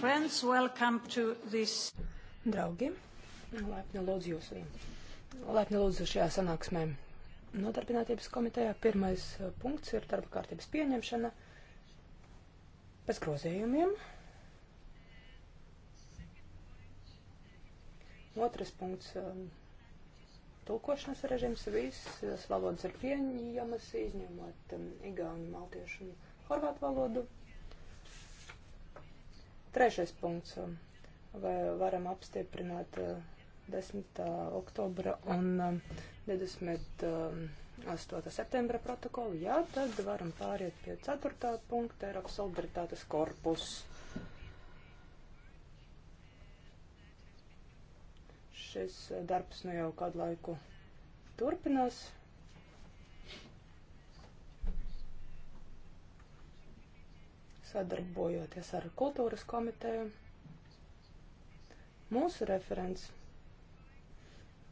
Friends, welcome to this. Draugi, laipni lūdzu jūs viņu. Laipni lūdzu šajā sanāksmē. Nodarbinātības komitejā pirmais uh, punkts ir darba kārtības pieņemšana bez grozējumiem. Otrais punkts um, - tulkošanas režims. Visas uh, valodas ir pieņemas, izņemot um, igauņu, maltiešu un horvātu valodu. Trešais punkts. Vai varam apstiprināt 10. Eh, eh, oktobra un 28. Eh, septembra protokolu? Jā, tad varam pāriet pie 4. punkta Eiropas solidaritātes korpus. Šis darbs nu jau kādu laiku turpinās. sadarbojoties ar kultūras komiteju. Mūsu referents,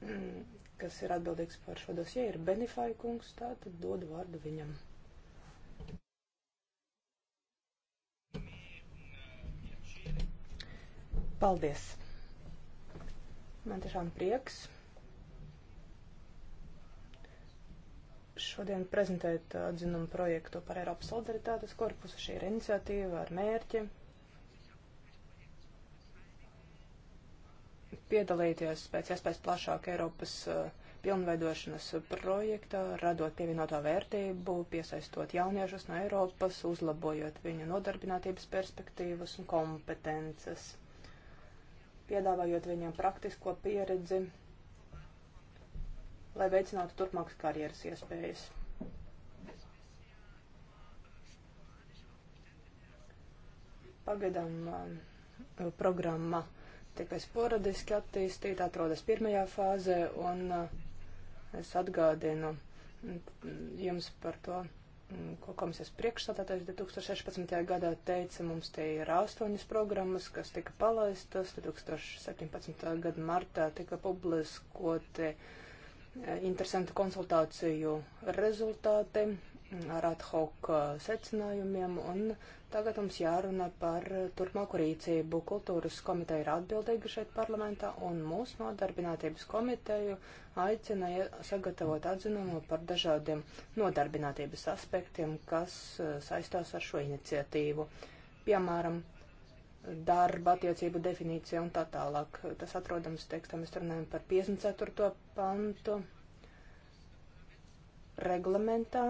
mm, kas ir atbildīgs par šo dosie, ir Benifai kungs, tātad dodu vārdu viņam. Paldies! Man tiešām prieks šodien prezentēt atzinumu uh, projektu par Eiropas solidaritātes korpusu. Šī ir iniciatīva ar mērķi piedalīties pēc iespējas plašāk Eiropas uh, pilnveidošanas projektā, radot pievienotā vērtību, piesaistot jauniešus no Eiropas, uzlabojot viņu nodarbinātības perspektīvas un kompetences, piedāvājot viņiem praktisko pieredzi lai veicinātu turpmākas karjeras iespējas. Pagaidām um, uh, programma tikai sporadiski attīstīta, atrodas pirmajā fāzē, un uh, es atgādinu mm, mm, jums par to, mm, ko komisijas priekšstādātais 2016. gadā teica, mums te ir astoņas programmas, kas tika palaistas, 2017. gada martā tika publiskoti. Uh, interesanti konsultāciju rezultāti ar ad hoc uh, secinājumiem, un tagad mums jārunā par turpmāku rīcību. Kultūras komiteja ir atbildīga šeit parlamentā, un mūsu nodarbinātības komiteju aicina sagatavot atzinumu par dažādiem nodarbinātības aspektiem, kas uh, saistās ar šo iniciatīvu. Piemēram, darba attiecību definīcija un tā tālāk. Tas atrodams tekstā, mēs runājam par 54. pantu reglamentā,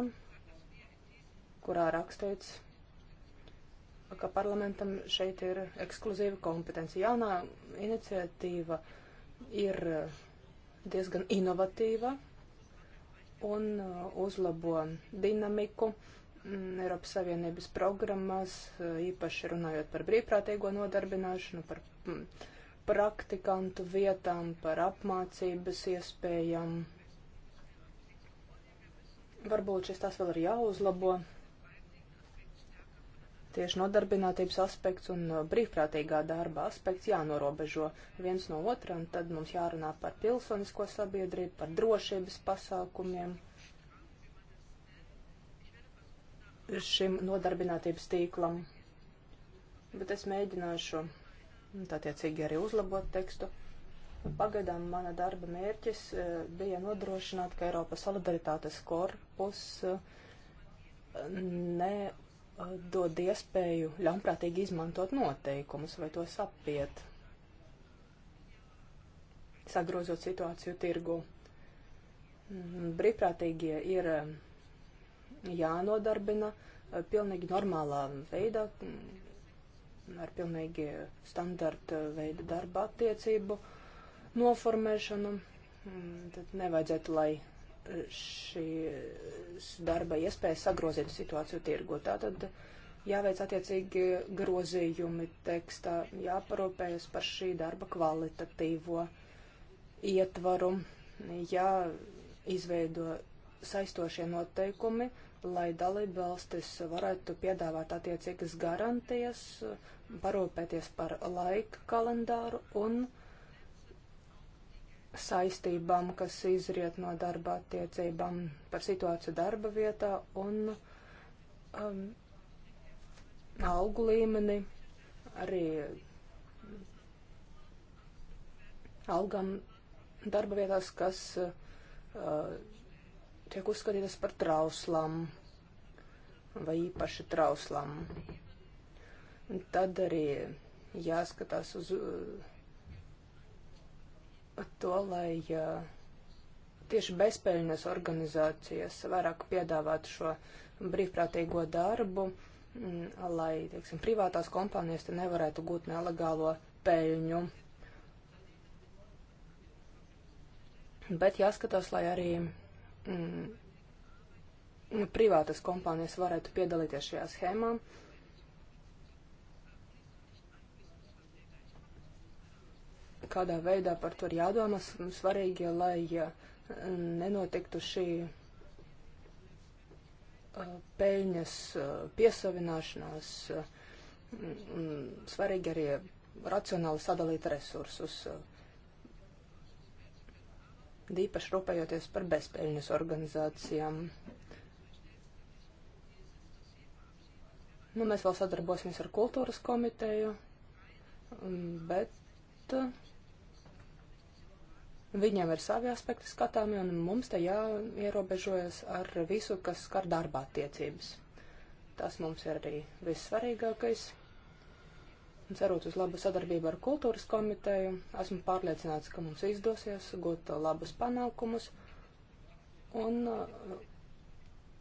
kurā rakstīts, ka parlamentam šeit ir ekskluzīva kompetence. Jaunā iniciatīva ir diezgan inovatīva un uh, uzlabo dinamiku Mm, Eiropas Savienības programmās, eh, īpaši runājot par brīvprātīgo nodarbināšanu, par mm, praktikantu vietām, par apmācības iespējām. Varbūt šis tās vēl ir jāuzlabo. Tieši nodarbinātības aspekts un eh, brīvprātīgā darba aspekts jānorobežo viens no otra, un tad mums jārunā par pilsonisko sabiedrību, par drošības pasākumiem šim nodarbinātības tīklam. Bet es mēģināšu attiecīgi arī uzlabot tekstu. Pagaidām mana darba mērķis eh, bija nodrošināt, ka Eiropas solidaritātes korpus eh, nedod eh, iespēju ļaunprātīgi izmantot noteikumus vai tos apiet, sagrozot situāciju tirgu. Mm, brīvprātīgie ir jānodarbina pilnīgi normālā veidā, ar pilnīgi standarta veida darba attiecību noformēšanu. Tad nevajadzētu, lai šīs darba iespējas sagrozītu situāciju tirgu. Tātad jāveic attiecīgi grozījumi tekstā, jāparūpējas par šī darba kvalitatīvo ietvaru, jāizveido saistošie noteikumi, uh, lai dalībvalstis varētu piedāvāt attiecīgas garantijas, parūpēties par laika kalendāru un saistībām, kas izriet no darba attiecībām, par situāciju darba vietā un um, algu līmeni, arī algām darba vietās, kas uh, tiek uzskatītas par trauslām vai īpaši trauslām. Un tad arī jāskatās uz uh, to, lai uh, tieši bezpēļņas organizācijas vairāk piedāvātu šo brīvprātīgo darbu, mm, lai, teiksim, privātās kompānijas te nevarētu gūt nelegālo peļņu. Bet jāskatās, lai arī mm, nu, privātas kompānijas varētu piedalīties šajā schēmā. Kādā veidā par to ir jādomā, svarīgi, lai nenotiktu šī peļņas piesavināšanās, svarīgi arī racionāli sadalīt resursus. Uh, īpaši rūpējoties par bezpēļņas organizācijām. Nu, mēs vēl sadarbosimies ar kultūras komiteju, bet uh, viņiem ir savi aspekti skatāmi, un mums te jāierobežojas ar visu, kas skar darbā attiecības. Tas mums ir arī vissvarīgākais un cerot uz labu sadarbību ar kultūras komiteju, esmu pārliecināts, ka mums izdosies gūt labus panākumus un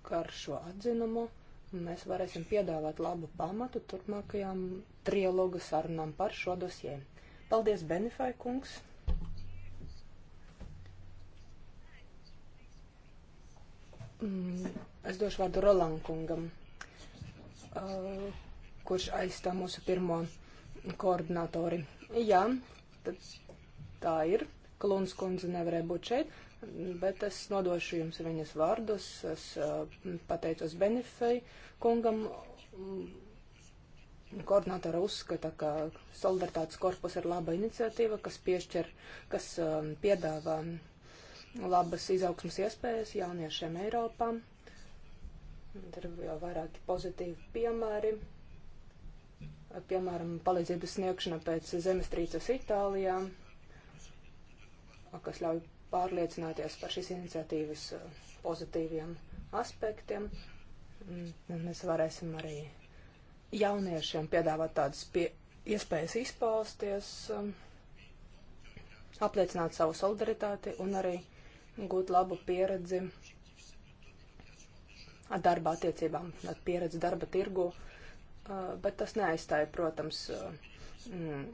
ka uh, ar šo atzinumu mēs varēsim piedāvāt labu pamatu turpmākajām trialogu sarunām par šo dosiem. Paldies, Benifai kungs! Mm, es došu vārdu Roland kungam, uh, kurš aizstāv mūsu pirmo koordinatori. Jā, tad tā ir. Klūns kundze nevarēja būt šeit, bet es nodošu jums viņas vārdus. Es eh, pateicos Benefei kungam. Koordinātora uzskata, ka solidaritātes korpus ir laba iniciatīva, kas piešķir, kas eh, piedāvā labas izaugsmas iespējas jauniešiem Eiropā. Tur ir jau vairāki pozitīvi piemēri piemēram, palīdzības sniegšana pēc zemestrīces Itālijā, kas ļauj pārliecināties par šīs iniciatīvas uh, pozitīviem aspektiem. Mēs varēsim arī jauniešiem piedāvāt tādas pie, iespējas izpausties, um, apliecināt savu solidaritāti un arī gūt labu pieredzi darba attiecībām, pieredzi darba tirgu Eh, bet tas neaizstāja, protams, eh, mm,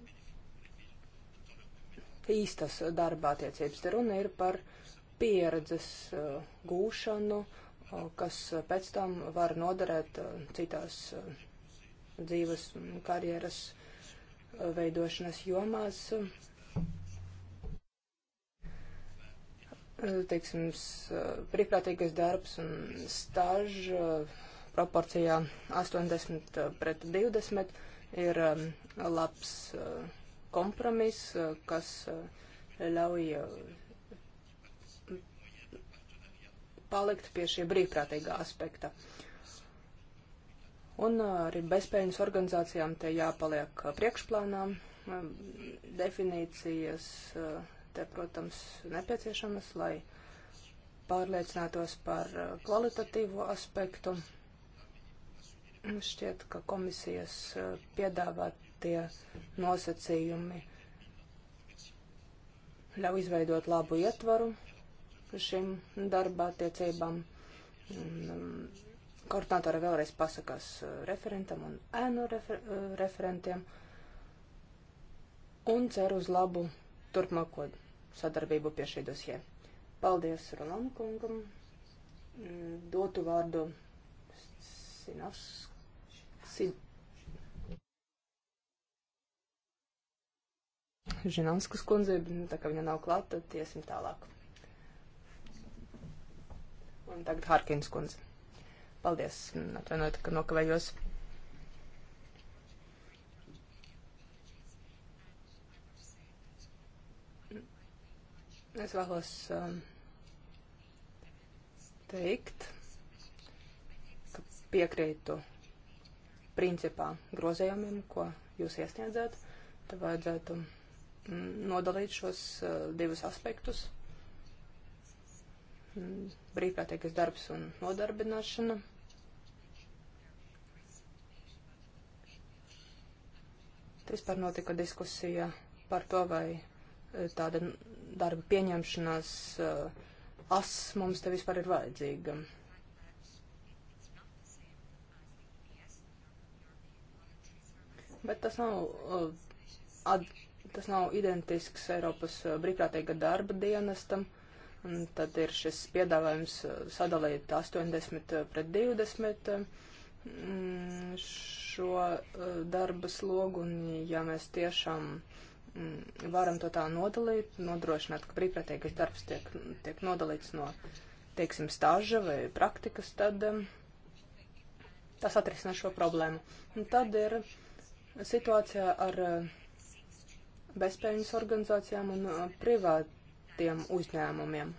īstas darba attiecības. Te runa ir par pieredzes eh, gūšanu, kas pēc tam var noderēt citās dzīves karjeras veidošanas jomās. Teiksim, brīvprātīgais darbs un stažs proporcijā 80 eh, pret 20 ir eh, labs eh, kompromiss, kas ļauj palikt pie šie brīvprātīgā aspekta. Un arī bezpēļņas organizācijām te jāpaliek priekšplānā. Definīcijas te, protams, nepieciešamas, lai pārliecinātos par kvalitatīvo aspektu. Nu, šķiet, ka komisijas eh, piedāvātie nosacījumi ļauj izveidot labu ietvaru šim darba attiecībām. Um, koordinātori vēlreiz pasakās eh, referentam un ēnu refer eh, referentiem un ceru uz labu turpmāko sadarbību pie šī dosie. Paldies Rolam kungam. Mm, dotu vārdu Sinas Žinanskas kundze, nu, tā kā viņa nav klāt, tad iesim tālāk. Un tagad Harkins kundze. Paldies, atvainojiet, ka nokavējos. Es vēlos um, teikt, ka piekrītu principā grozējumiem, ko jūs iesniedzat, tad vajadzētu mm, nodalīt šos eh, divus aspektus mm, - brīvprātīgais darbs un nodarbināšana. Vispār notika diskusija par to, vai eh, tāda darba pieņemšanās eh, as mums te vispār ir vajadzīga. bet tas nav, uh, ad, tas nav identisks Eiropas uh, brīvprātīga darba dienestam. Un tad ir šis piedāvājums uh, sadalīt 80 uh, pret 20 uh, mm, šo uh, darba slogu, un ja mēs tiešām mm, varam to tā nodalīt, nodrošināt, ka brīvprātīgais darbs tiek, tiek nodalīts no, teiksim, stāža vai praktikas, tad um, tas atrisinās šo problēmu. Un tad ir uh, situācijā ar eh, bezpēļņas organizācijām un eh, privātiem uzņēmumiem.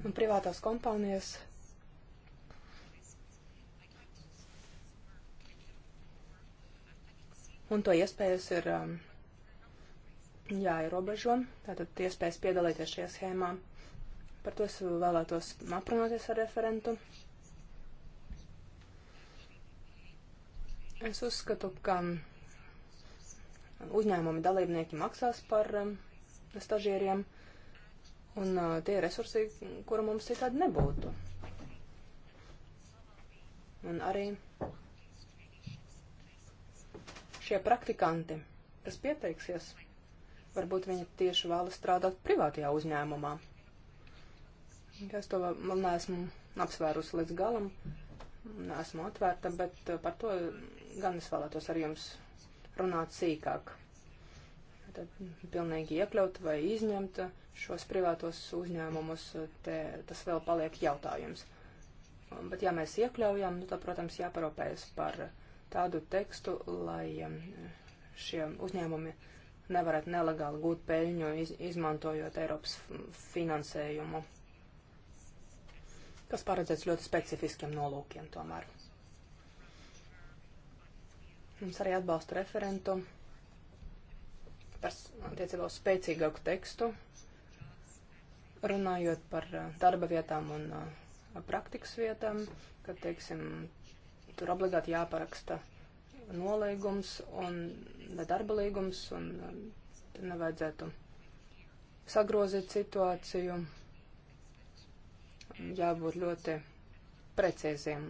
Un privātās kompānijas un to iespējas ir um, jāierobežo. Tātad iespējas piedalīties šajā schēmā. Par to es vēlētos aprunāties ar referentu. Es uzskatu, ka uzņēmumi dalībnieki maksās par um, stažieriem, un uh, tie ir resursi, kura mums citādi nebūtu. Un arī šie praktikanti, kas pieteiksies, varbūt viņi tieši vēlas strādāt privātajā uzņēmumā. Es to vēl neesmu apsvērusi līdz galam, neesmu atvērta, bet uh, par to gan es vēlētos ar jums runāt sīkāk. Tad pilnīgi iekļaut vai izņemt šos privātos uzņēmumus, te, tas vēl paliek jautājums. Bet ja mēs iekļaujam, nu, tad, protams, jāparopējas par tādu tekstu, lai um, šie uzņēmumi nevarētu nelegāli gūt peļņu, iz, izmantojot Eiropas finansējumu, kas paredzēts ļoti specifiskiem nolūkiem tomēr. Mums arī atbalsta referentu par attiecībā uz spēcīgāku tekstu, runājot par eh, darba vietām un eh, praktikas vietām, kad, teiksim, tur obligāti jāparaksta nolīgums un darba līgums un eh, nevajadzētu sagrozīt situāciju. Jābūt ļoti precīziem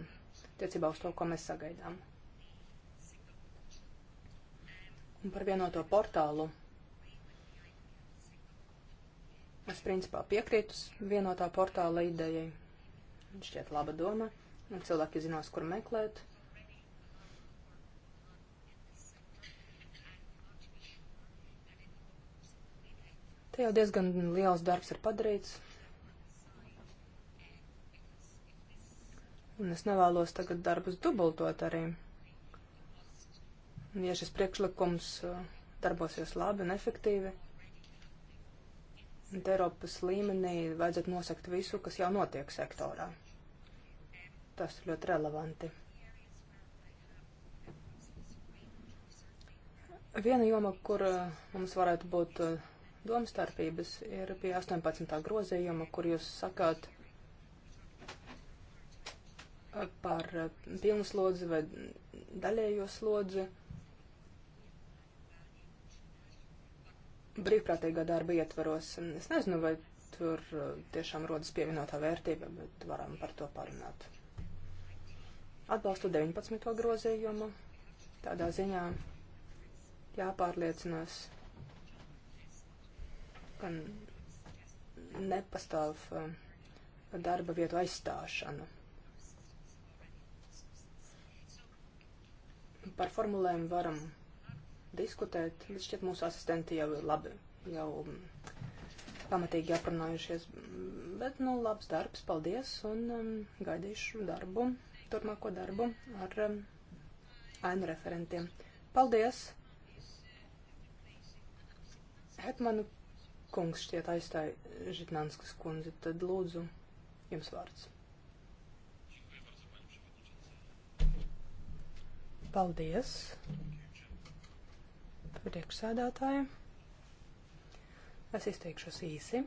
tiecībā uz to, ko mēs sagaidām. Par vienoto portālu. Es principā piekrītu vienotā portāla idejai. Man šķiet laba doma, un cilvēki zinās, kur meklēt. Te jau diezgan liels darbs ir padarīts. Un es nevēlos tagad darbus dubultot arī. Ja šis priekšlikums uh, darbosies labi un efektīvi, tad Eiropas līmenī vajadzētu nosekt visu, kas jau notiek sektorā. Tas ir ļoti relevanti. Viena joma, kur uh, mums varētu būt uh, domstarpības, ir pie 18. grozījuma, kur jūs sakāt par pilnu slodzi vai daļējo slodzi. brīvprātīgā darba ietvaros. Es nezinu, vai tur uh, tiešām rodas pievienotā vērtība, bet varam par to parunāt. Atbalstu 19. grozījumu. Tādā ziņā jāpārliecinās, ka nepastāv uh, darba vietu aizstāšana. Par formulēm varam diskutēt. Bet šķiet, mūsu asistenti jau ir labi, jau mm, pamatīgi aprunājušies. Bet, nu, labs darbs, paldies, un um, gaidīšu darbu, turpmāko darbu ar um, mm, ainu referentiem. Paldies! Hetmanu kungs šķiet aizstāja Žitnānskas kundzi, tad lūdzu jums vārds. Paldies! priekšsēdētāja. Es izteikšos īsi.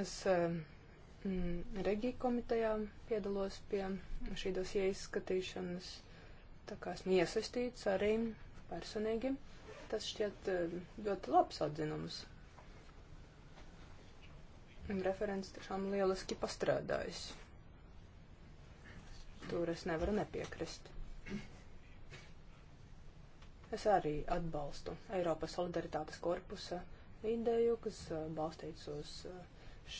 Es um, mm, Regija komitejā piedalos pie šī dosie izskatīšanas, tā kā esmu iesaistīts arī personīgi. Tas šķiet um, ļoti labs atzinums Referents tiešām lieliski pastrādājis. Tur es nevaru nepiekrist. Es arī atbalstu Eiropas solidaritātes korpusa ideju, kas balstīts uz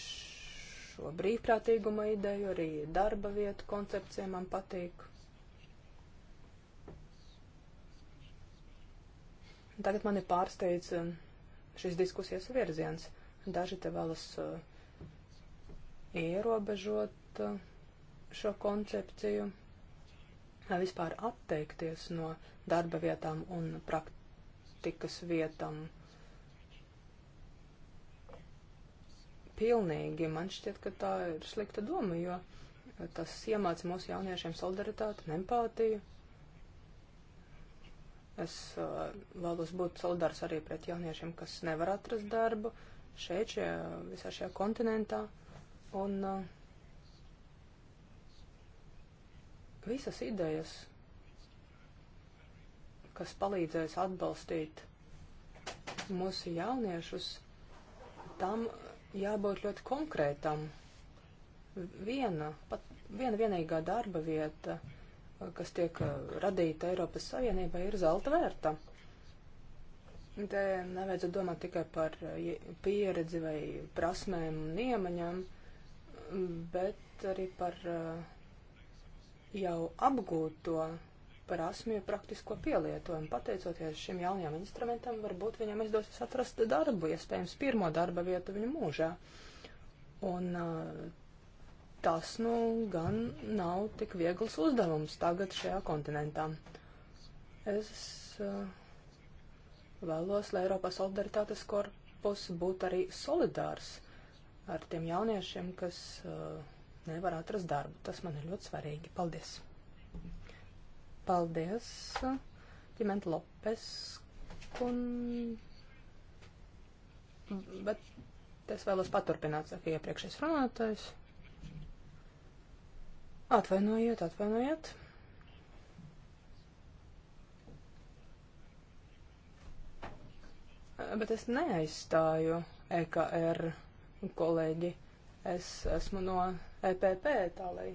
šo brīvprātīguma ideju, arī darba vietu koncepcija man patīk. Tagad mani pārsteidz šis diskusijas virziens. Daži te vēlas uh, ierobežot uh, šo koncepciju, vispār atteikties no darba vietām un praktikas vietām. Pilnīgi man šķiet, ka tā ir slikta doma, jo tas iemāca mūsu jauniešiem solidaritāti un empātiju. Es uh, vēlos būt solidārs arī pret jauniešiem, kas nevar atrast darbu šeit, šajā, visā šajā kontinentā. Uh, Un uh, visas idejas, kas palīdzēs atbalstīt mūsu jauniešus, tam jābūt ļoti konkrētam. Viena, pat viena vienīgā darba vieta, kas tiek uh, radīta Eiropas Savienībā, ir zelta vērta. Te nevajadzētu domāt tikai par uh, pieredzi vai prasmēm un iemaņām. Uh, bet arī par eh, jau apgūto prasmju praktisko pielietojumu. Pateicoties šim jaunajam instrumentam, varbūt viņam izdosies atrast darbu, iespējams, pirmo darba vietu viņa mūžā. Un eh, tas, nu, gan nav tik viegls uzdevums tagad šajā kontinentā. Es eh, vēlos, lai Eiropas solidaritātes korpus būtu arī solidārs ar tiem jauniešiem, kas uh, nevar atrast darbu. Tas man ir ļoti svarīgi. Paldies! Paldies, Pimenta Lopes. Un... Bet es vēlos paturpināt, saka iepriekšējais runātājs. Atvainojiet, atvainojiet. Bet es neaizstāju EKR kolēģi. Es esmu no EPP, tā lai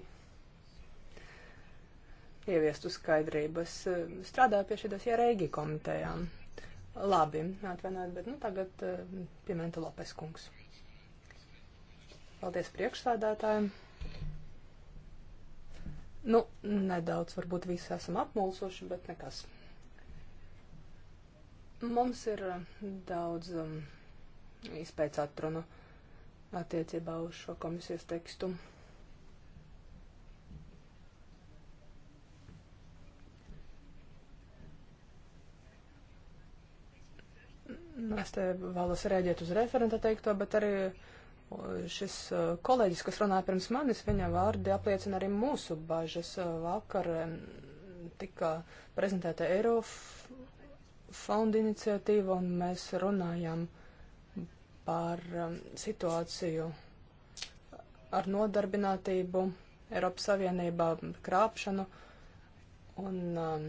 ieviestu skaidrības. Strādāju pie šī dosija Reigi komitejām. Labi, atvainojiet, bet nu, tagad uh, eh, piemēnta Lopes kungs. Paldies priekšsādātājiem. Nu, nedaudz varbūt visi esam apmulsuši, bet nekas. Mums ir eh, daudz um, izpēc atrunu. Uh, attiecībā uz šo komisijas tekstu. Es te vēlos rēģēt uz referenta teikto, bet arī šis kolēģis, kas runāja pirms manis, viņa vārdi apliecina arī mūsu bažas. Vakar tika prezentēta Eirofonda iniciatīva, un mēs runājām uh, par um, situāciju ar nodarbinātību Eiropas Savienībā, krāpšanu un um,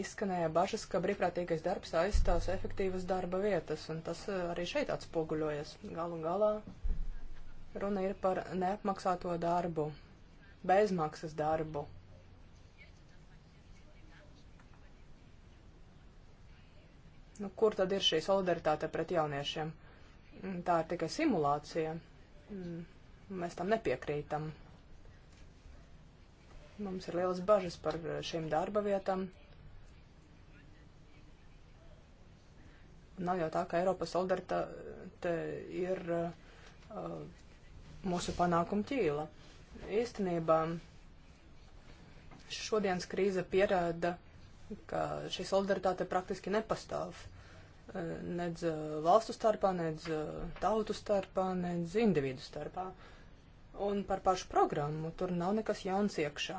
izskanēja bažas, ka brīvprātīgais darbs aizstās efektīvas darba vietas, un tas uh, arī šeit atspoguļojas. Galu galā runa ir par neapmaksāto darbu, bezmaksas darbu. Nu, kur tad ir šī solidaritāte pret jauniešiem? tā ir tikai simulācija. Mm, mēs tam nepiekrītam. Mums ir lielas bažas par šīm darba vietām. Nav jau tā, ka Eiropas solidaritāte ir uh, mūsu panākuma ķīla. Īstenībā šodienas krīze pierāda, ka šī solidaritāte praktiski nepastāv. Uh, nedz eh, valstu starpā, nedz eh, tautu starpā, nedz individu starpā. Un par pašu programmu tur nav nekas jauns iekšā.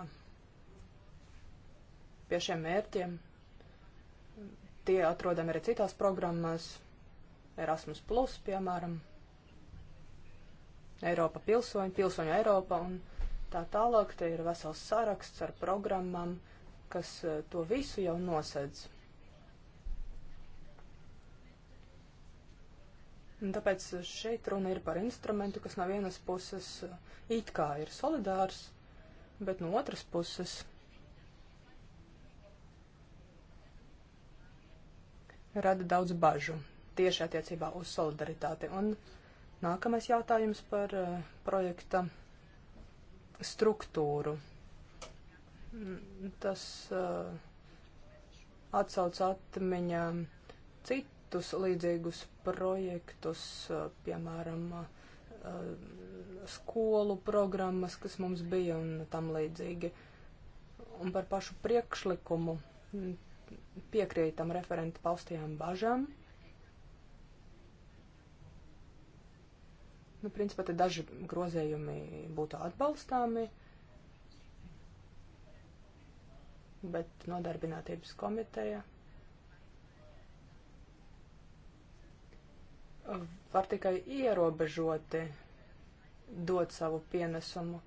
Pie šiem mērķiem tie atrodami arī citās programmās, Erasmus, Plus, piemēram, Eiropa pilsoņi, pilsoņu Eiropa un tā tālāk. Te ir vesels saraksts ar programmām, kas eh, to visu jau nosedz. Un tāpēc šeit runa ir par instrumentu, kas no vienas puses eh, it kā ir solidārs, bet no otras puses rada daudz bažu tieši attiecībā uz solidaritāti. Un nākamais jautājums par eh, projekta struktūru. Tas uh, atsauc atmiņā citu citus līdzīgus projektus, piemēram, skolu programmas, kas mums bija un tam līdzīgi. Un par pašu priekšlikumu piekrītam referenta paustajām bažām. Nu, principā te daži grozējumi būtu atbalstāmi, bet nodarbinātības komiteja var tikai ierobežoti dot savu pienesumu,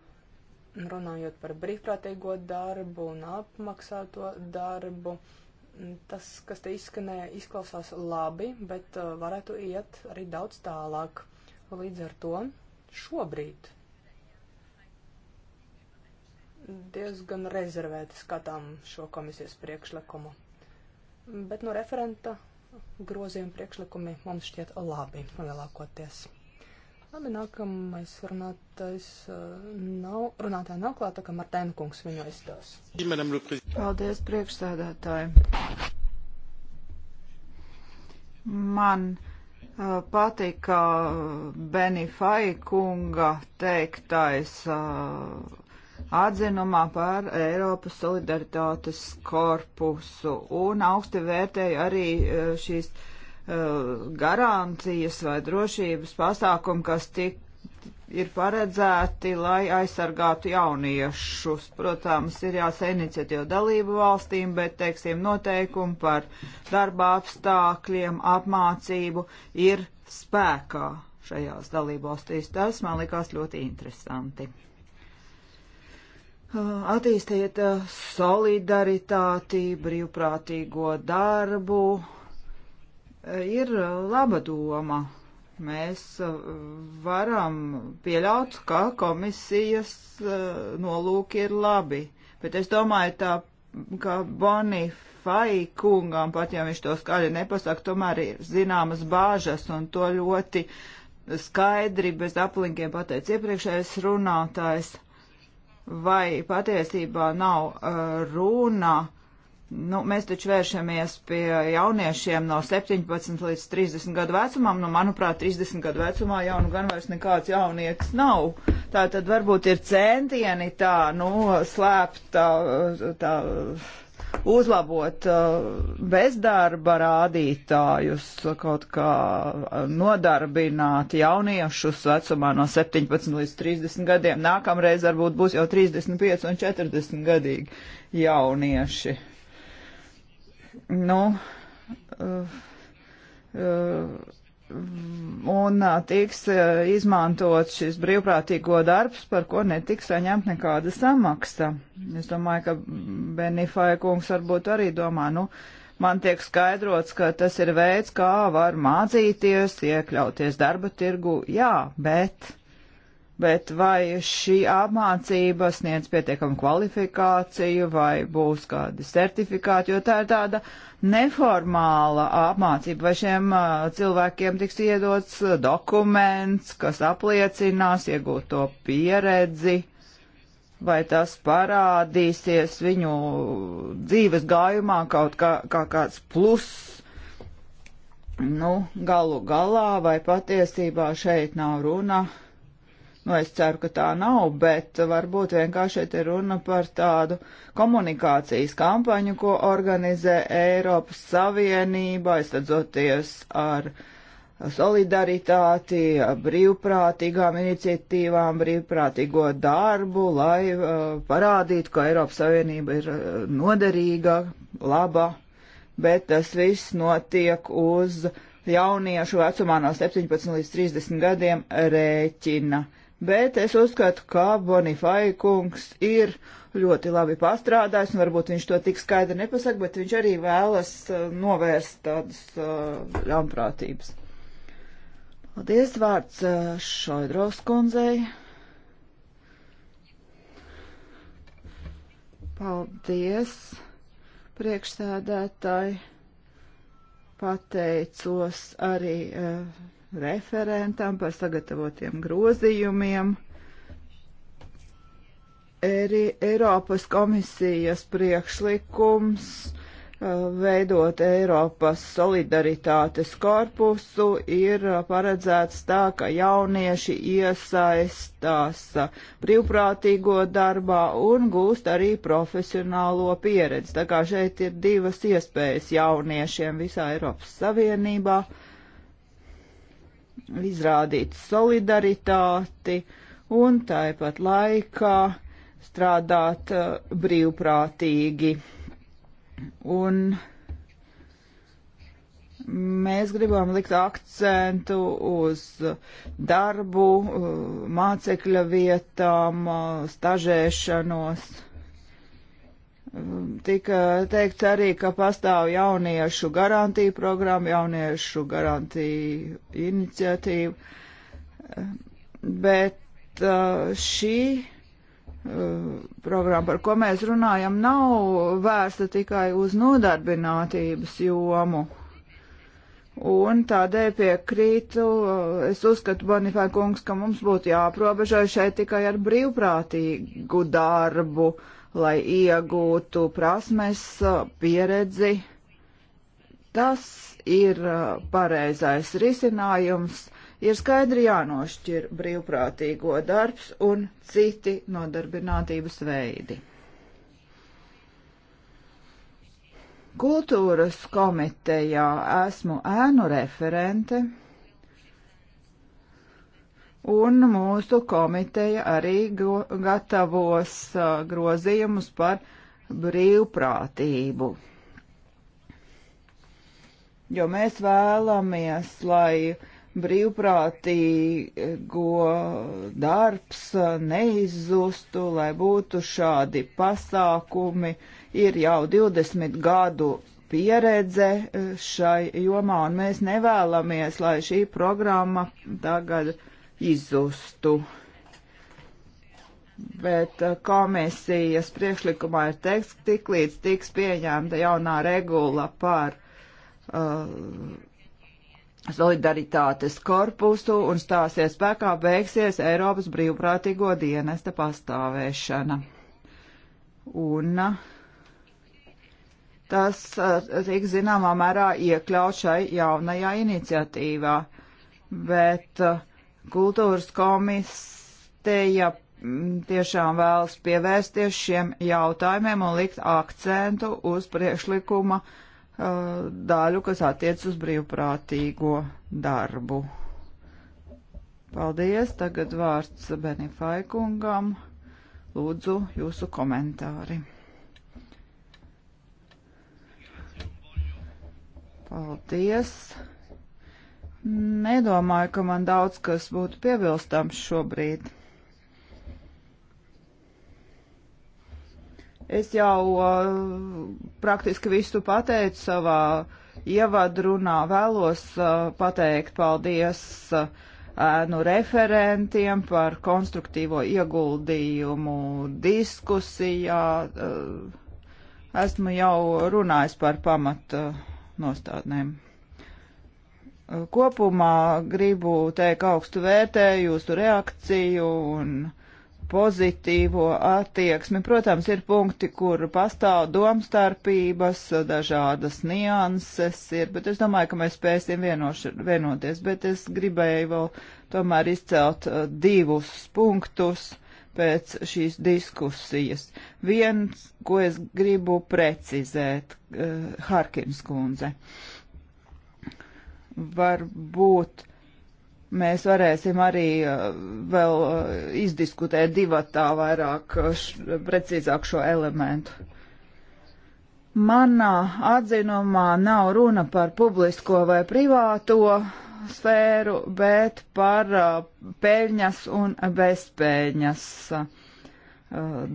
runājot par brīvprātīgo darbu un apmaksāto darbu. Tas, kas te izskanēja, izklausās labi, bet uh, varētu iet arī daudz tālāk. Līdz ar to šobrīd diezgan rezervēti skatām šo komisijas priekšlikumu. Bet no referenta grozījumi priekšlikumi mums šķiet labi lielākoties. Labi, nākamais runātais uh, nav, runātāja nav klāta, ka Martēna kungs viņu aizstāv. Paldies, priekšsēdētāji. Man uh, patika uh, Benifai kunga teiktais. Uh, atzinumā par Eiropas solidaritātes korpusu un augsti vērtēju arī e, šīs uh, garantijas vai drošības pasākumu, kas tik ir paredzēti, lai aizsargātu jauniešus. Protams, ir jāsai iniciatīva dalību valstīm, bet, teiksim, noteikumi par darba apstākļiem, apmācību ir spēkā šajās dalību valstīs. Tas man likās ļoti interesanti attīstiet solidaritāti, brīvprātīgo darbu. Ir laba doma. Mēs varam pieļaut, ka komisijas nolūki ir labi, bet es domāju, tā ka Bonifai kungam, pat ja viņš to skaļi nepasaka, tomēr ir zināmas bāžas un to ļoti skaidri bez aplinkiem pateica iepriekšējais runātājs vai patiesībā nav uh, runa. Nu, mēs taču vēršamies pie jauniešiem no 17 līdz 30 gadu vecumam. Nu, manuprāt, 30 gadu vecumā jau nu gan vairs nekāds jaunieks nav. Tā tad varbūt ir centieni tā, nu, slēpt tā, tā uzlabot uh, bezdarba rādītājus, kaut kā nodarbināt jauniešus vecumā no 17 līdz 30 gadiem. Nākamreiz varbūt būs jau 35 un 40 gadīgi jaunieši. Nu, uh, uh, un tiks izmantot šis brīvprātīgo darbs, par ko netiks saņemt nekāda samaksa. Es domāju, ka Benifai kungs varbūt arī domā, nu, man tiek skaidrots, ka tas ir veids, kā var mācīties, iekļauties darba tirgu, jā, bet bet vai šī apmācība sniedz pietiekamu kvalifikāciju vai būs kādi certifikāti, jo tā ir tāda neformāla apmācība, vai šiem uh, cilvēkiem tiks iedots dokuments, kas apliecinās iegūto pieredzi, vai tas parādīsies viņu dzīves gājumā kaut kā, kā kāds pluss nu, galu galā, vai patiesībā šeit nav runa Nu, es ceru, ka tā nav, bet varbūt vienkārši šeit ir runa par tādu komunikācijas kampaņu, ko organizē Eiropas Savienība, aizstādzoties ar solidaritāti, brīvprātīgām iniciatīvām, brīvprātīgo darbu, lai uh, parādītu, ka Eiropas Savienība ir uh, noderīga, laba, bet tas viss notiek uz jauniešu vecumā no 17 līdz 30 gadiem rēķina bet es uzskatu, ka Bonifai kungs ir ļoti labi pastrādājis, un varbūt viņš to tik skaidri nepasaka, bet viņš arī vēlas uh, novērst tādas uh, ļaunprātības. Paldies, vārds uh, Šoidrovs kundzei. Paldies, priekšsēdētāji. Pateicos arī uh, referentam par sagatavotiem grozījumiem. Eri, Eiropas komisijas priekšlikums uh, veidot Eiropas solidaritātes korpusu ir uh, paredzēts tā, ka jaunieši iesaistās uh, brīvprātīgo darbā un gūst arī profesionālo pieredzi. Tā kā šeit ir divas iespējas jauniešiem visā Eiropas Savienībā. Uh, izrādīt solidaritāti un tāpat laikā strādāt uh, brīvprātīgi. Un mēs gribam likt akcentu uz darbu, uh, mācekļa vietām, uh, stažēšanos Tika teikts arī, ka pastāv jauniešu garantija programma, jauniešu garantija iniciatīva, bet uh, šī uh, programma, par ko mēs runājam, nav vērsta tikai uz nodarbinātības jomu. Un tādēļ piekrītu, uh, es uzskatu, Bonifē kungs, ka mums būtu jāprobežo šeit tikai ar brīvprātīgu darbu. Uh, lai iegūtu prasmes, pieredzi. Tas ir pareizais risinājums. Ir skaidri jānošķir brīvprātīgo darbs un citi nodarbinātības veidi. Kultūras komitejā esmu ēnu referente un mūsu komiteja arī gatavos uh, grozījumus par brīvprātību. Jo mēs vēlamies, lai brīvprātīgo darbs uh, neizzustu, lai būtu šādi pasākumi. Ir jau 20 gadu pieredze uh, šai jomā, un mēs nevēlamies, lai šī programma tagad uh, izzustu. Bet eh, komisijas priekšlikumā ir teksts, tik līdz tiks pieņemta jaunā regula par uh, solidaritātes korpusu un stāsies spēkā beigsies Eiropas brīvprātīgo dienesta pastāvēšana. Un uh, tas tik zināmā mērā iekļaut šai jaunajā iniciatīvā. Bet uh, kultūras komisteja mm, tiešām vēlas pievērsties šiem jautājumiem un likt akcentu uz priekšlikuma uh, daļu, kas attiec uz brīvprātīgo darbu. Paldies, tagad vārds Benifai kungam. Lūdzu, jūsu komentāri. Paldies nedomāju, ka man daudz kas būtu piebilstams šobrīd. Es jau uh, praktiski visu pateicu savā ievadrunā. Vēlos uh, pateikt paldies uh, nu referentiem par konstruktīvo ieguldījumu diskusijā. Uh, esmu jau runājis par pamata uh, nostādnēm. Kopumā gribu teikt augstu vērtēju jūsu reakciju un pozitīvo attieksmi. Protams, ir punkti, kur pastāv domstarpības, dažādas nianses ir, bet es domāju, ka mēs spēsim vienoši, vienoties. Bet es gribēju vēl tomēr izcelt uh, divus punktus pēc šīs diskusijas. Viens, ko es gribu precizēt, uh, Harkins kundze. Uh, varbūt mēs varēsim arī uh, vēl uh, izdiskutēt divatā vairāk uh, š, precīzāk šo elementu. Manā atzinumā nav runa par publisko vai privāto sfēru, bet par peļņas un bezpēļņas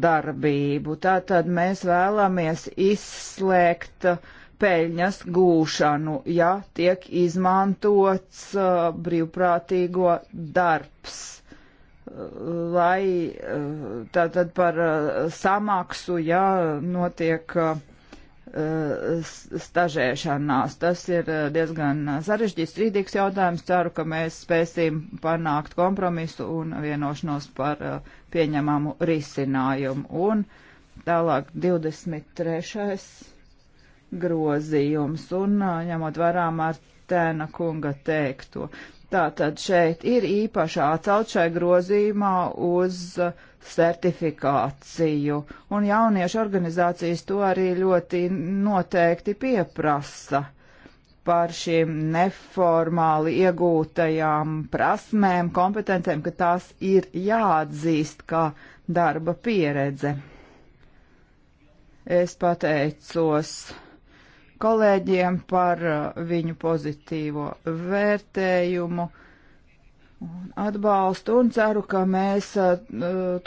darbību. Tātad mēs vēlamies izslēgt uh, peļņas gūšanu, ja tiek izmantots uh, brīvprātīgo darbs, uh, lai uh, tātad par uh, samaksu, ja notiek uh, stažēšanās. Tas ir uh, diezgan sarežģīts, strīdīgs jautājums. Ceru, ka mēs spēsim panākt kompromisu un vienošanos par pieņemamu risinājumu. Un tālāk 23 grozījums un ņemot vērā Martēna kunga teikto. Tātad šeit ir īpaša atcauc šai grozījumā uz certifikāciju, un jauniešu organizācijas to arī ļoti noteikti pieprasa par šīm neformāli iegūtajām prasmēm, kompetencēm, ka tās ir jāatzīst kā darba pieredze. Es pateicos kolēģiem par uh, viņu pozitīvo vērtējumu un atbalstu un ceru, ka mēs uh,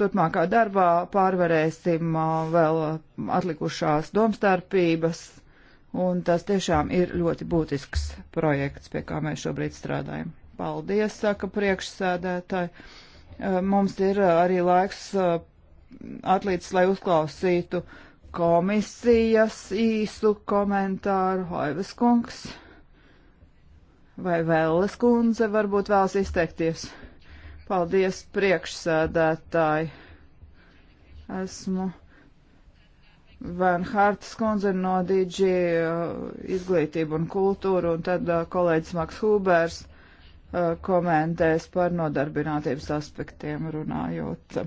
turpmākā darbā pārvarēsim uh, vēl atlikušās domstarpības. Un tas tiešām ir ļoti būtisks projekts, pie kā mēs šobrīd strādājam. Paldies, saka priekšsēdētāji. Mums ir arī laiks atlīdz, lai uzklausītu uh, komisijas īsu komentāru. Haivas kungs vai Vēles kundze varbūt vēlas izteikties. Paldies, priekšsēdētāji. Esmu Van Hārtas kundze no DG uh, izglītību un kultūru, un tad uh, kolēģis Maks Hūbērs uh, komentēs par nodarbinātības aspektiem runājot.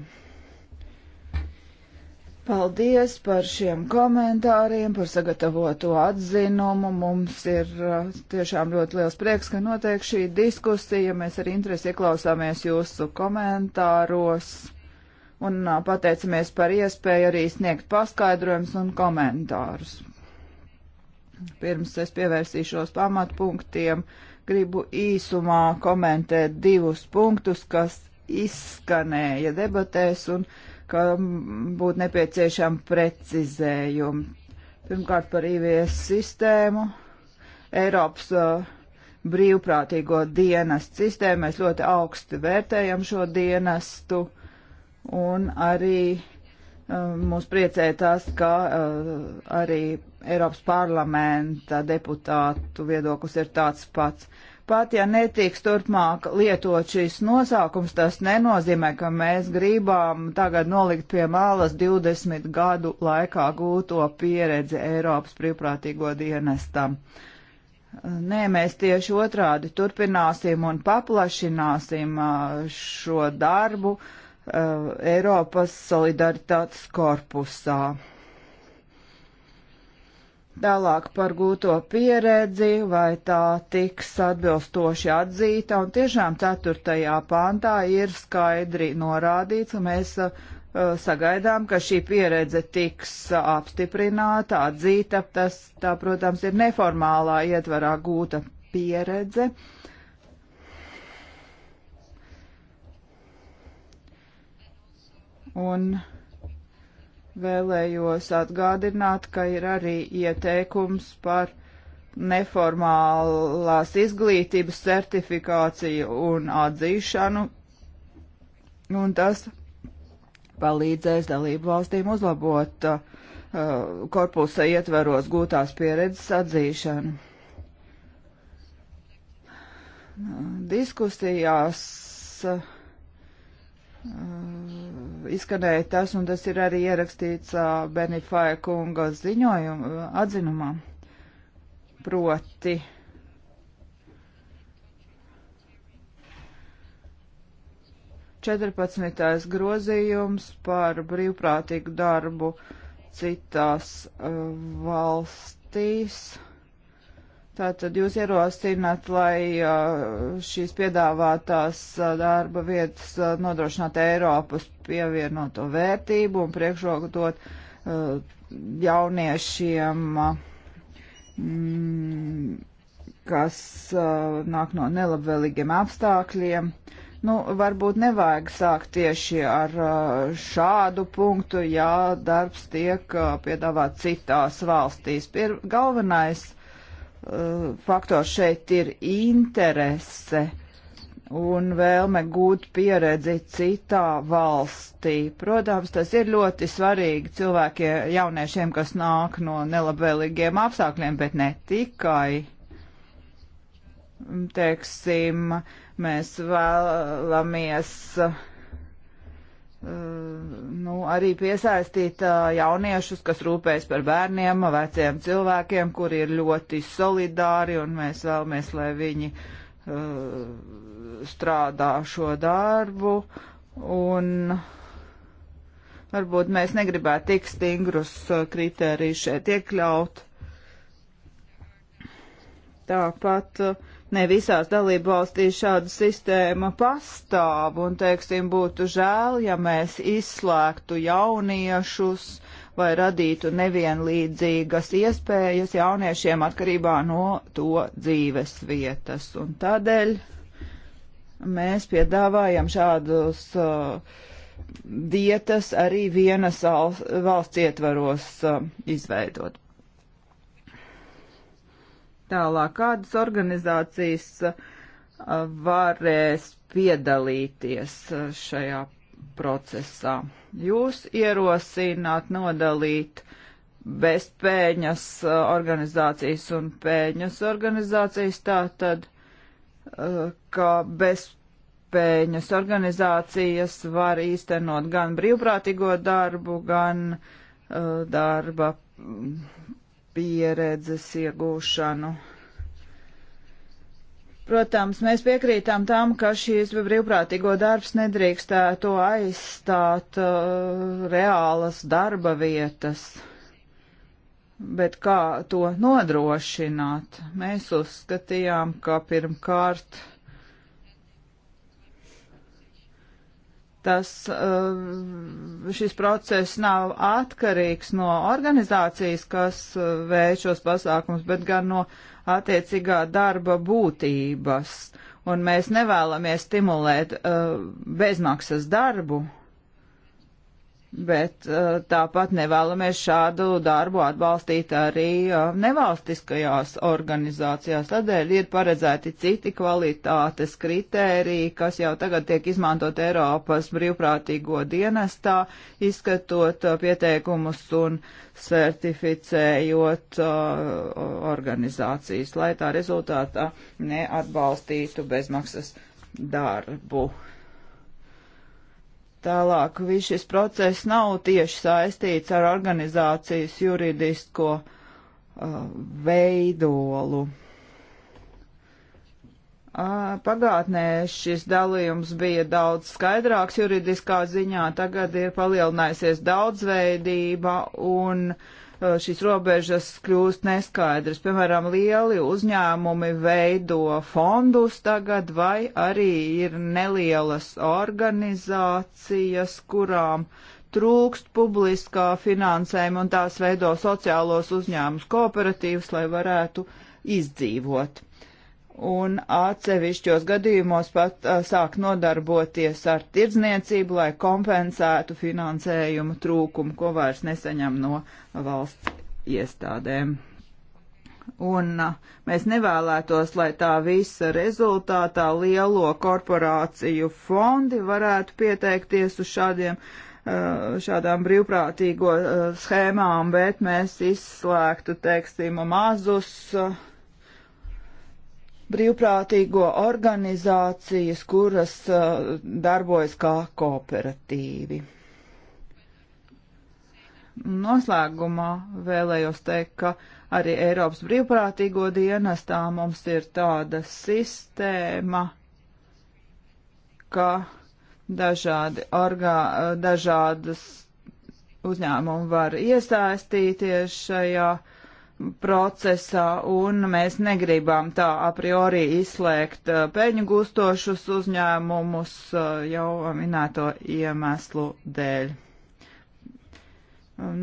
Paldies par šiem komentāriem, par sagatavoto atzinumu. Mums ir uh, tiešām ļoti liels prieks, ka notiek šī diskusija. Mēs ar interesi ieklausāmies jūsu komentāros un uh, pateicamies par iespēju arī sniegt paskaidrojumus un komentārus. Pirms es pievērsīšos pamatpunktiem, gribu īsumā komentēt divus punktus, kas izskanēja debatēs un debatēs ka būtu nepieciešama precizējuma. Pirmkārt par IVS sistēmu, Eiropas uh, brīvprātīgo dienestu sistēmu. Mēs ļoti augsti vērtējam šo dienestu un arī uh, mūs priecē tas, ka uh, arī Eiropas parlamenta deputātu viedoklis ir tāds pats pat ja netiks turpmāk lietot šīs nosākums, tas nenozīmē, ka mēs gribam tagad nolikt pie malas 20 gadu laikā gūto pieredzi Eiropas brīvprātīgo dienestam. Nē, mēs tieši otrādi turpināsim un paplašināsim šo darbu Eiropas solidaritātes korpusā tālāk par gūto pieredzi, vai tā tiks atbilstoši atzīta, un tiešām 4. pāntā ir skaidri norādīts, ka mēs uh, sagaidām, ka šī pieredze tiks uh, apstiprināta, atzīta, tas, tā, protams, ir neformālā ietvarā gūta pieredze. Un vēlējos atgādināt, ka ir arī ieteikums par neformālās izglītības certifikāciju un atzīšanu, un tas palīdzēs dalību valstīm uzlabot uh, korpusa ietveros gūtās pieredzes atzīšanu. Diskusijās uh, izskanēja tas, un tas ir arī ierakstīts uh, Benifāja kunga ziņojuma uh, atzinumā. Proti. Četrpadsmitais grozījums par brīvprātīgu darbu citās uh, valstīs. Tātad jūs ierosināt, lai uh, šīs piedāvātās uh, darba vietas uh, nodrošinātu Eiropas pievienoto vērtību un priekšroku dot jauniešiem, mm, kas nāk no nelabvēlīgiem apstākļiem. Nu, varbūt nevajag sākt tieši ar šādu punktu, ja darbs tiek piedāvāt citās valstīs. Pir galvenais Eh, faktors šeit ir interese un vēlme gūt pieredzi citā valstī. Protams, tas ir ļoti svarīgi cilvēkiem, jauniešiem, kas nāk no nelabvēlīgiem apstākļiem, bet ne tikai. Teiksim, mēs vēlamies uh, nu, arī piesaistīt jauniešus, kas rūpējas par bērniem, veciem cilvēkiem, kuri ir ļoti solidāri, un mēs vēlamies, lai viņi strādā šo darbu. Un varbūt mēs negribētu tik stingrus kritērijus šeit iekļaut. Tāpat uh, ne visās dalību valstīs šāda sistēma pastāv, un, teiksim, būtu žēl, ja mēs izslēgtu jauniešus vai radītu nevienlīdzīgas iespējas jauniešiem atkarībā no to dzīves vietas. Un tādēļ mēs piedāvājam šādus uh, dietas arī vienas valsts ietvaros uh, izveidot. Tālāk, kādas organizācijas varēs piedalīties šajā procesā? Jūs ierosināt nodalīt bezpēļņas organizācijas un pēļņas organizācijas tātad, ka bezpēļņas organizācijas var īstenot gan brīvprātīgo darbu, gan darba pieredzes iegūšanu. Protams, mēs piekrītām tam, ka šīs brīvprātīgo darbs nedrīkstētu aizstāt uh, reālas darba vietas. Bet kā to nodrošināt? Mēs uzskatījām, ka pirmkārt tas, uh, šis process nav atkarīgs no organizācijas, kas uh, veic šos pasākums, bet gan no attiecīgā darba būtības. Un mēs nevēlamies stimulēt uh, bezmaksas darbu, bet uh, tāpat nevēlamies šādu darbu atbalstīt arī uh, nevalstiskajās organizācijās. Tādēļ ir paredzēti citi kvalitātes kritēriji, kas jau tagad tiek izmantot Eiropas brīvprātīgo dienestā, izskatot uh, pieteikumus un certificējot organizācijas, lai tā rezultātā neatbalstītu bezmaksas darbu. Tālāk, viss šis process nav tieši saistīts ar organizācijas juridisko uh, veidolu. Uh, pagātnē šis dalījums bija daudz skaidrāks juridiskā ziņā, tagad ir palielinājusies daudzveidība un uh, Uh, šīs robežas kļūst neskaidras. Piemēram, lieli uzņēmumi veido fondus tagad, vai arī ir nelielas organizācijas, kurām trūkst publiskā finansējuma un tās veido sociālos uzņēmumus kooperatīvus, lai varētu izdzīvot un atsevišķos gadījumos pat a, sāk nodarboties ar tirdzniecību, lai kompensētu finansējumu trūkumu, ko vairs nesaņem no valsts iestādēm. Un a, mēs nevēlētos, lai tā visa rezultātā lielo korporāciju fondi varētu pieteikties uz šādiem šādām brīvprātīgo schēmām, bet mēs izslēgtu, teiksim, mazus uh, brīvprātīgo organizācijas, kuras uh, darbojas kā kooperatīvi. Noslēgumā vēlējos teikt, ka arī Eiropas brīvprātīgo dienestā mums ir tāda sistēma, ka dažādi orgā, dažādas uzņēmumi var iesaistīties šajā uh, procesā, un mēs negribam tā a priori izslēgt peļņu gūstošus uzņēmumus jau minēto iemeslu dēļ.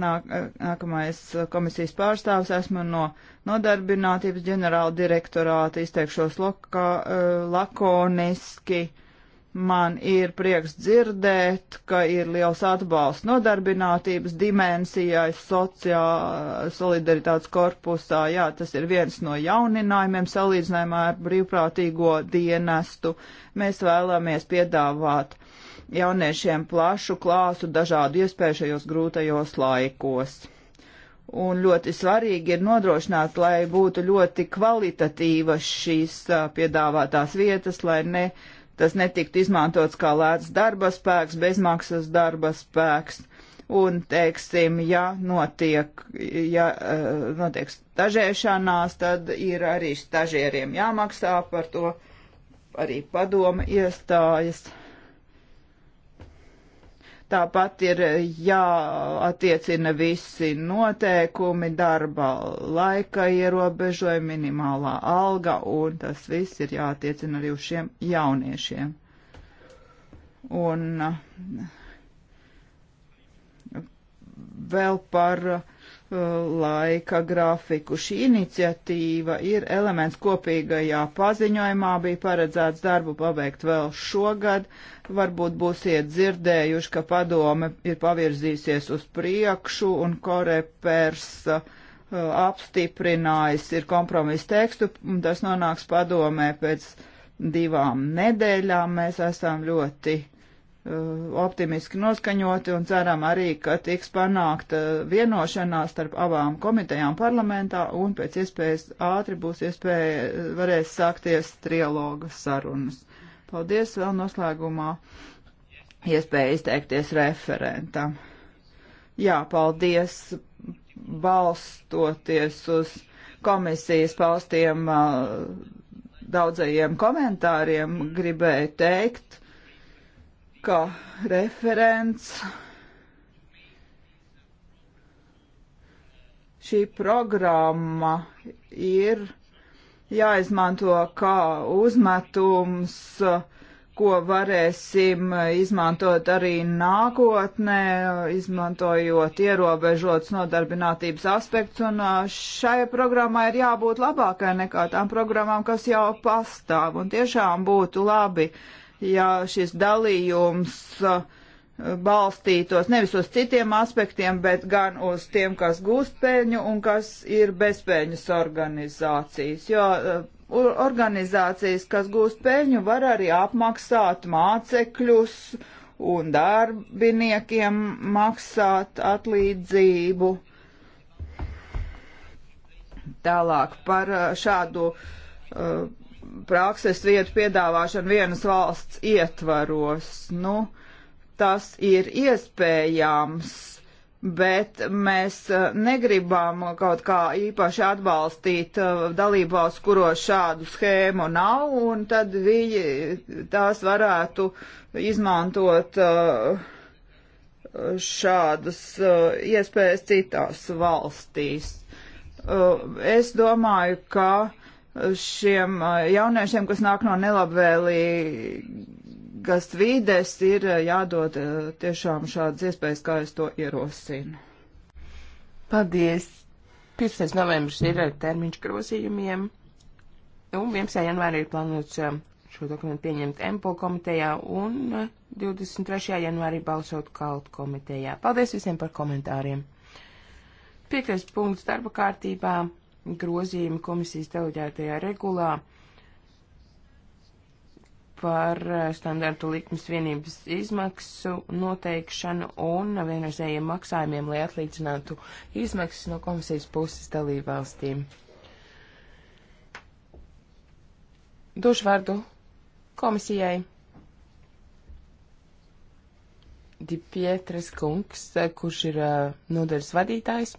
Nāk, nākamais komisijas pārstāvs esmu no nodarbinātības ģenerāla direktorāta, izteikšos loka, lakoniski. Uh, Man ir prieks dzirdēt, ka ir liels atbalsts nodarbinātības dimensijai, sociā, solidaritātes korpusā. Jā, tas ir viens no jauninājumiem salīdzinājumā ar brīvprātīgo dienestu. Mēs vēlamies piedāvāt jauniešiem plašu klāstu dažādu iespēju šajos grūtajos laikos. Un ļoti svarīgi ir nodrošināt, lai būtu ļoti kvalitatīvas šīs piedāvātās vietas, lai ne uh, tas netiktu izmantots kā lēts darba spēks, bezmaksas darba spēks. Un, teiksim, ja notiek, ja, eh, notiek stažēšanās, tad ir arī stažieriem jāmaksā par to, arī padoma iestājas. Tāpat ir jāattiecina visi noteikumi, darba laika ierobežojumi, minimālā alga, un tas viss ir jāattiecina arī uz šiem jauniešiem. Un eh, vēl par eh, laika grafiku. Šī iniciatīva ir elements kopīgajā paziņojumā, bija paredzēts darbu pabeigt vēl šogad Varbūt būsiet dzirdējuši, ka padome ir pavirzīsies uz priekšu un korepers uh, apstiprinājis ir kompromisu tekstu, un tas nonāks padomē pēc divām nedēļām. Mēs esam ļoti uh, optimiski noskaņoti un ceram arī, ka tiks panākta vienošanās starp abām komitejām parlamentā un pēc iespējas ātri būs iespēja varēs sākties trialoga sarunas. Paldies vēl noslēgumā iespēja izteikties referentam. Jā, paldies balstoties uz komisijas paustiem uh, daudzajiem komentāriem, gribēju teikt, ka referents šī programma ir jāizmanto kā uzmetums, ko varēsim izmantot arī nākotnē, izmantojot ierobežots nodarbinātības aspekts, un šai programmai ir jābūt labākai nekā tām programmām, kas jau pastāv, un tiešām būtu labi, ja šis dalījums uh, balstītos nevis uz citiem aspektiem, bet gan uz tiem, kas gūst peļņu un kas ir bezpēļņas organizācijas. Jo uh, organizācijas, kas gūst peļņu, var arī apmaksāt mācekļus un darbiniekiem maksāt atlīdzību. Tālāk par uh, šādu uh, prakses vietu piedāvāšanu vienas valsts ietvaros. Nu, uh, tas ir iespējams, bet mēs eh, negribam kaut kā īpaši atbalstīt eh, dalībvalsts, kuros šādu schēmu nav, un tad viņi tās varētu izmantot eh, šādas iespējas citās valstīs. Es domāju, ka šiem jauniešiem, kas nāk no nelabvēlīgi tīrgas vides ir eh, jādod eh, tiešām šādas iespējas, kā es to ierosinu. Paldies! 1. novembris ir eh, termiņš grozījumiem, un 11. janvārī ir plānots šo dokumentu pieņemt MPO komitejā un 23. janvārī balsot KALT komitejā. Paldies visiem par komentāriem! Piektais punkts darba kārtībā - grozījumi komisijas deleģētajā regulā par eh, standartu likmes vienības izmaksu noteikšanu un vienreizējiem maksājumiem, lai atlīdzinātu izmaksas no komisijas puses dalībvalstīm. Došu vārdu komisijai. Dipietras kungs, eh, kurš ir uh, nodaļas vadītājs.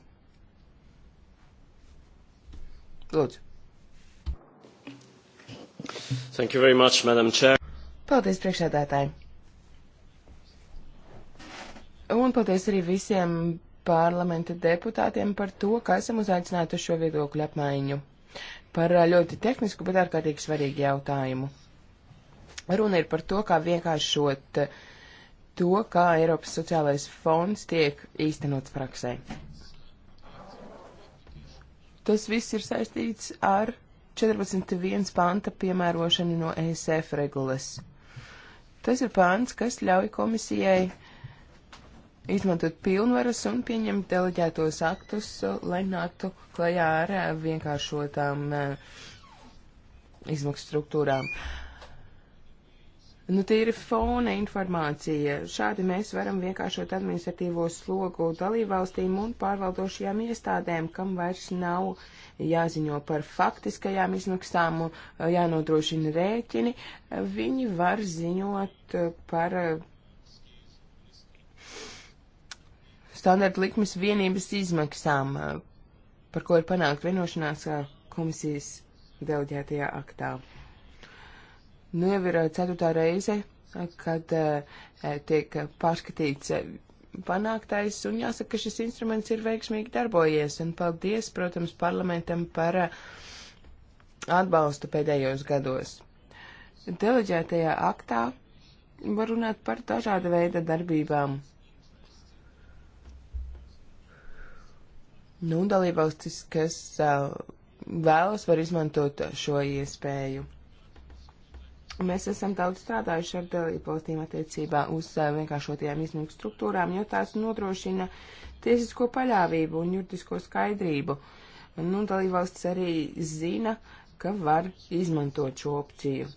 Lūdzu. Thank you very much, Madam Chair. Paldies, priekšsēdētāji. Un paldies arī visiem parlamenta deputātiem par to, ka esam uzaicināti uz šo viedokļu apmaiņu par ļoti tehnisku, bet ārkārtīgi svarīgu jautājumu. Runa ir par to, kā vienkāršot to, kā Eiropas sociālais fonds tiek īstenots praksē. Tas viss ir saistīts ar 14.1 panta piemērošanu no ESF regulas. Tas ir pāns, kas ļauj komisijai izmantot pilnvaras un pieņemt deleģētos aktus, lai nāktu klajā ar eh, vienkāršotām eh, izmaksu struktūrām. Uh, Nu, tīri fona informācija. Šādi mēs varam vienkāršot administratīvo slogu dalībvalstīm un pārvaldošajām iestādēm, kam vairs nav jāziņo par faktiskajām izmaksām, eh, jānodrošina rēķini. Viņi var ziņot eh, par eh, standarta likmes vienības izmaksām, par ko ir panākt vienošanās komisijas delģētajā aktā. Nu jau ir eh, ceturtā reize, eh, kad eh, tiek pārskatīts panāktais, un jāsaka, ka šis instruments ir veiksmīgi darbojies, un paldies, protams, parlamentam par atbalstu pēdējos gados. Deleģētajā aktā var runāt par dažāda veida darbībām. Nu, dalībvalstis, kas uh, vēlas, var izmantot šo iespēju. Mēs esam daudz strādājuši ar dalībvalstīm attiecībā uz eh, vienkāršotajām izmaksu struktūrām, jo tās nodrošina tiesisko paļāvību un juridisko skaidrību. Nu, dalībvalstis arī zina, ka var izmantot šo opciju.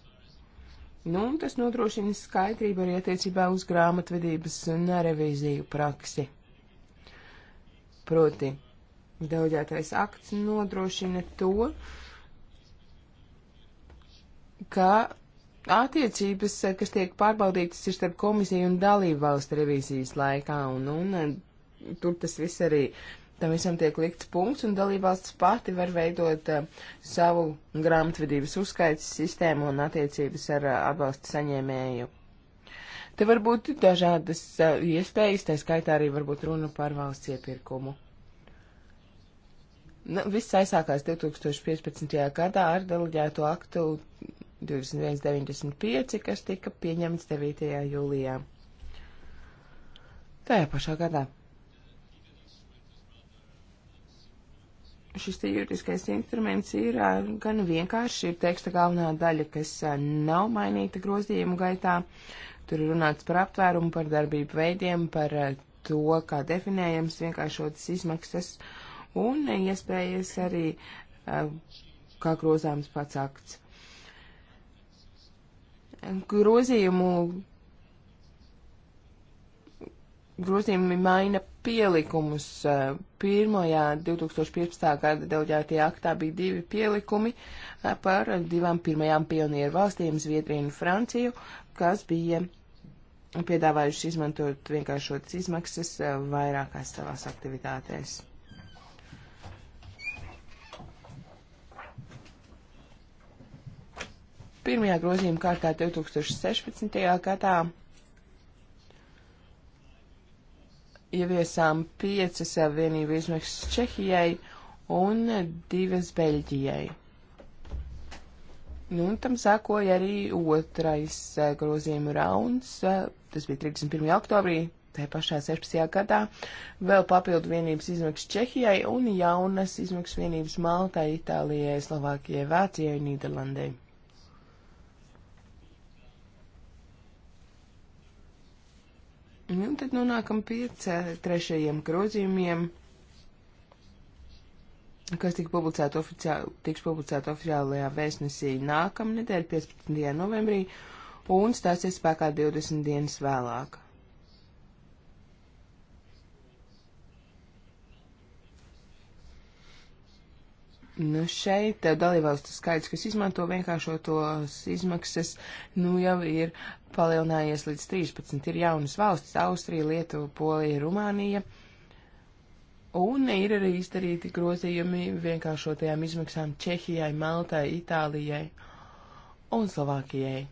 Nu, un tas nodrošina skaidrību arī attiecībā uz grāmatvedības un revīziju praksi. Proti, daudzētais akts nodrošina to, ka attiecības, eh, kas tiek pārbaudītas, ir starp komisiju un dalību valstu revīzijas laikā, un, un, un eh, tur tas viss arī, tam visam tiek likts punkts, un dalību valsts pati var veidot uh, savu grāmatvedības uzskaits sistēmu un attiecības ar uh, atbalstu saņēmēju. Te var būt dažādas uh, iespējas, tā skaitā arī varbūt runa par valsts iepirkumu. Nu, viss aizsākās 2015. gadā ar deleģēto aktu 2195, kas tika pieņemts 9. jūlijā. Tajā pašā gadā. Šis juridiskais instruments ir gan vienkārši, ir teksta galvenā daļa, kas nav mainīta grozījumu gaitā. Tur ir runāts par aptvērumu, par darbību veidiem, par to, kā definējams vienkāršotas izmaksas un iespējas arī, kā grozāms pats akts grozījumu grozījumi maina pielikumus. Pirmajā 2015. gada delģētajā aktā bija divi pielikumi par divām pirmajām pionieru valstīm - Zviedriju un Franciju, kas bija piedāvājuši izmantot vienkāršotas izmaksas vairākās savās aktivitātēs. Pirmajā grozījuma kārtā 2016. gadā ieviesām piecas vienību izmaksas Čehijai un divas Beļģijai. Nu, un tam sākoja arī otrais eh, grozījuma rauns. Eh, tas bija 31. oktobrī, tajā pašā 16. gadā. Vēl papildu vienības izmaksas Čehijai un jaunas izmaksas vienības Maltai, Itālijai, Slovākijai, Vācijai un Nīderlandai. Un nu, tad nonākam pie trešajiem grozījumiem, kas tika publicēta oficiāli, tiks publicēta oficiālajā vēstnesī nākamnedēļ, 15. novembrī, un stāsies spēkā 20 dienas vēlāk. Nu, šeit eh, dalībvalstu skaits, kas izmanto vienkāršotos izmaksas, nu jau ir palielinājies līdz 13. Ir jaunas valstis - Austrija, Lietuva, Polija, Rumānija. Un ir arī izdarīti grozījumi vienkāršotajām izmaksām Čehijai, Maltai, Itālijai un Slovākijai.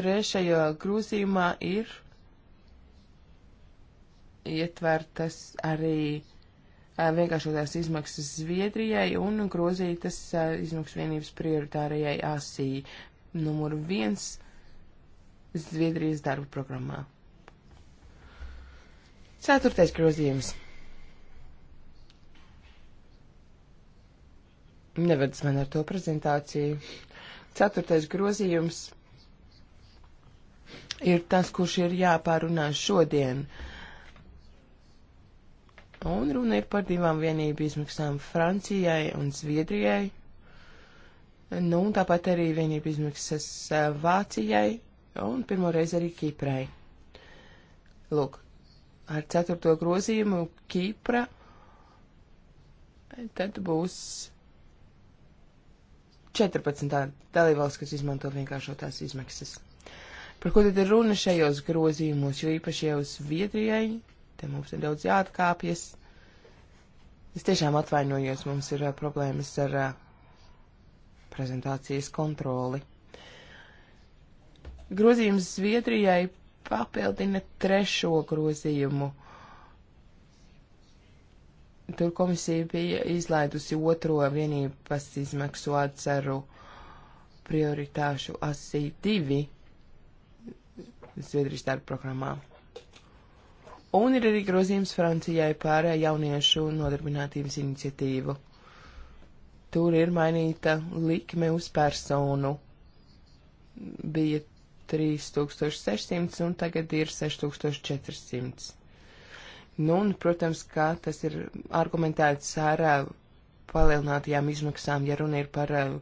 Trešajā grozījumā ir ietvertas arī vienkāršotās izmaksas Zviedrijai un grozītas izmaksu vienības prioritārajai asī numuru viens Zviedrijas darba programmā. Ceturtais grozījums. Nevedas man ar to prezentāciju. Ceturtais grozījums ir tas, kurš ir jāpārunā šodien. Uh, Un runa ir par divām vienību izmaksām Francijai un Zviedrijai. Nu, un tāpat arī vienību izmaksas eh, Vācijai un pirmoreiz arī Kiprai. Lūk, ar ceturto grozījumu Kipra tad būs 14. dalībvalsts, kas izmanto vienkāršotās izmaksas. Par ko tad ir runa šajos grozījumos, jo īpaši jau Zviedrijai Te mums ir daudz jāatkāpjas. Es tiešām atvainojos, mums ir problēmas ar prezentācijas kontroli. Grozījums Zviedrijai papildina trešo grozījumu. Tur komisija bija izlaidusi otro vienības izmaksu atceru prioritāšu asī divi Zviedrijas darba programmā. Un ir arī grozījums Francijai par jauniešu nodarbinātības iniciatīvu. Tur ir mainīta likme uz personu. Bija 3600 un tagad ir 6400. Nu, un, protams, kā tas ir argumentēts ar uh, palielinātajām izmaksām, ja runa ir par uh,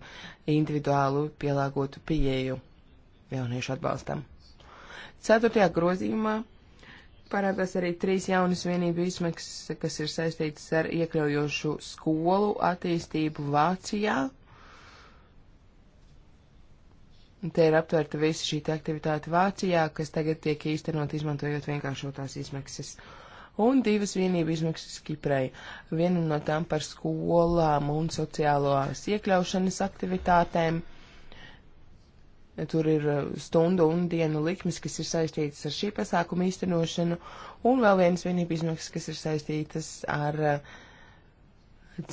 individuālu pielāgotu pieeju jauniešu atbalstam. Ceturtajā grozījumā parādās arī trīs jaunas vienību izmaksas, kas ir saistītas ar iekļaujošu skolu attīstību Vācijā. Te ir aptverta visa šī aktivitāte Vācijā, kas tagad tiek īstenot izmantojot vienkāršotās izmaksas. Un divas vienību izmaksas Kiprai. Viena no tām par skolām un sociālās iekļaušanas aktivitātēm. Tur ir eh, stundu un dienu likmes, kas ir saistītas ar šī pasākuma īstenošanu, un vēl vienas vienības izmaksas, kas ir saistītas ar eh,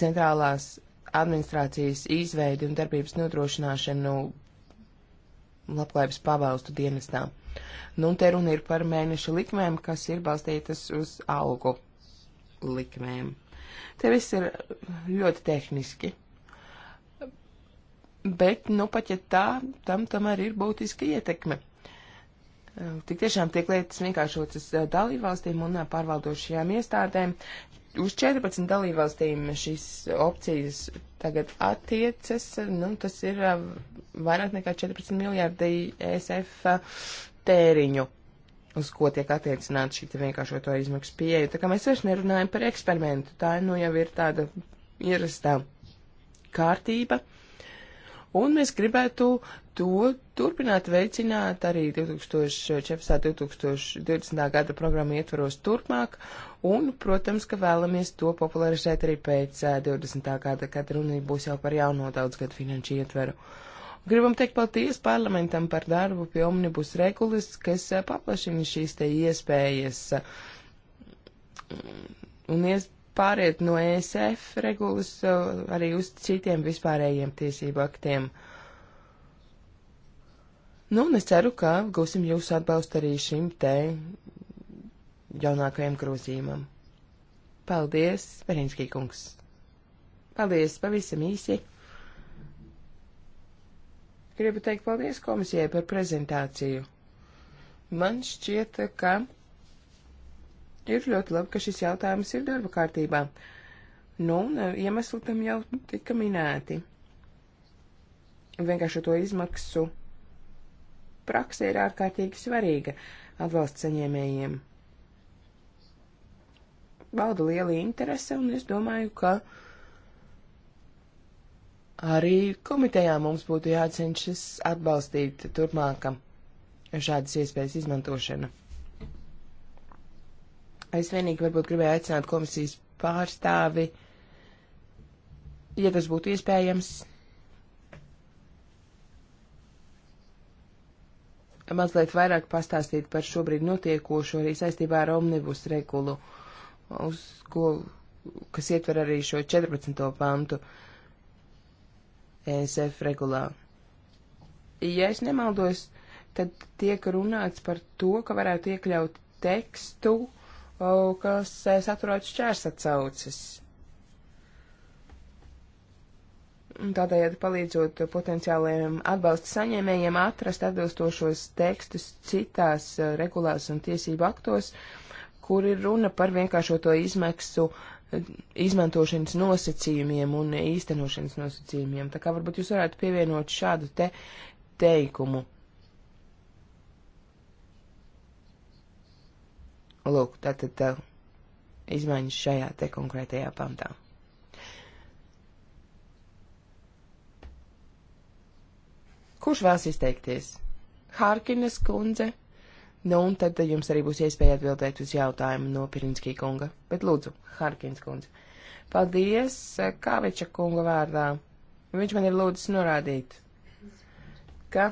centrālās administrācijas izveidi un darbības nodrošināšanu labklājības pabalstu dienestā. Nu, te runa ir par mēneša likmēm, kas ir balstītas uz algu likmēm. Te viss ir eh, ļoti tehniski. Bet, nu, pat ja tā, tam tomēr ir būtiska ietekme. Ehm, tik tiešām tiek lietas vienkāršotas eh, dalībvalstīm un eh, pārvaldošajām iestādēm. Uz 14 dalībvalstīm šīs opcijas tagad attiecas, nu, tas ir eh, vairāk nekā 14 miljārdi ESF tēriņu uz ko tiek attiecināta šī vienkāršoto izmaksu pieeja. Tā kā mēs vairs nerunājam par eksperimentu, tā nu jau ir tāda ierastā kārtība un mēs gribētu to turpināt veicināt arī 2014. 2020. gada programmu ietvaros turpmāk, un, protams, ka vēlamies to popularizēt arī pēc 20. gada, kad runa būs jau par jauno daudzgadu finanšu ietveru. Gribam teikt paldies parlamentam par darbu pie omnibus regulas, kas paplašina šīs te iespējas un ies, pāriet no ESF regulas uh, arī uz citiem vispārējiem tiesību aktiem. Nu, un es ceru, ka gūsim jūsu atbalstu arī šim te jaunākajam grozījumam. Paldies, Perinskī kungs! Paldies, pavisam īsi! Gribu teikt paldies komisijai par prezentāciju. Man šķiet, ka Ir ļoti labi, ka šis jautājums ir darba kārtībā. Nu, e, iemesli tam jau tika minēti. Vienkārši to izmaksu praksa ir ārkārtīgi svarīga atbalsta saņēmējiem. Bauda liela interese, un es domāju, ka arī komitejā mums būtu jācenšas atbalstīt turpmākam šādas iespējas izmantošana. Es vienīgi varbūt gribēju aicināt komisijas pārstāvi, ja tas būtu iespējams. Mazliet vairāk pastāstīt par šobrīd notiekošo arī saistībā ar omnibus regulu, uz ko, kas ietver arī šo 14. pantu ESF regulā. Ja es nemaldos, tad tiek runāts par to, ka varētu iekļaut tekstu uh, kas e, saturētu šķērsacaucis. Tādējādi palīdzot potenciālajiem atbalsta saņēmējiem atrast atbilstošos tekstus citās e, regulās un tiesību aktos, kur ir runa par vienkāršoto izmaksu e, izmantošanas nosacījumiem un īstenošanas nosacījumiem. Tā kā varbūt jūs varētu pievienot šādu te teikumu. Lūk, tātad tā, izmaiņas šajā te konkrētajā pantā. Kurš vēlas izteikties? Hārkinas kundze? Nu, un tad jums arī būs iespēja atbildēt uz jautājumu no Pirinskī kunga. Bet lūdzu, Harkins kundze. Paldies Kaviča kunga vārdā. Viņš man ir lūdzis norādīt, ka,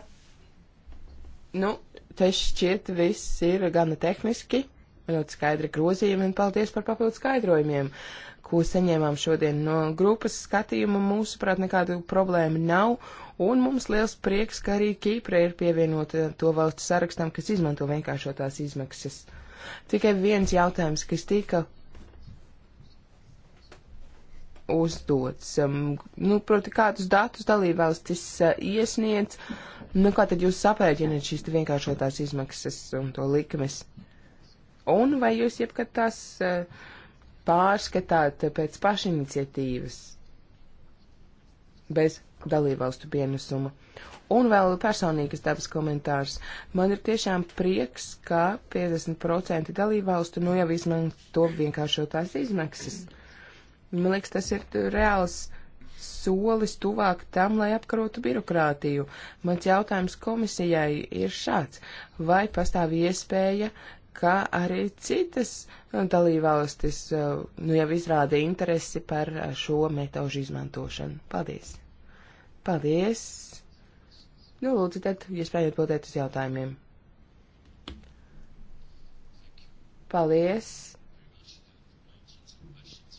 nu, te šķiet viss ir gana tehniski, ļoti skaidri grozījumi un paldies par papildu skaidrojumiem, ko saņēmām šodien no grupas skatījuma. Mūsuprāt, nekādu problēmu nav, un mums liels prieks, ka arī Kīpra ir pievienota to valstu sarakstam, kas izmanto vienkāršotās izmaksas. Tikai viens jautājums, kas tika uzdots. Um, nu, proti, kādus datus dalībvalstis uh, iesniedz, nu, kā tad jūs sapēķināt šīs vienkāršotās izmaksas un to likmes? Uh, Un vai jūs jebkad tās eh, pārskatāt pēc pašiniciatīvas bez dalībvalstu pienesuma? Un vēl personīgas dabas komentārs. Man ir tiešām prieks, ka 50% dalībvalstu nu jau izmanto vienkāršotās izmaksas. Man liekas, tas ir reāls solis tuvāk tam, lai apkarotu birokrātiju. Mans jautājums komisijai ir šāds. Vai pastāv iespēja ka arī citas uh, dalībvalstis uh, nu, jau izrāda interesi par uh, šo metožu izmantošanu. Paldies! Paldies! Nu, lūdzu, tad iespēju atbildēt uz jautājumiem. Paldies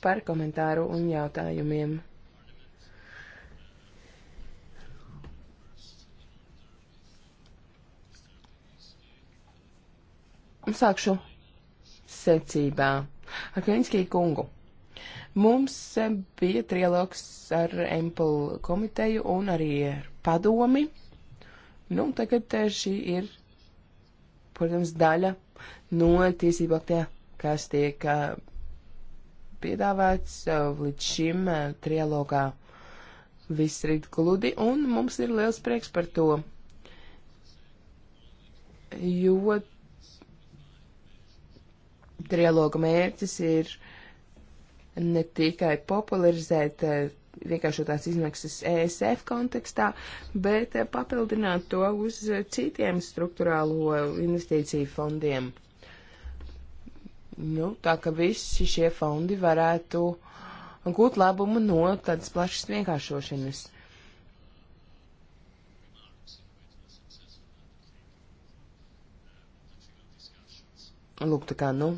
par komentāru un jautājumiem. Nu, sākšu secībā ar Kaņinskiju kungu. Mums bija trialogs ar Empel komiteju un arī ar padomi. Nu, tagad eh, šī ir, protams, daļa no tiesību aktē, kas tiek eh, piedāvāts eh, līdz šim trialogā. Viss rīt gludi, un mums ir liels prieks par to, jo Trialoga mērķis ir ne tikai popularizēt eh, vienkāršotās izmaksas ESF kontekstā, bet eh, papildināt to uz eh, citiem struktūrālo investīciju fondiem. Nu, tā ka visi šie fondi varētu gūt labumu no tādas plašas vienkāršošanas. Lūk, tā kā, nu,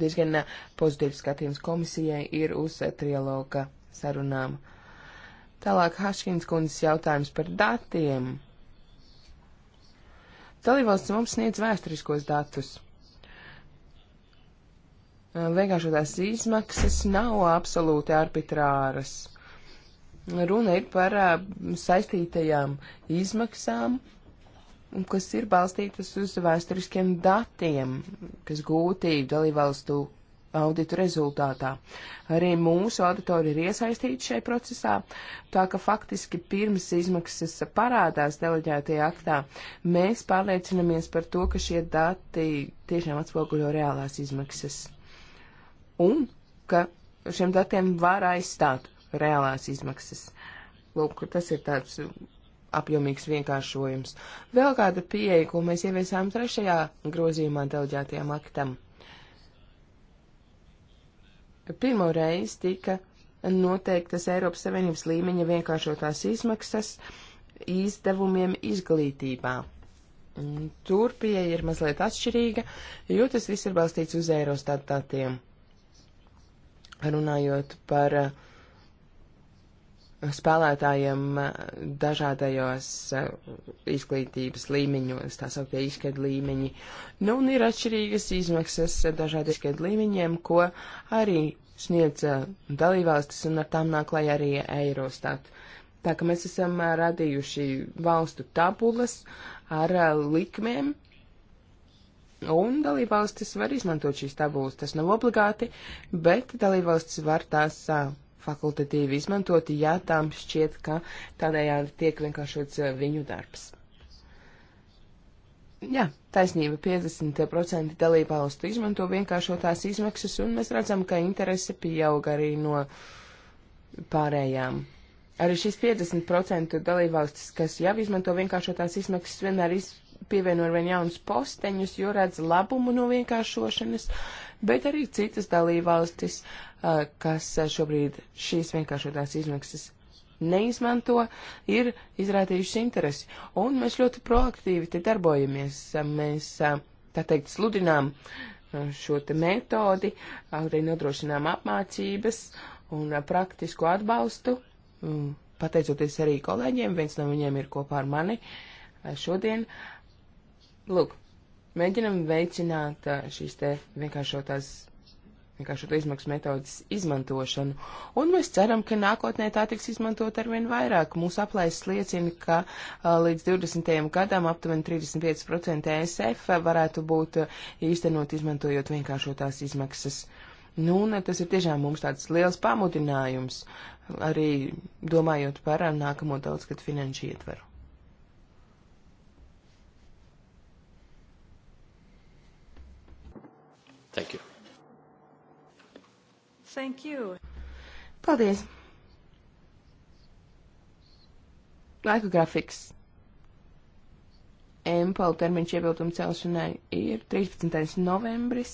diezgan uh, pozitīvs skatījums komisijai ir uz uh, trialoga sarunām. Tālāk Haškins kundzes jautājums par datiem. Dalībvalsts mums sniedz vēsturiskos datus. Uh, vienkāršotās izmaksas nav absolūti arbitrāras. Runa ir par saistītajām izmaksām, kas ir balstītas uz vēsturiskiem datiem, kas gūti dalībvalstu auditu rezultātā. Arī mūsu auditori ir iesaistīti šajā procesā, tā ka faktiski pirms izmaksas parādās deleģētajā aktā mēs pārliecinamies par to, ka šie dati tiešām atspoguļo reālās izmaksas un ka šiem datiem var aizstāt reālās izmaksas. Lūk, tas ir tāds apjomīgs vienkāršojums. Vēl kāda pieeja, ko mēs ieviesām trešajā grozījumā delģētajam aktam. Pirmo reizi tika noteiktas Eiropas Savienības līmeņa vienkāršotās izmaksas izdevumiem izglītībā. Tur pieeja ir mazliet atšķirīga, jo tas viss ir balstīts uz Eirostat datiem. Runājot par uh, spēlētājiem eh, dažādajos eh, izglītības līmeņos, tā sauktie izskatu līmeņi. Nu, un ir atšķirīgas izmaksas dažādi izskatu līmeņiem, ko arī sniedz eh, dalībvalstis un ar tām nāk lai arī Eirostat. Tā ka mēs esam radījuši valstu tabulas ar likmēm, un dalībvalstis var izmantot šīs tabulas. Tas nav obligāti, bet dalībvalstis var tās fakultatīvi izmantoti, ja tām šķiet, ka tādējādi tiek vienkāršots eh, viņu darbs. Jā, taisnība 50% dalībvalstu izmanto vienkāršotās izmaksas, un mēs redzam, ka interese pieaug arī no pārējām. Arī šis 50% dalībvalstis, kas jau izmanto vienkāršotās izmaksas, vienmēr iz pievieno ar vien jaunus posteņus, jo redz labumu no vienkāršošanas, bet arī citas dalībvalstis, kas šobrīd šīs vienkāršotās izmaksas neizmanto, ir izrādījušas interesi. Un mēs ļoti proaktīvi te darbojamies. Mēs, tā teikt, sludinām šo te metodi, arī nodrošinām apmācības un praktisku atbalstu. Pateicoties arī kolēģiem, viens no viņiem ir kopā ar mani šodien. Lūk, Mēģinam veicināt šīs te vienkāršotās, vienkāršotā izmaksu metodas izmantošanu, un mēs ceram, ka nākotnē tā tiks izmantot arvien vairāk. Mūsu aplaises liecina, ka a, līdz 20. gadam aptuveni 35% ESF varētu būt īstenot izmantojot vienkāršotās izmaksas. Nu, un tas ir tiešām mums tāds liels pamudinājums, arī domājot par nākamo daudzgadu finanšu ietvaru. Thank you. Thank you. Paldies. Laika grafiks. Empala termiņš iebildumu celšanai ir 13. novembris.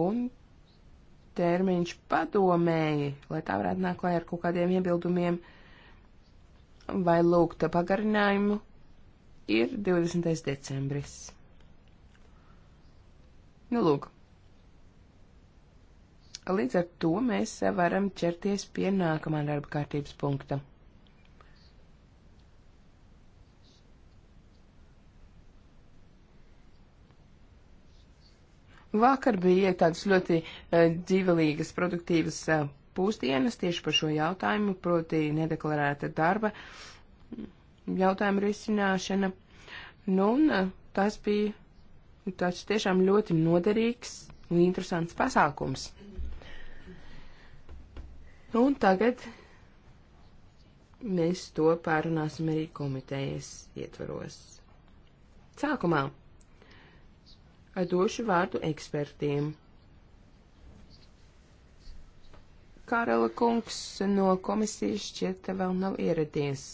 Un termiņš padomēji, lai tā varētu nākt klāt ar kaut kādiem iebildumiem vai lūgta pagarinājumu, ir 20. decembris. Nu, lūk. Līdz ar to mēs varam ķerties pie nākamā darba kārtības punkta. Vakar bija tādas ļoti uh, dzīvelīgas, produktīvas uh, eh, pusdienas tieši par šo jautājumu, proti nedeklarēta darba mm, jautājuma risināšana. Nu, un uh, tas bija tāds tiešām ļoti noderīgs un interesants pasākums. Un tagad mēs to pārunāsim arī komitejas ietvaros. Sākumā došu vārdu ekspertiem. Karela kungs no komisijas šķiet vēl nav ieradies.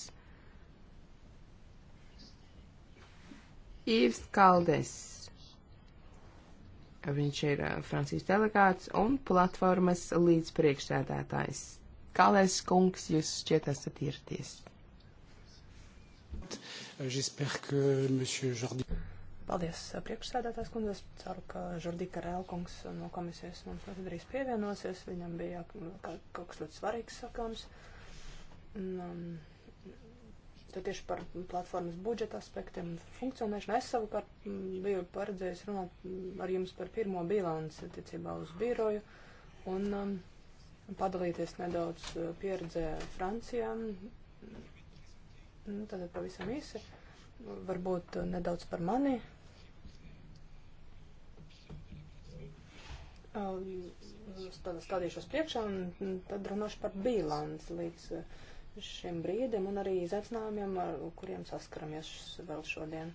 Īvs Kaldes Viņš ir Francijas delegāts un platformas līdzpriekšsēdētājs. Kālēs kungs, jūs šķiet esat ieradies. Paldies, priekšsēdētājs kundze. Es ceru, ka Žordika Rēlkungs no komisijas mums ļoti drīz pievienosies. Viņam bija kaut kas ļoti svarīgs sakāms. Un, um, Tad tieši par platformas budžeta aspektiem un funkcionēšanu es savukārt biju paredzējis runāt mm, ar jums par pirmo bilanci attiecībā uz biroju un um, padalīties nedaudz uh, pieredzē Francijā. Nu, tad pavisam īsi. Varbūt uh, nedaudz par mani. Um, stādīšos priekšā un mm, tad runāšu par bilanci līdz. Uh, šim brīdim un arī izaicinājumiem, ar kuriem saskaramies vēl šodien.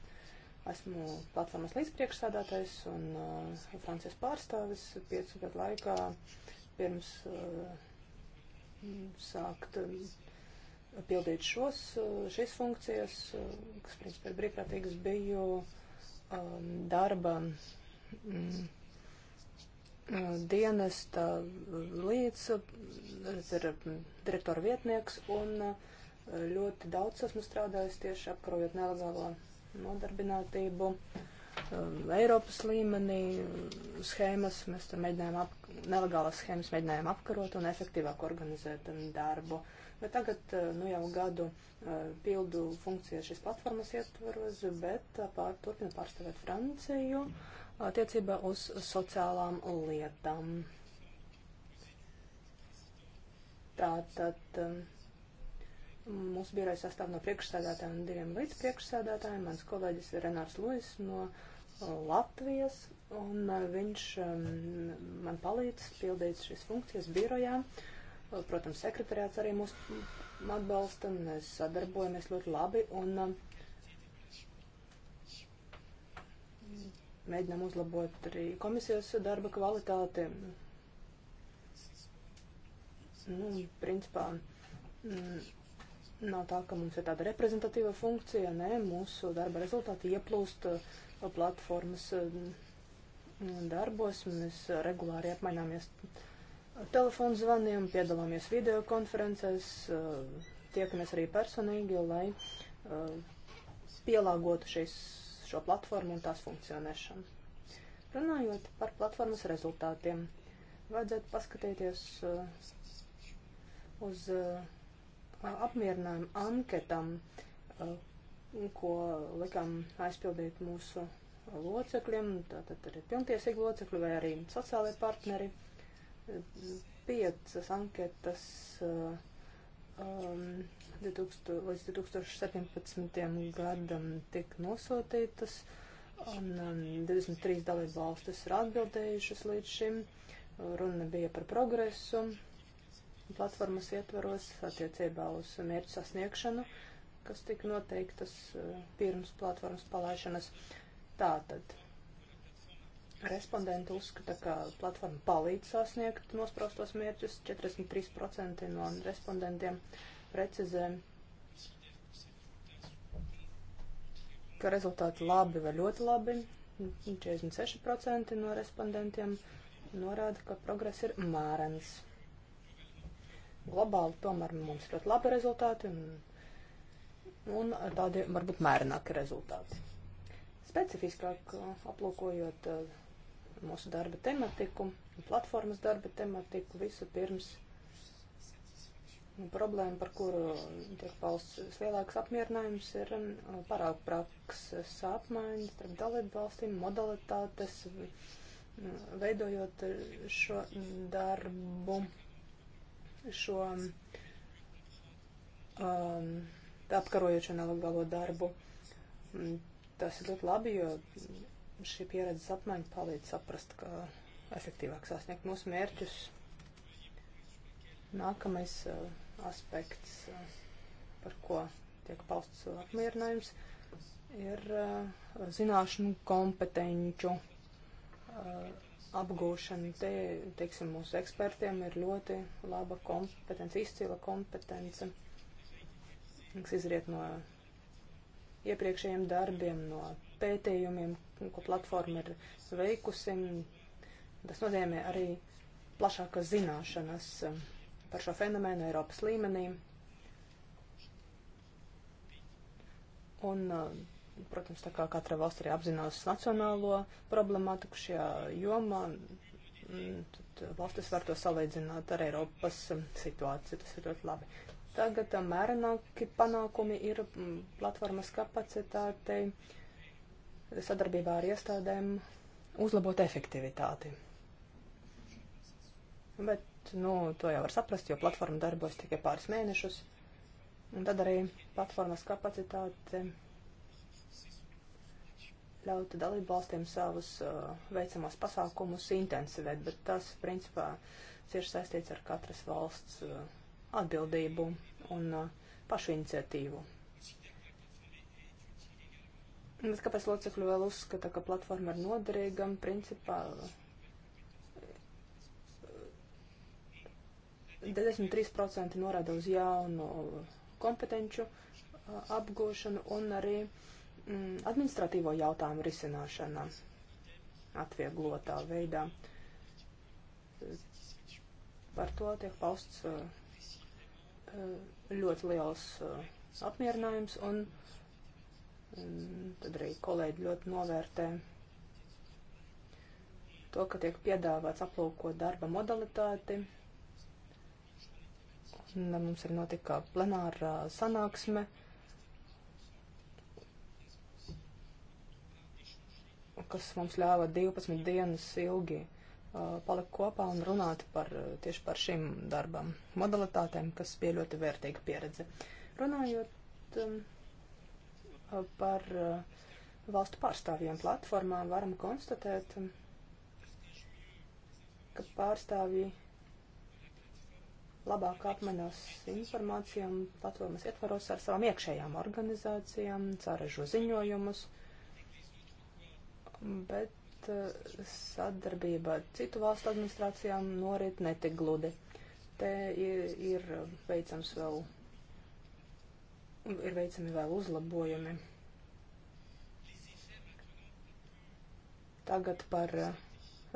Esmu platformas līdzpriekšsādātais un uh, Francijas pārstāvis piecu gadu laikā pirms uh, sākt uh, pildīt šos, uh, šīs funkcijas, uh, kas principā ir brīvprātīgas, biju um, darba. Um, dienesta līdz direktora vietnieks un ļoti daudz esmu strādājis tieši apkarojot nelegālo nodarbinātību. Eiropas līmenī schēmas, mēs tam mēģinājām, ap, nelegālas schēmas mēģinājām apkarot un efektīvāk organizēt darbu. Bet tagad, nu jau gadu pildu funkcijas šīs platformas ietvaros, bet pār, turpinu pārstāvēt Franciju. Uh, attiecībā uz sociālām lietām. Tātad um, mūsu biroja sastāv no priekšsēdētājiem un diviem līdzpriekšsēdētājiem. Mans kolēģis ir Renārs Lūis no uh, Latvijas, un uh, viņš um, man palīdz pildīt šīs funkcijas birojā. Uh, protams, sekretariāts arī mūs atbalsta, mēs sadarbojamies ļoti labi, un um, Mēģinām uzlabot arī komisijas darba kvalitāti. Nu, principā mm, nav tā, ka mums ir tāda reprezentatīva funkcija, nē, mūsu darba rezultāti ieplūst uh, platformas uh, darbos, mēs regulāri apmaināmies telefonu zvaniem, piedalāmies video konferencēs, uh, tiekamies arī personīgi, lai pielāgotu šīs šo platformu un tās funkcionēšanu. Runājot par platformas rezultātiem, vajadzētu paskatīties uh, uz uh, apmierinājumu anketam, uh, ko likām aizpildīt mūsu locekļiem, tātad arī pilntiesīgi locekļi vai arī sociālai partneri. Piecas anketas uh, um, 2000, līdz 2017. gadam tika nosūtītas, un um, 23 dalību valstis ir atbildējušas līdz šim. Runa bija par progresu platformas ietvaros attiecībā uz mērķu sasniegšanu, kas tika noteiktas uh, pirms platformas palaišanas. Tātad Respondenti uzskata, ka platforma palīdz sasniegt nospraustos mērķus. 43% no respondentiem precizē, ka rezultāti labi vai ļoti labi. 46% no respondentiem norāda, ka progress ir mērens. Globāli tomēr mums ļoti labi rezultāti un, un tādi varbūt mērenāki rezultāti. Specifiskāk aplūkojot uh, mūsu darba tematiku, platformas darba tematiku visu pirms. Problēma, par kuru tiek pausts lielāks apmierinājums, ir um, parāku prakses apmaiņas starp dalību valstīm, modalitātes, mm, veidojot šo darbu, šo um, apkarojot šo nelegālo darbu. Mm, tas ir ļoti labi, jo šī pieredzes apmaiņa palīdz saprast, kā efektīvāk sasniegt mūsu mērķus. Nākamais uh, aspekts, uh, par ko tiek pausts apmierinājums, ir uh, zināšanu kompetenču uh, apgūšana. Te, teiksim, mūsu ekspertiem ir ļoti laba kompetence, izcila kompetence, kas izriet no iepriekšējiem darbiem, no pētījumiem, ko platforma ir veikusi. Tas nozīmē arī plašākas zināšanas um, par šo fenomenu Eiropas līmenī. Un, um, protams, tā kā katra valsts arī apzinās nacionālo problemātiku šajā jomā, mm, tad uh, valstis var to salīdzināt ar Eiropas um, situāciju. Tas ir ļoti labi. Tagad mērenāki panākumi ir mm, platformas kapacitātei sadarbībā ar iestādēm uzlabot efektivitāti. Bet, nu, to jau var saprast, jo platforma darbojas tikai pāris mēnešus. Un tad arī platformas kapacitāte ļautu dalību valstīm savus uh, veicamos pasākumus intensivēt, bet tas, principā, cieši saistīts ar katras valsts uh, atbildību un uh, pašu iniciatīvu. Es kāpēc locekļi vēl uzskata, ka platforma ir noderīga, principā 93% norāda uz jaunu kompetenču apgūšanu un arī mm, administratīvo jautājumu risināšana atvieglotā veidā. Par to tiek pausts ļoti liels apmierinājums un apmierinājums Tad arī kolēģi ļoti novērtē to, ka tiek piedāvāts aplūkot darba modalitāti. Un eh, mums arī notika plenāra sanāksme. kas mums ļāva 12 dienas ilgi uh, palikt kopā un runāt par, eh, tieši par šīm darbam modalitātēm, kas bija ļoti vērtīga pieredze. Runājot um, par eh, valstu pārstāvjiem platformām, varam konstatēt, ka pārstāvji labāk apmainās informācijām platformas ietvaros ar savām iekšējām organizācijām, sāražo ziņojumus, bet eh, sadarbība ar citu valstu administrācijām norit netik gludi. Te ir, ir veicams vēl ir veicami vēl uzlabojumi. Tagad par eh,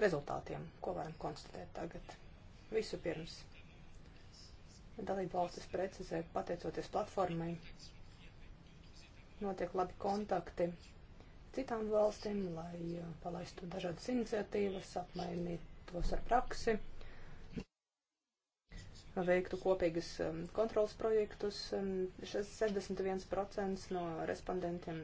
rezultātiem, ko varam konstatēt tagad. Visu pirms dalību valstis precizē, pateicoties platformai, notiek labi kontakti citām valstīm, lai eh, palaistu dažādas iniciatīvas, apmainītos ar praksi veiktu kopīgas um, kontrolas projektus. Um, šis 61% no respondentiem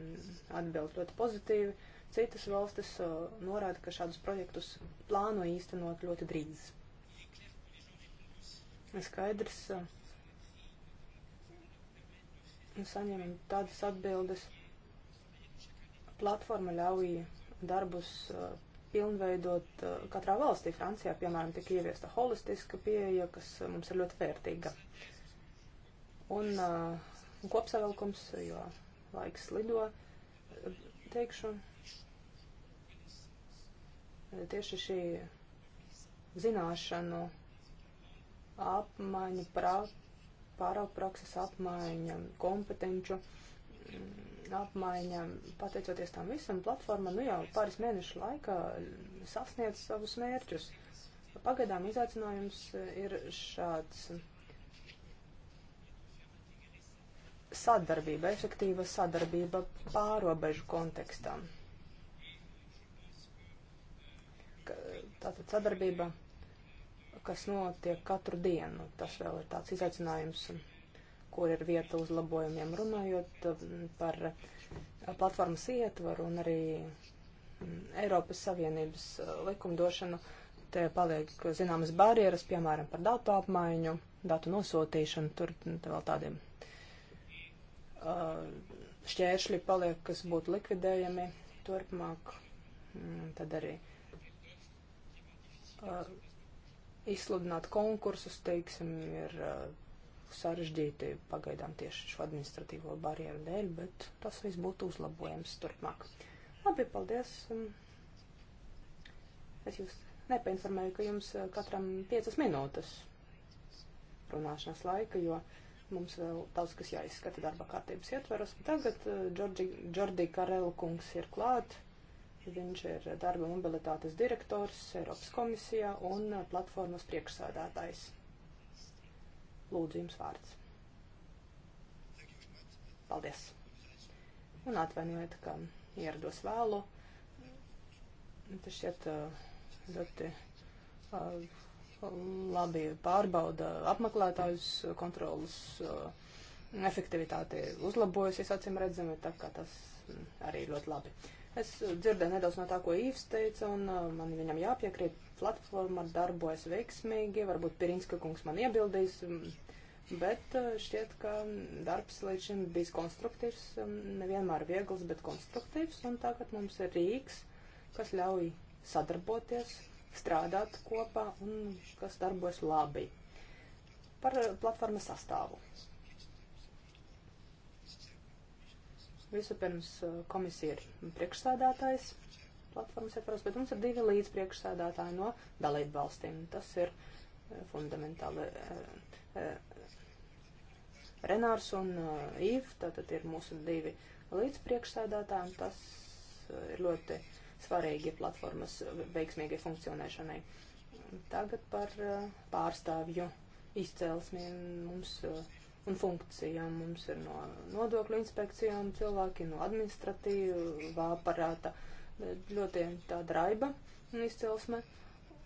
atbild ļoti pozitīvi. Citas valstis uh, norāda, ka šādus projektus plāno īstenot ļoti drīz. Skaidrs, uh, saņemam tādas atbildes. Platforma ļauj darbus uh, pilnveidot eh, katrā valstī. Francijā, piemēram, tika ieviesta holistiska pieeja, kas eh, mums ir ļoti vērtīga. Un uh, kopsavilkums, jo laiks lido, teikšu, tieši šī zināšanu apmaiņa, pārauprakses apmaiņa, kompetenču. Mm, apmaiņa, pateicoties tam visam, platforma nu jau pāris mēnešu laikā sasniedz savus mērķus. Pagaidām izaicinājums ir šāds sadarbība, efektīva sadarbība pārobežu kontekstā. Tātad sadarbība, kas notiek katru dienu, tas vēl ir tāds izaicinājums kur ir vieta uzlabojumiem, runājot eh, par eh, platformas ietvaru un arī mm, Eiropas Savienības eh, likumdošanu. Te paliek zināmas barjeras, piemēram, par datu apmaiņu, datu nosūtīšanu, tur mm, te vēl tādiem šķēršļi paliek, kas būtu likvidējami turpmāk. Mm, tad arī izsludināt konkursus, teiksim, ir sarežģīti pagaidām tieši šo administratīvo barjeru dēļ, bet tas viss būtu uzlabojams turpmāk. Labi, paldies. Mm. Es jūs nepainformēju, ka jums eh, katram piecas minūtes runāšanas laika, jo mums vēl daudz kas jāizskata darba kārtības ietveros. Tagad eh, Džordži, Džordi Karela kungs ir klāt. Viņš ir darba mobilitātes direktors Eiropas komisijā un eh, platformas priekšsādātājs. Lūdzu, jums vārds. Paldies. Un atvainojiet, ka ierados vēlu. Tas šķiet uh, ļoti uh, labi pārbauda apmeklētājus kontrolas uh, efektivitāte uzlabojusies, acīm redzami, tā kā tas mm, arī ļoti labi. Es dzirdēju nedaudz no tā, ko Īvs teica, un man viņam jāpiekrīt, platforma darbojas veiksmīgi, varbūt Pirinska kungs man iebildīs, mm, bet eh, šķiet, ka darbs līdz šim bijis konstruktīvs, um, nevienmēr viegls, bet konstruktīvs, un tagad mums ir Rīgas, kas ļauj sadarboties, strādāt kopā un kas darbojas labi. Par eh, platformas sastāvu. Vispirms eh, komisija ir priekšsādātājs platformas ietvaros, bet mums ir divi līdzpriekšsādātāji no dalību valstīm. Tas ir fundamentāli Renārs un uh, Īv, tātad ir mūsu divi līdzpriekšsēdētāji, tas uh, ir ļoti svarīgi platformas veiksmīgai funkcionēšanai. Tagad par uh, pārstāvju izcelsmi mums uh, un funkcijām. Mums ir no nodokļu inspekcijām cilvēki, no administratīvā aparāta, ļoti tāda raiba izcelsme. Uh,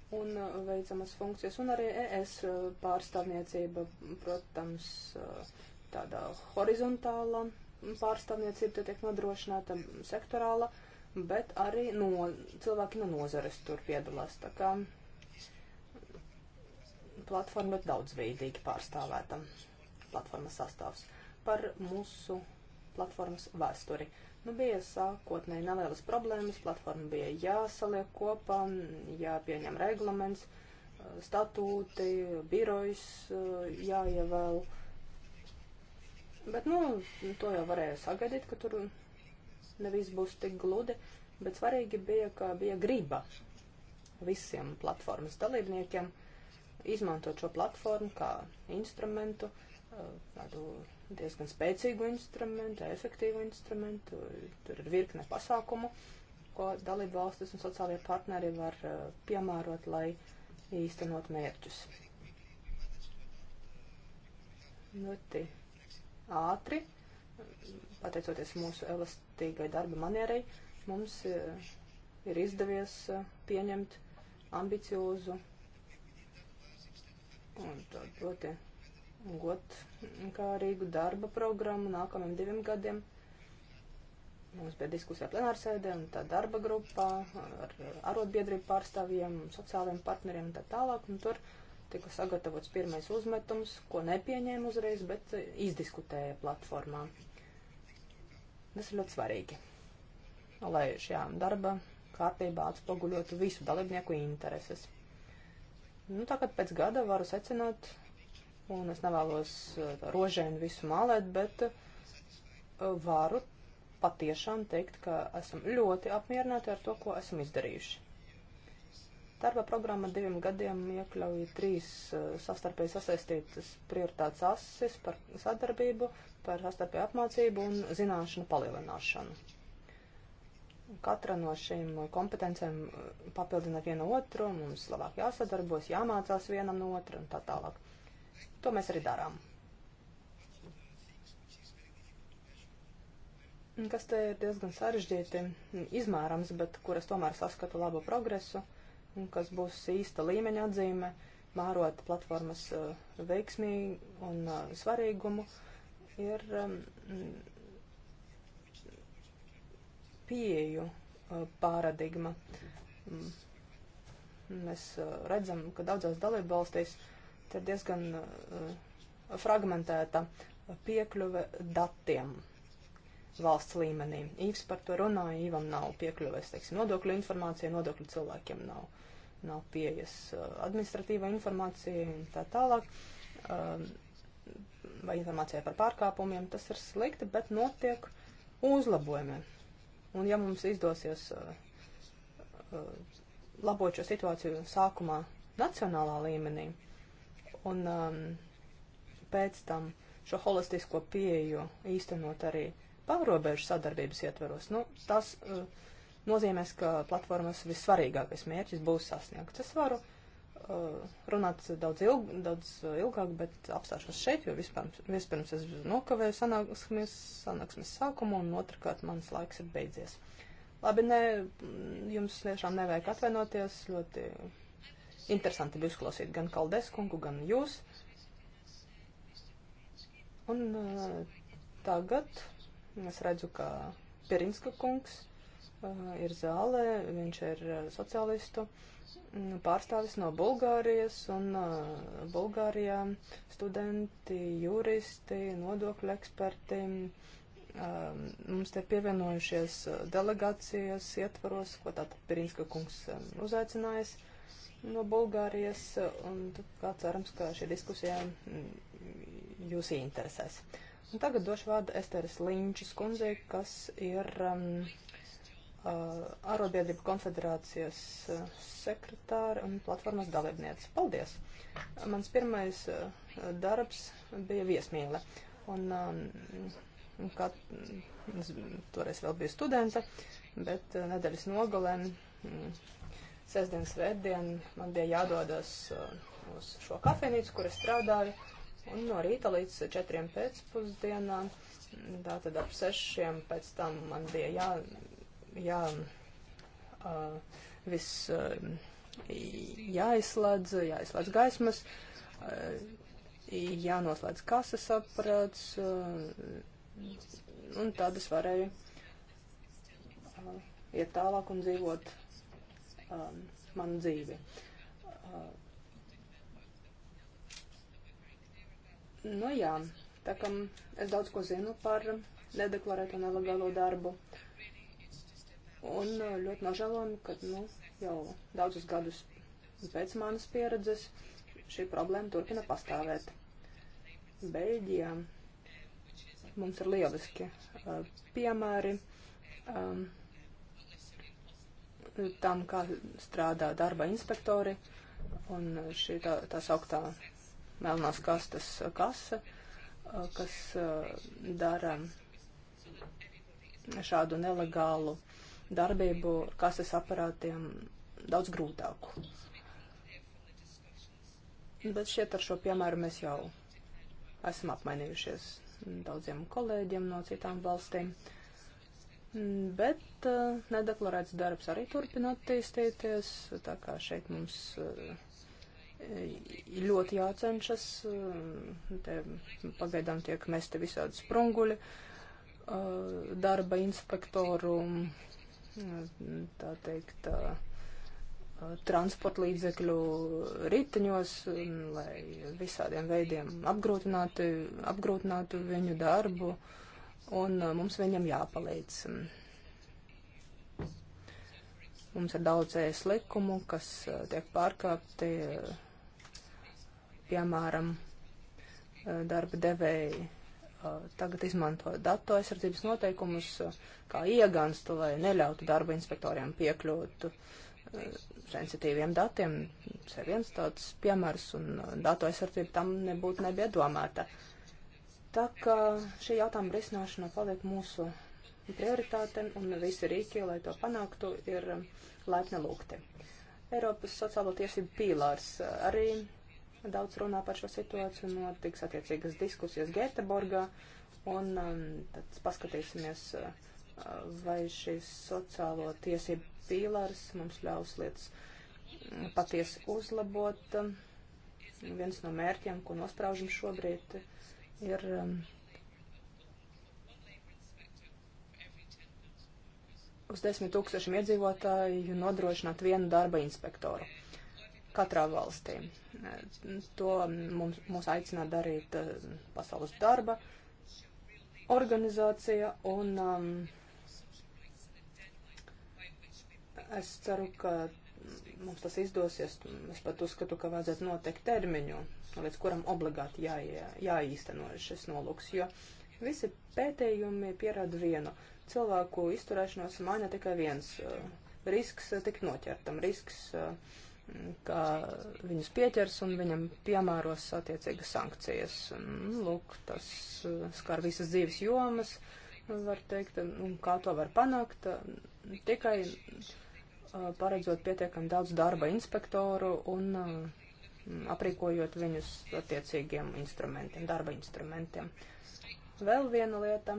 un uh, veicamas funkcijas, un arī ES uh, pārstāvniecība, protams, uh, tādā horizontāla pārstāvniecība te tiek nodrošināta sektorāla, bet arī no, cilvēki no nozares tur piedalās. Tā kā platforma ļoti daudzveidīgi pārstāvēta, platformas sastāvs par mūsu platformas vēsturi. Uh, Nu, bija sākotnēji nelielas problēmas, platforma bija jāsaliek kopā, jāpieņem reglaments, eh, statūti, birojs eh, jāievēl. Bet, nu, to jau varēja sagaidīt, ka tur nevis būs tik gludi, bet svarīgi bija, ka bija griba visiem platformas dalībniekiem izmantot šo platformu kā instrumentu, eh, tādu diezgan spēcīgu instrumentu, efektīvu instrumentu. Tur ir virkne pasākumu, ko dalība valstis un sociālie partneri var eh, piemērot, lai īstenot mērķus. Ļoti ātri, pateicoties mūsu elastīgai darba manierai, mums eh, ir izdevies eh, pieņemt ambiciozu un ļoti godkārīgu darba programmu nākamajiem diviem gadiem. Mums bija diskusija plenārsēdē un tā darba grupā ar arotbiedrību pārstāvjiem, sociālajiem partneriem un tā tālāk. Un tur tika sagatavots pirmais uzmetums, ko nepieņēma uzreiz, bet izdiskutēja platformā. Tas ir ļoti svarīgi, lai šajā darba kārtībā atspoguļotu visu dalībnieku intereses. Nu, tagad pēc gada varu secināt, un es nevēlos eh, rožēm visu malēt, bet eh, varu patiešām teikt, ka esam ļoti apmierināti ar to, ko esam izdarījuši. Darba programma diviem gadiem iekļauj trīs eh, sastarpēji sasaistītas prioritātes asis par sadarbību, par sastarpēju apmācību un zināšanu palielināšanu. Katra no šīm kompetencēm papildina viena otru, mums labāk jāsadarbojas, jāmācās vienam no otra un tā tālāk. To mēs arī darām. Kas te ir diezgan sarežģīti, izmērams, bet kuras tomēr saskatu labu progresu, un kas būs īsta līmeņa atzīme, mērot platformas eh, veiksmīgu un eh, svarīgumu, ir mm, pieju eh, paradigma. Mm. Mēs redzam, ka daudzās dalību valstīs uh, Te diezgan uh, fragmentēta piekļuve datiem valsts līmenī. Īvs par to runāja, Īvam nav piekļuves, teiksim, nodokļu informācija, nodokļu cilvēkiem nav, nav pieejas uh, administratīva informācija un tā tālāk, um, vai informācija par pārkāpumiem, tas ir slikti, bet notiek uzlabojumi. Un ja mums izdosies uh, uh, labot šo situāciju sākumā nacionālā līmenī, un um, pēc tam šo holistisko pieeju īstenot arī pārobežu sadarbības ietveros. Nu, tas uh, nozīmēs, ka platformas vissvarīgākais mērķis būs sasniegts. Es varu uh, runāt daudz, ilg, daudz uh, ilgāk, bet apstāšos šeit, jo vispirms, vispirms es nokavēju sanāksmes, sanāksmes sākumu un otrkārt mans laiks ir beidzies. Labi, nē, jums tiešām nevajag atvainoties, ļoti Interesanti bija uzklausīt gan Kaldeskungu, gan jūs. Un uh, tagad es redzu, ka Pirinska kungs uh, ir zālē, viņš ir eh, sociālistu mm, pārstāvis no Bulgārijas, un uh, Bulgārijā studenti, juristi, nodokļu eksperti. Um, mums te pievienojušies delegācijas ietvaros, ko tātad Pirinska kungs um, uzaicinājis no Bulgārijas, un kā cerams, ka šī diskusija mm, jūs interesēs. Un tagad došu vārdu Esteres Linčis kundzei, kas ir um, mm, uh, Arobiedrību konfederācijas uh, sekretāra un platformas dalībniece. Paldies! Mans pirmais uh, darbs bija viesmīle. Un, um, kā, mm, es toreiz vēl biju studenta, bet uh, nedēļas nogalēm. Um, sestdien, svētdien man bija jādodas uh, uz šo kafejnīcu, kur es strādāju, un no rīta līdz četriem pēcpusdienā, tātad ap sešiem pēc tam man bija jā, jā uh, viss uh, jāizslēdz, jāizslēdz gaismas, uh, jānoslēdz kases aparāts, uh, un tad es varēju uh, iet tālāk un dzīvot um, manu dzīvi. Uh, nu jā, tā kā es daudz ko zinu par nedeklarēto nelegālo darbu. Un uh, ļoti nožēlojami, ka nu, jau daudzus gadus pēc manas pieredzes šī problēma turpina pastāvēt. Beļģijā mums ir lieliski uh, piemēri. Um, tam, kā strādā darba inspektori un šī tā, tā sauktā melnās kastas kasa, kas dara šādu nelegālu darbību kases aparātiem daudz grūtāku. Bet šeit ar šo piemēru mēs jau esam apmainījušies daudziem kolēģiem no citām valstīm. Uh, Bet uh, nedeklarēts darbs arī turpina attīstīties, tā kā šeit mums uh, ļoti jācenšas. Uh, te, pagaidām tiek mesti visādi sprunguļi uh, darba inspektoru, uh, tā teikt, uh, transporta līdzekļu riteņos, um, lai visādiem veidiem apgrūtinātu, apgrūtinātu viņu darbu. Uh, un uh, mums viņam jāpalīdz. Mums ir daudz ēs likumu, kas uh, tiek pārkāpti, uh, piemēram, darba devēji tagad izmanto datu aizsardzības noteikumus kā ieganstu, lai neļautu darba inspektoriem piekļūt sensitīviem datiem. Tas ir viens tāds piemērs, un datu aizsardzība tam nebūtu nebiedomāta. Uh, Tā kā šī jautājuma risināšana paliek mūsu prioritāte un visi rīki, lai to panāktu, ir laipni lūgti. Eiropas sociālo tiesību pīlārs eh, arī daudz runā par šo situāciju, notiks attiecīgas diskusijas Gēteborgā, un um, tad paskatīsimies, eh, vai šis sociālo tiesību pīlārs mums ļaus lietas mm, patiesi uzlabot. Um, viens no mērķiem, ko nospraužam šobrīd, ir ir um, uz desmit tūkstošiem iedzīvotāju nodrošināt vienu darba inspektoru katrā valstī. To mums, mūs aicina darīt uh, Pasaules darba organizācija, un um, es ceru, ka mums tas izdosies, es pat uzskatu, ka vajadzētu noteikt termiņu, līdz kuram obligāti jā, jāīsteno šis nolūks, jo visi pētījumi pierāda vienu. Cilvēku izturēšanos maina tikai viens uh, - risks uh, tik noķertam, risks, uh, ka viņus pieķers un viņam piemēros attiecīgas sankcijas. Lūk, tas skar visas dzīves jomas, var teikt, un kā to var panākt, tikai paredzot pietiekami daudz darba inspektoru un aprīkojot viņus attiecīgiem instrumentiem, darba instrumentiem. Vēl viena lieta,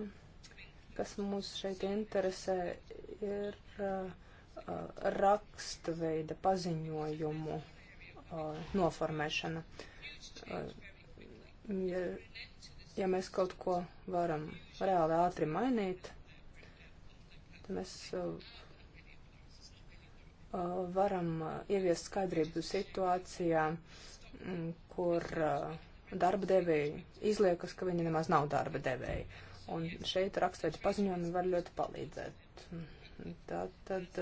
kas mūs šeit interesē, ir rakstveida paziņojumu noformēšana. Ja, ja mēs kaut ko varam reāli ātri mainīt, tad mēs Uh, varam uh, ieviest skaidrību situācijā, mm, kur uh, darba devēji izliekas, ka viņi nemaz nav darba devēji. Un šeit raksturīgi paziņojumi var ļoti palīdzēt. Mm, tā tad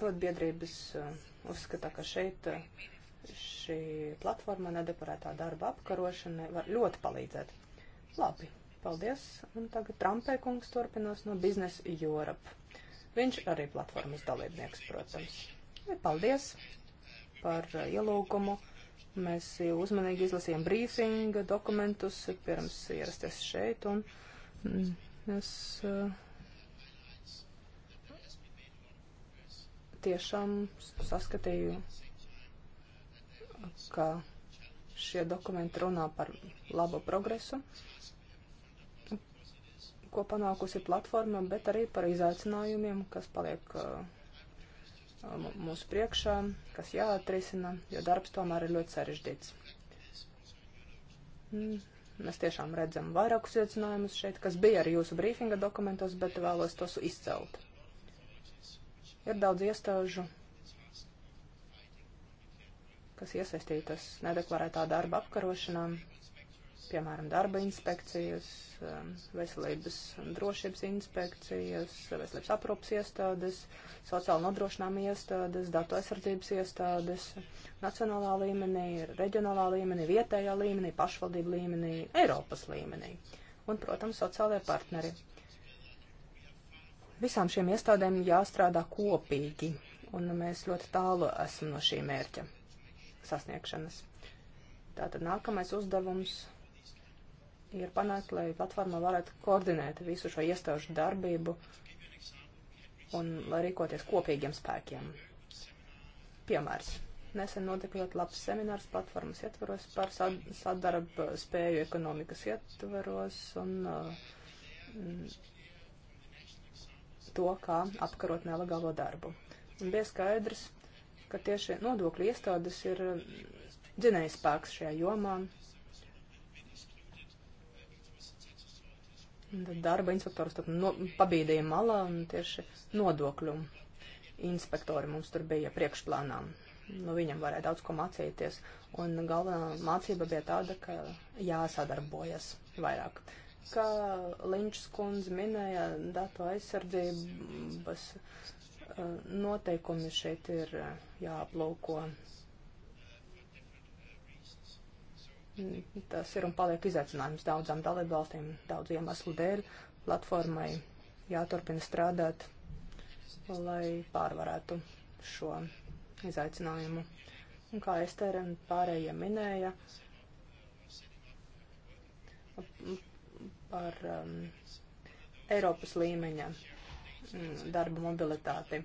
arotbiedrības uzskata, ka šeit šī platforma nedeparētā darba apkarošana var ļoti palīdzēt. Labi, paldies. Un tagad Trampē kungs turpinās no Business Europe. Viņš arī platformas dalībnieks, protams. Paldies par uh, ielūgumu. Mēs uzmanīgi izlasījām brīfinga dokumentus pirms ierasties šeit, un mm, es uh, tiešām saskatīju, ka šie dokumenti runā par labu progresu. Uh, ko panākusi platforma, bet arī par izaicinājumiem, kas paliek uh, mūsu priekšā, kas jāatrisina, jo darbs tomēr ir ļoti sarežģīts. Mm, mēs tiešām redzam vairākus iecinājumus šeit, kas bija arī jūsu brīfinga dokumentos, bet vēlos tos izcelt. Ir daudz iestāžu, kas iesaistītas nedeklarētā darba apkarošanā, piemēram, darba inspekcijas, um, veselības un drošības inspekcijas, veselības aprūpas iestādes, sociāla nodrošinājuma iestādes, datu aizsardzības iestādes, nacionālā līmenī, reģionālā līmenī, vietējā līmenī, pašvaldību līmenī, Eiropas līmenī un, protams, sociālajie partneri. Visām šīm iestādēm jāstrādā kopīgi, un mēs ļoti tālu esam no šī mērķa sasniegšanas. Tātad nākamais uzdevums ir panākt, lai platformā varētu koordinēt visu šo iestāžu darbību un lai rīkoties kopīgiem spēkiem. Piemērs. Nesen notika ļoti labs seminārs platformas ietvaros par sad sadarbu spēju ekonomikas ietvaros un uh, to, kā apkarot nelegālo darbu. Un bija skaidrs, ka tieši nodokļu iestādes ir uh, dzinējspēks šajā jomā, darba inspektorus no, pabīdīja malā un tieši nodokļu inspektori mums tur bija priekšplānā. No nu, viņam varēja daudz ko mācīties. Un galvenā mācība bija tāda, ka jāsadarbojas vairāk. Kā Linčs kundze minēja, datu aizsardzības uh, noteikumi šeit ir uh, jāaplūko. Ja, Tas ir un paliek izaicinājums daudzām dalībvalstīm, daudz iemeslu dēļ. Platformai jāturpina strādāt, lai pārvarētu šo izaicinājumu. Un kā Estere un pārējie minēja par um, Eiropas līmeņa mm, darba mobilitāti.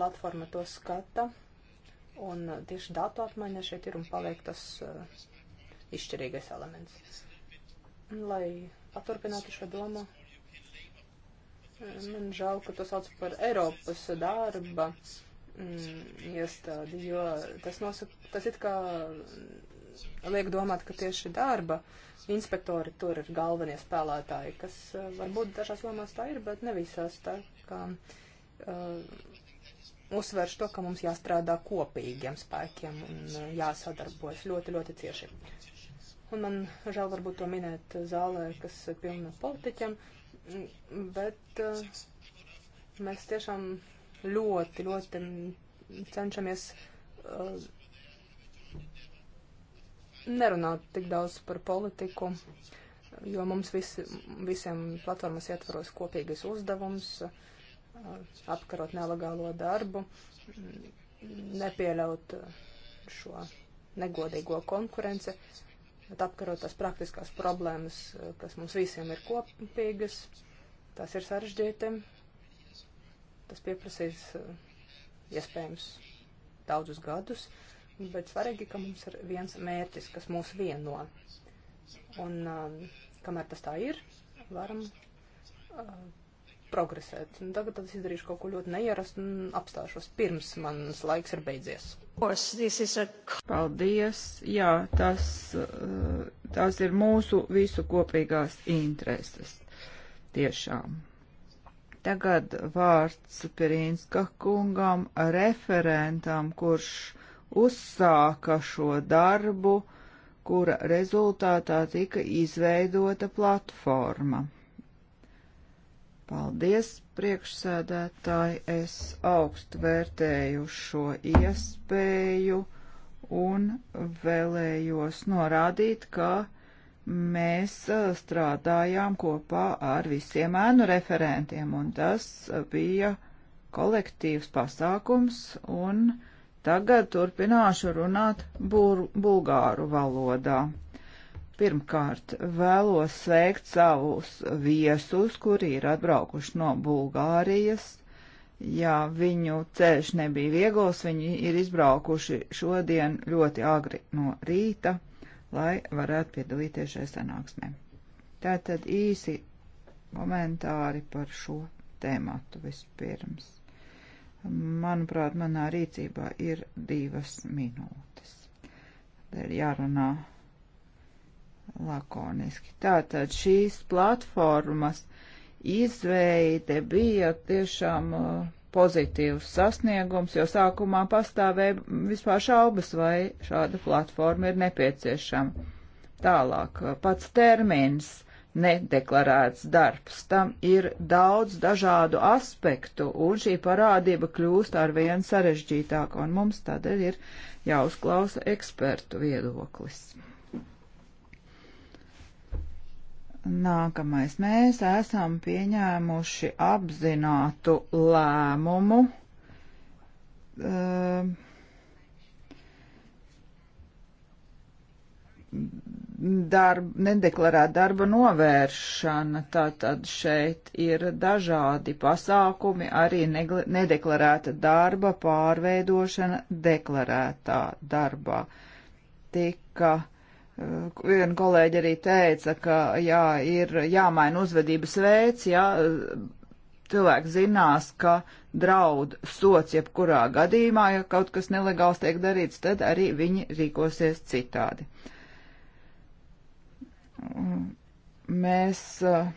Platforma to skata Un uh, tieši datu apmaiņa šeit ir un paliek tas uh, izšķirīgais elements. Lai paturpinātu šo domu, uh, man žēl, ka to sauc par Eiropas darba mm, iestādi, jo tas nosaka, tas it kā mm, liek domāt, ka tieši darba inspektori tur ir galvenie spēlētāji, kas uh, varbūt dažās lomās tā ir, bet ne visās tā kā. Uh, uzsverš to, ka mums jāstrādā kopīgiem spēkiem un uh, jāsadarbojas ļoti, ļoti cieši. Un man žēl varbūt to minēt zālē, kas pilna politiķiem, bet uh, mēs tiešām ļoti, ļoti cenšamies uh, nerunāt tik daudz par politiku, jo mums visi, visiem platformas ietvaros kopīgas uzdevums. Uh, apkarot nelegālo darbu, nepieļaut šo negodīgo konkurenci, bet apkarot tās praktiskās problēmas, kas mums visiem ir kopīgas. Tas ir sarežģīti. Tas pieprasīs iespējams daudzus gadus, bet svarīgi, ka mums ir viens mērķis, kas mūs vieno. Un um, kamēr tas tā ir, varam uh, progresēt. Un tagad es izdarīšu kaut ko ļoti neierastu un apstāšos pirms manas laiks ir beidzies. Paldies! Jā, tas, eh, tas ir mūsu visu kopīgās intereses. Tiešām. Tagad vārds Pirinska kungam, referentam, kurš uzsāka šo darbu kura rezultātā tika izveidota platforma. Paldies, priekšsēdētāji, es augstu vērtēju šo iespēju un vēlējos norādīt, ka mēs uh, strādājām kopā ar visiem ēnu referentiem, un tas uh, bija kolektīvs pasākums, un tagad turpināšu runāt bur bulgāru valodā. Pirmkārt, vēlos sveikt savus viesus, kuri ir atbraukuši no Bulgārijas. Jā, viņu ceļš nebija viegls, viņi ir izbraukuši šodien ļoti agri no rīta, lai varētu piedalīties šajā sanāksmē. Tātad īsi komentāri par šo tēmatu vispirms. Manuprāt, manā rīcībā ir divas minūtes. Te ir jārunā lakoniski. Tātad šīs platformas izveide bija tiešām uh, pozitīvs sasniegums, jo sākumā pastāvēja vispār šaubas, vai šāda platforma ir nepieciešama. Tālāk, uh, pats termins nedeklarēts darbs, tam ir daudz dažādu aspektu, un šī parādība kļūst ar vien sarežģītāka, un mums tādēļ ir jāuzklausa ekspertu viedoklis. Nākamais. Mēs esam pieņēmuši apzinātu lēmumu. Uh, darb, nedeklarēt darba novēršana, tātad šeit ir dažādi pasākumi, arī nedeklarēta darba pārveidošana deklarētā darbā. Tika uh, Viena kolēģi arī teica, ka jā, ir jāmaina uzvedības veids, ja cilvēks zinās, ka draud sots jebkurā gadījumā, ja kaut kas nelegāls tiek darīts, tad arī viņi rīkosies citādi. Mēs uh,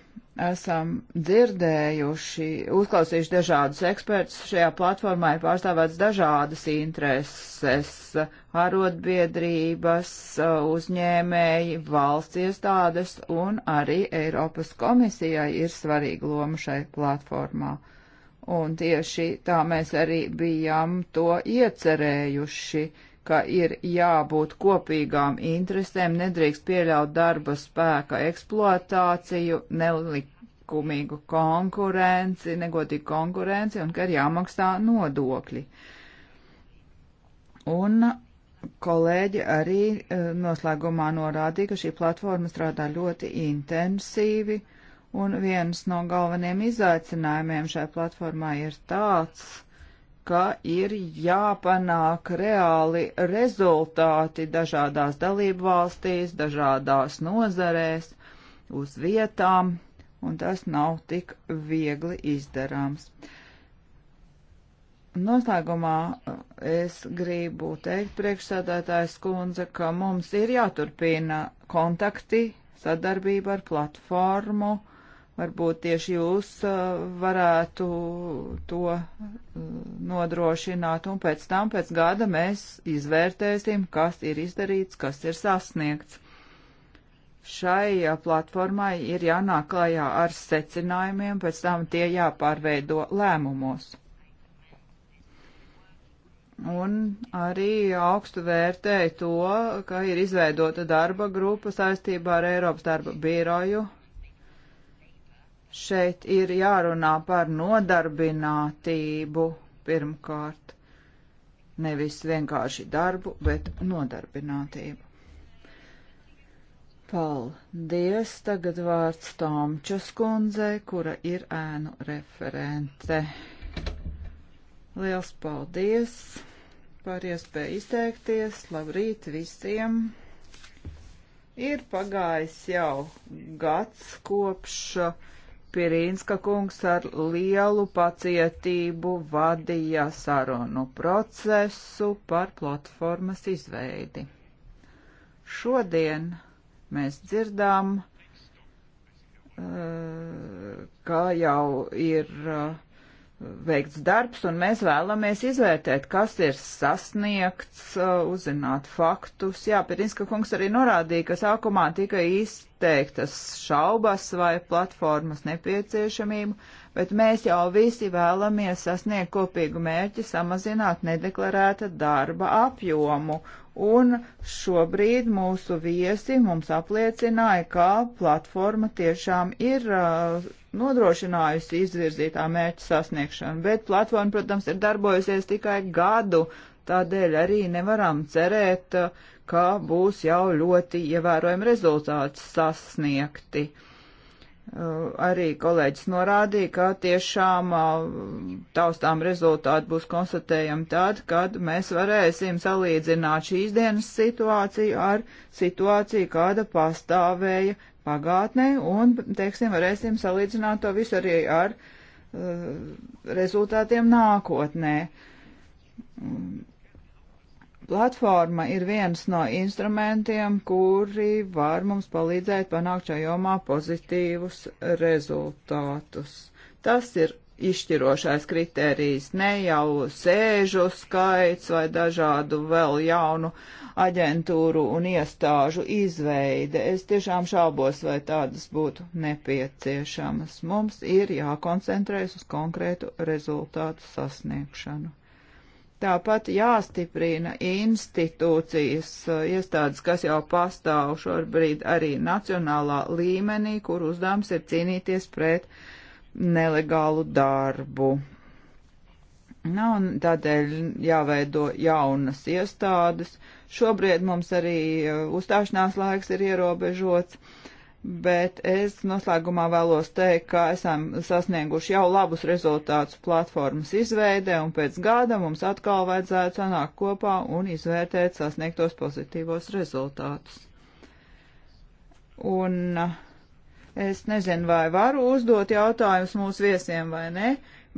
esam dzirdējuši, uzklausījuši dažādus ekspertus. Šajā platformā ir pārstāvēts dažādas intereses - arotbiedrības, uzņēmēji, valsts iestādes un arī Eiropas komisijai ir svarīga loma šai platformā. Un tieši tā mēs arī bijām to iecerējuši ka ir jābūt kopīgām interesēm, nedrīkst pieļaut darba spēka eksploatāciju, nelikumīgu konkurenci, negotīgu konkurenci un ka ir jāmaksā nodokļi. Un kolēģi arī e, noslēgumā norādīja, ka šī platforma strādā ļoti intensīvi, un viens no galveniem izaicinājumiem šai platformai ir tāds, ka ir jāpanāk reāli rezultāti dažādās dalību valstīs, dažādās nozarēs, uz vietām, un tas nav tik viegli izdarāms. Noslēgumā uh, es gribu teikt priekšsēdētājs kundze, ka mums ir jāturpina kontakti, sadarbība ar platformu, uh, Varbūt tieši jūs uh, varētu to uh, nodrošināt, un pēc tam, pēc gada, mēs izvērtēsim, kas ir izdarīts, kas ir sasniegts. Šai uh, platformai ir jānāk klajā ar secinājumiem, pēc tam tie jāpārveido lēmumos un arī augstu vērtēja to, ka ir izveidota darba grupa saistībā ar Eiropas darba biroju Šeit ir jārunā par nodarbinātību pirmkārt. Nevis vienkārši darbu, bet nodarbinātību. Paldies! Tagad vārds Tomčas kundzei, kura ir ēnu referente. Liels paldies par iespēju izteikties. Labrīt visiem! Ir pagājis jau gads kopš uh, Pirīnska kungs ar lielu pacietību vadīja sarunu procesu par platformas izveidi. Šodien mēs dzirdām, eh, ka jau ir uh, veikts darbs, un mēs vēlamies izvērtēt, kas ir sasniegts, uh, uzzināt faktus. Jā, Pirinska kungs arī norādīja, ka sākumā tika izteiktas šaubas vai platformas nepieciešamību, bet mēs jau visi vēlamies sasniegt kopīgu mērķi samazināt nedeklarēta darba apjomu, un šobrīd mūsu viesi mums apliecināja, ka platforma tiešām ir uh, nodrošinājusi izvirzītā mērķa sasniegšanu, bet platforma, protams, ir darbojusies tikai gadu, tādēļ arī nevaram cerēt, uh, ka būs jau ļoti ievērojami rezultāti sasniegti. Uh, Eh, arī kolēģis norādīja, ka tiešām eh, taustām rezultāti būs konstatējami tad, kad mēs varēsim salīdzināt šīs dienas situāciju ar situāciju, kāda pastāvēja pagātnē, un, teiksim, varēsim salīdzināt to visu arī ar uh, rezultātiem nākotnē. Um, platforma ir viens no instrumentiem, kuri var mums palīdzēt panākt šajā jomā pozitīvus rezultātus. Tas ir izšķirošais kritērijs, ne jau sēžu skaits vai dažādu vēl jaunu aģentūru un iestāžu izveide. Es tiešām šaubos, vai tādas būtu nepieciešamas. Mums ir jākoncentrējas uz konkrētu rezultātu sasniegšanu. Tāpat jāstiprina institūcijas, eh, iestādes, kas jau pastāv šobrīd arī nacionālā līmenī, kur uzdevums ir cīnīties pret nelegālu darbu. Nu, un tādēļ jāveido jaunas iestādes. Šobrīd mums arī eh, uzstāšanās laiks ir ierobežots bet es noslēgumā vēlos teikt, ka esam sasnieguši jau labus rezultātus platformas izveidē, un pēc gada mums atkal vajadzētu sanākt kopā un izvērtēt sasniegtos pozitīvos rezultātus. Un uh, es nezinu, vai varu uzdot jautājumus mūsu viesiem vai ne,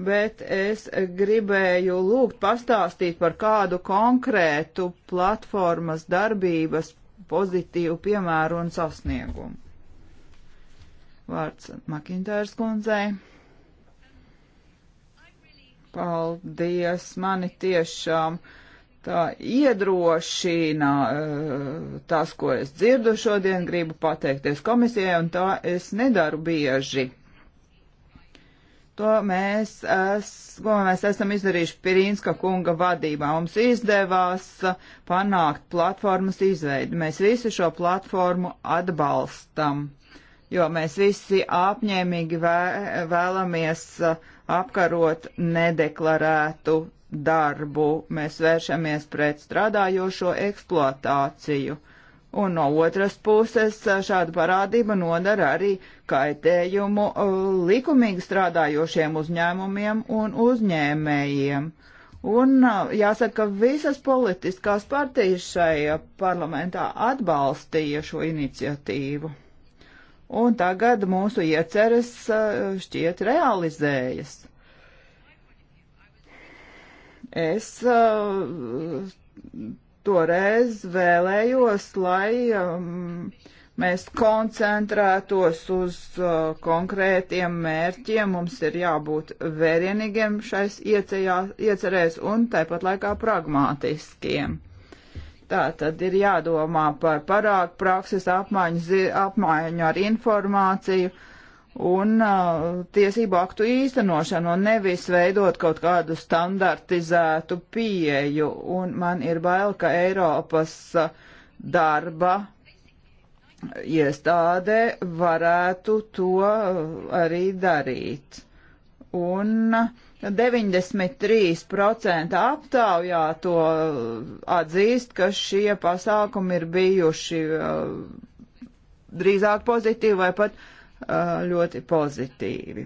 bet es gribēju lūgt pastāstīt par kādu konkrētu platformas darbības pozitīvu piemēru un sasniegumu. Vārds Makintārs kundzei. Paldies, mani tiešām tā iedrošina eh, tas, ko es dzirdu šodien, gribu pateikties komisijai, un tā es nedaru bieži. To mēs, es, ko mēs esam izdarījuši Pirinska kunga vadībā. Mums izdevās panākt platformas izveidi. Mēs visu šo platformu atbalstam jo mēs visi apņēmīgi vēlamies uh, apkarot nedeklarētu darbu, mēs vēršamies pret strādājošo eksploatāciju. Un no otras puses uh, šāda parādība nodara arī kaitējumu uh, likumīgi strādājošiem uzņēmumiem un uzņēmējiem. Un jāsaka, visas politiskās partijas šajā parlamentā atbalstīja šo iniciatīvu un tagad mūsu ieceres šķiet realizējas. Es toreiz vēlējos, lai mēs koncentrētos uz konkrētiem mērķiem, mums ir jābūt vērienīgiem šais iecerēs un tāpat laikā pragmātiskiem. Tā tad ir jādomā par parādu prakses apmaiņu, apmaiņu ar informāciju un uh, tiesību aktu īstenošanu un nevis veidot kaut kādu standartizētu pieeju. Un man ir bail, ka Eiropas uh, darba iestādē varētu to uh, arī darīt. Un uh, 93% aptaujā to uh, atzīst, ka šie pasākumi ir bijuši uh, drīzāk pozitīvi vai pat uh, ļoti pozitīvi.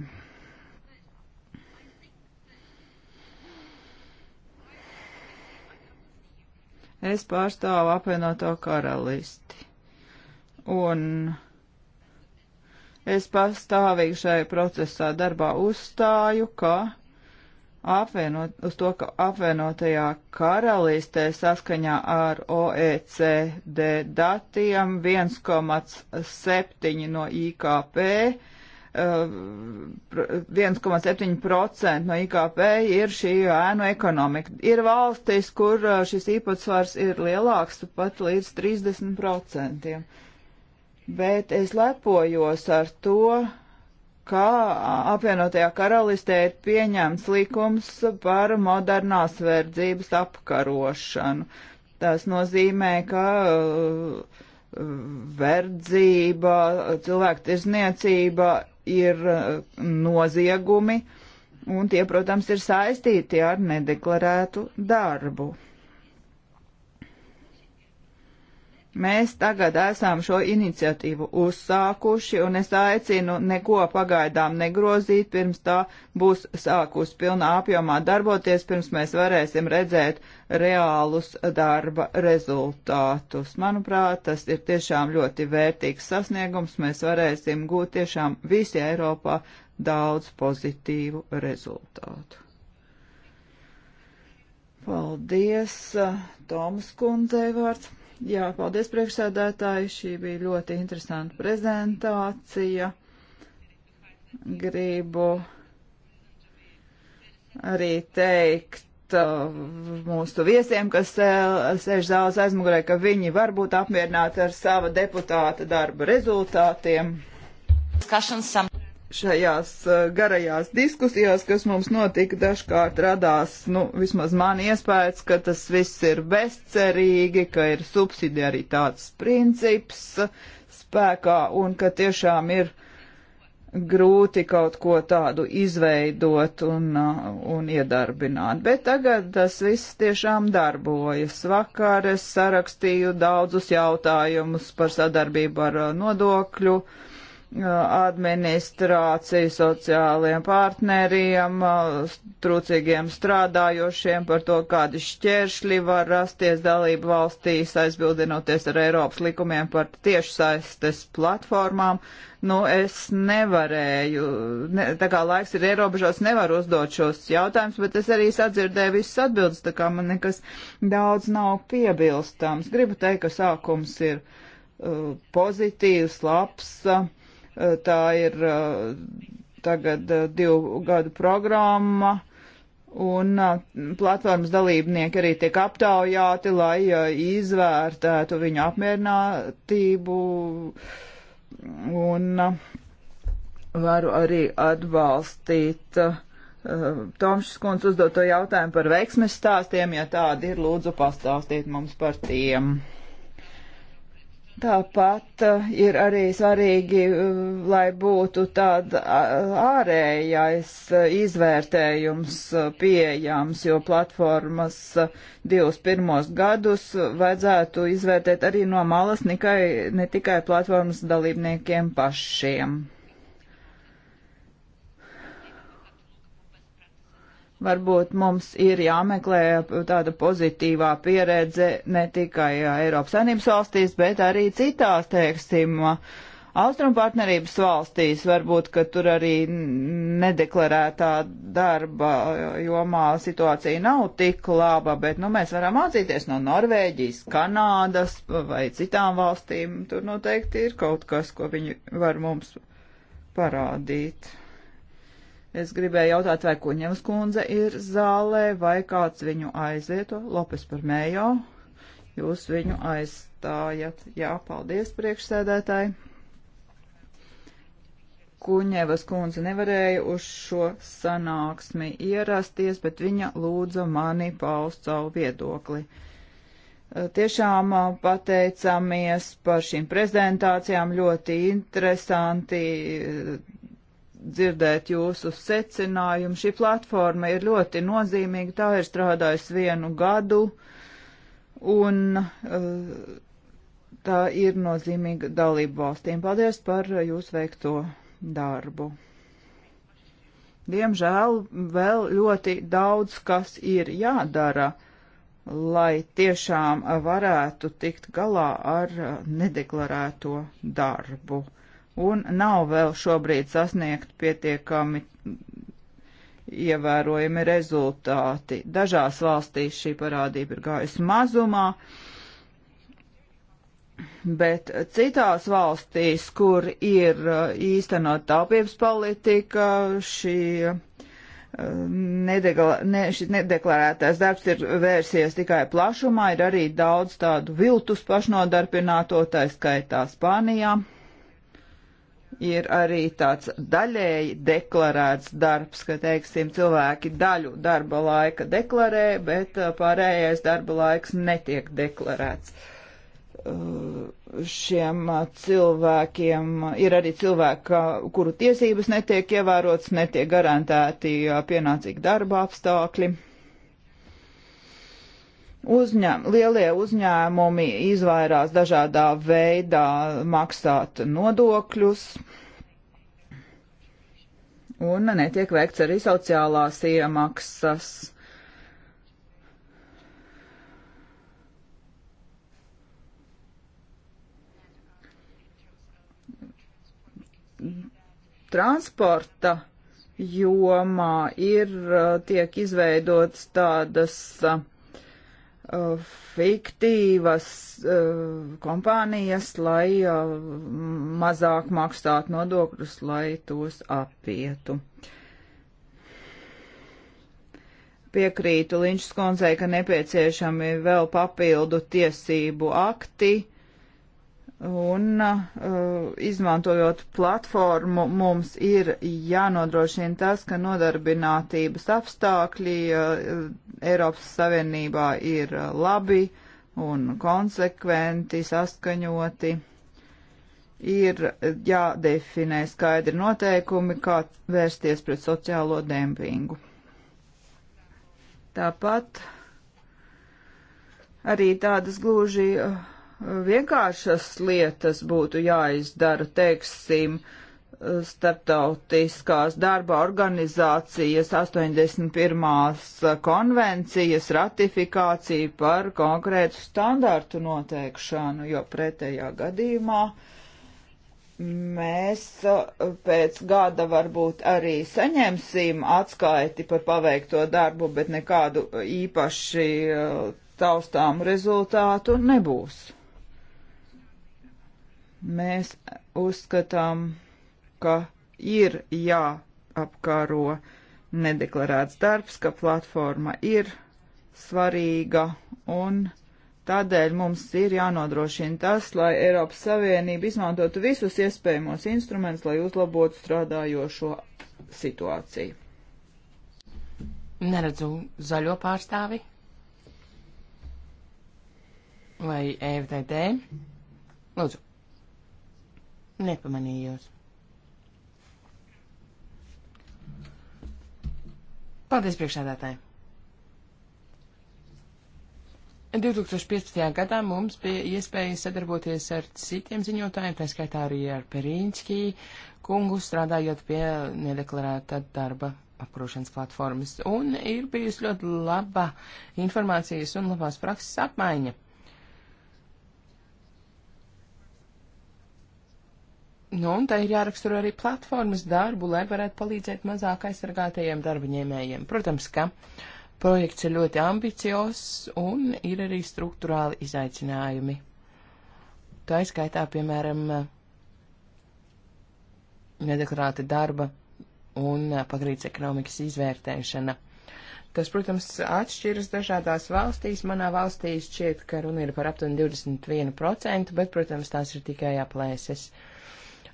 Es pārstāvu apvienoto karalisti. Un es pastāvīgi šajā procesā darbā uzstāju, ka apvienot, uz to, ka apvienotajā karalistē saskaņā ar OECD datiem 1,7 no IKP, 1,7% uh, no IKP ir šī ēnu ekonomika. Ir valstis, kur uh, šis īpatsvars ir lielāks pat līdz 30%. Bet es lepojos ar to, ka apvienotajā karalistē ir pieņemts likums par modernās verdzības apkarošanu. Tas nozīmē, ka uh, verdzība, cilvēku tirzniecība ir uh, noziegumi, un tie, protams, ir saistīti ar nedeklarētu darbu. Mēs tagad esam šo iniciatīvu uzsākuši, un es aicinu neko pagaidām negrozīt, pirms tā būs sākus pilnā apjomā darboties, pirms mēs varēsim redzēt reālus darba rezultātus. Manuprāt, tas ir tiešām ļoti vērtīgs sasniegums. Mēs varēsim gūt tiešām visi Eiropā daudz pozitīvu rezultātu. Paldies, Tomas Kundzei vārds. Jā, paldies priekšsēdētāji. Šī bija ļoti interesanta prezentācija. Gribu arī teikt uh, mūsu viesiem, kas sēž zāles aizmugurē, ka viņi var būt apmierināti ar sava deputāta darba rezultātiem. Discussions some šajās eh, garajās diskusijās, kas mums notika, dažkārt radās, nu, vismaz man iespējas, ka tas viss ir bezcerīgi, ka ir subsidiaritātes princips spēkā un ka tiešām ir grūti kaut ko tādu izveidot un, eh, un iedarbināt. Bet tagad tas viss tiešām darbojas. Vakar es sarakstīju daudzus jautājumus par sadarbību ar eh, nodokļu uh, administrāciju, sociāliem partneriem, trūcīgiem strādājošiem par to, kādi šķēršļi var rasties dalību valstīs, aizbildinoties ar Eiropas likumiem par tiešsaistes platformām. Nu, es nevarēju, ne, tā kā laiks ir ierobežots, nevaru uzdot šos jautājumus, bet es arī sadzirdēju visas atbildes, tā kā man nekas daudz nav piebilstams. Gribu teikt, ka sākums ir uh, pozitīvs, labs. Uh, Eh, tā ir eh, tagad eh, divu gadu programma, un platformas dalībnieki arī tiek aptaujāti, lai izvērtētu viņu apmierinātību, un varu arī atbalstīt Tomšs kundz uzdoto jautājumu par veiksmes stāstiem, ja tādi ir, lūdzu pastāstīt mums par tiem. Tāpat eh, ir arī svarīgi, eh, lai būtu tāda ārējais eh, izvērtējums pieejams, jo platformas divus pirmos gadus vajadzētu izvērtēt arī no malas, nekai, ne tikai platformas dalībniekiem pašiem. Varbūt mums ir jāmeklē tāda pozitīvā pieredze ne tikai Eiropas Savienības valstīs, bet arī citās, teiksim, Austrumpartnerības valstīs varbūt, ka tur arī nedeklarētā darba jomā situācija nav tik laba, bet nu, mēs varam mācīties no Norvēģijas, Kanādas vai citām valstīm. Tur noteikti ir kaut kas, ko viņi var mums parādīt. Es gribēju jautāt, vai Kuņevs kundze ir zālē, vai kāds viņu aizvieto, Lopes par mējo. Jūs viņu aizstājat. Jā, paldies priekšsēdētāji. Kuņevas kundze nevarēja uz šo sanāksmi ierasties, bet viņa lūdza mani paust savu viedokli. Tiešām pateicamies par šīm prezentācijām, ļoti interesanti dzirdēt jūsu secinājumu. Šī platforma ir ļoti nozīmīga, tā ir strādājusi vienu gadu, un tā ir nozīmīga dalību valstīm. Paldies par jūsu veikto darbu. Diemžēl vēl ļoti daudz, kas ir jādara lai tiešām varētu tikt galā ar nedeklarēto darbu un nav vēl šobrīd sasniegt pietiekami ievērojami rezultāti. Dažās valstīs šī parādība ir gājusi mazumā, bet citās valstīs, kur ir uh, īstenot taupības politika, šī uh, nedegla, ne, šis nedeklarētais darbs ir vērsies tikai plašumā, ir arī daudz tādu viltus pašnodarbināto, tā skaitā Spānijā ir arī tāds daļēji deklarēts darbs, ka, teiksim, cilvēki daļu darba laika deklarē, bet uh, pārējais darba laiks netiek deklarēts. Uh, šiem uh, cilvēkiem ir arī cilvēki, kuru tiesības netiek ievērotas, netiek garantēti pienācīgi darba apstākļi. Uzņēm, lielie uzņēmumi izvairās dažādā veidā maksāt nodokļus un netiek veikts arī sociālās iemaksas. Transporta jomā ir tiek izveidotas tādas uh, Uh, fiktīvas uh, kompānijas, lai uh, mazāk maksātu nodokļus, lai tos apietu. Piekrītu Linčs kundzei, ka nepieciešami vēl papildu tiesību akti Un uh, izmantojot platformu, mums ir jānodrošina tas, ka nodarbinātības apstākļi uh, Eiropas Savienībā ir uh, labi un konsekventi, saskaņoti. Ir jādefinē skaidri noteikumi, kā vērsties pret sociālo dempingu. Tāpat arī tādas gluži. Uh, vienkāršas lietas būtu jāizdara, teiksim, starptautiskās darba organizācijas 81. konvencijas ratifikācija par konkrētu standārtu noteikšanu, jo pretējā gadījumā mēs pēc gada varbūt arī saņemsim atskaiti par paveikto darbu, bet nekādu īpaši uh, taustām rezultātu nebūs. Mēs uzskatām, ka ir jāapkaro nedeklarēts darbs, ka platforma ir svarīga un Tādēļ mums ir jānodrošina tas, lai Eiropas Savienība izmantotu visus iespējamos instrumentus, lai uzlabotu strādājošo situāciju. Neredzu zaļo pārstāvi vai EFTD. Lūdzu. Nepamanījos. Paldies priekšādātāji. 2015. gadā mums bija iespēja sadarboties ar citiem ziņotājiem, tā skaitā arī ar Perīņķī kungu, strādājot pie nedeklarēta darba apkarošanas platformas. Un ir bijusi ļoti laba informācijas un labās prakses apmaiņa. Nu, un tai ir jāraksturo arī platformas darbu, lai varētu palīdzēt mazāk aizsargātajiem darbaņēmējiem. Protams, ka projekts ir ļoti ambiciozs un ir arī struktūrāli izaicinājumi. Tā izskaitā, piemēram, nedeklarēta darba un pagrīdes ekonomikas izvērtēšana. Tas, protams, atšķiras dažādās valstīs. Manā valstī šķiet, ka runa ir par aptuveni 21%, bet, protams, tās ir tikai aplēses. Uh,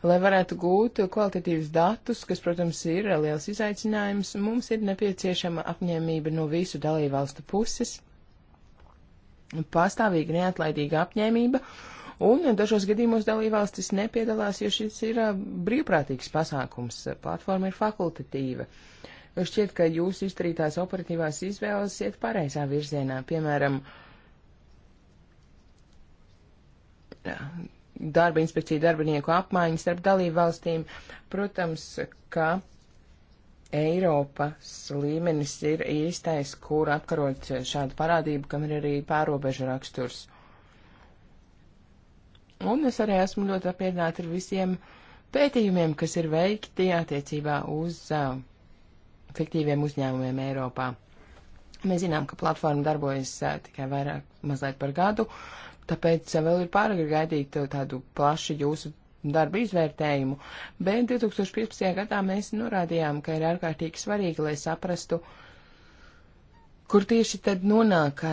Lai varētu gūt kvalitatīvus datus, kas, protams, ir liels izaicinājums, mums ir nepieciešama apņēmība no visu dalībvalstu puses, pastāvīga neatlaidīga apņēmība, un dažos gadījumos dalībvalstis nepiedalās, jo šis ir brīvprātīgs pasākums, platforma ir fakultatīva. Šķiet, ka jūsu izdarītās operatīvās izvēles iet pareizā virzienā, piemēram, darba inspekcija darbinieku apmaiņa starp dalību valstīm. Protams, ka Eiropas līmenis ir īstais, kur apkarot šādu parādību, kam ir arī pārobežu raksturs. Un es arī esmu ļoti apmierināta ar visiem pētījumiem, kas ir veikti attiecībā uz uh, fiktīviem uzņēmumiem Eiropā. Mēs zinām, ka platforma darbojas uh, tikai vairāk mazliet par gadu, tāpēc eh, vēl ir pāragri gaidīt eh, tādu plašu jūsu darba izvērtējumu, bet 2015. gadā mēs norādījām, ka ir ārkārtīgi svarīgi, lai saprastu, kur tieši tad nonāk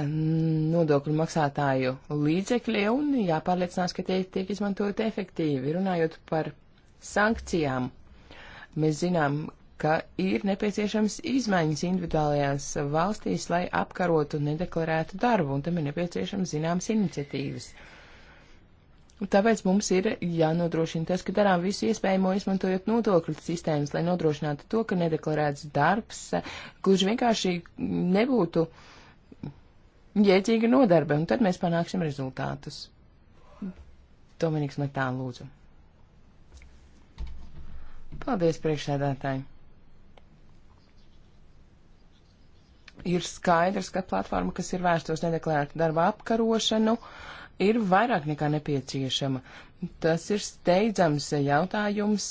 nodokļu maksātāju līdzekļi un jāpārliecinās, ka tie tiek izmantot efektīvi. Runājot par sankcijām, mēs zinām, ka ir nepieciešams izmaiņas individuālajās valstīs, lai apkarotu nedeklarētu darbu, un tam ir nepieciešams zināmas iniciatīvas. Tāpēc mums ir jānodrošina tas, ka darām visu iespējamo, izmantojot nodokļu sistēmas, lai nodrošinātu to, ka nedeklarēts darbs gluži vienkārši nebūtu jēdzīga nodarbe, un tad mēs panāksim rezultātus. Dominiks Metān, lūdzu. Paldies, priekšsēdētāji! ir skaidrs, ka platforma, kas ir vērsta uz nedeklarētu darba apkarošanu, ir vairāk nekā nepieciešama. Tas ir steidzams jautājums,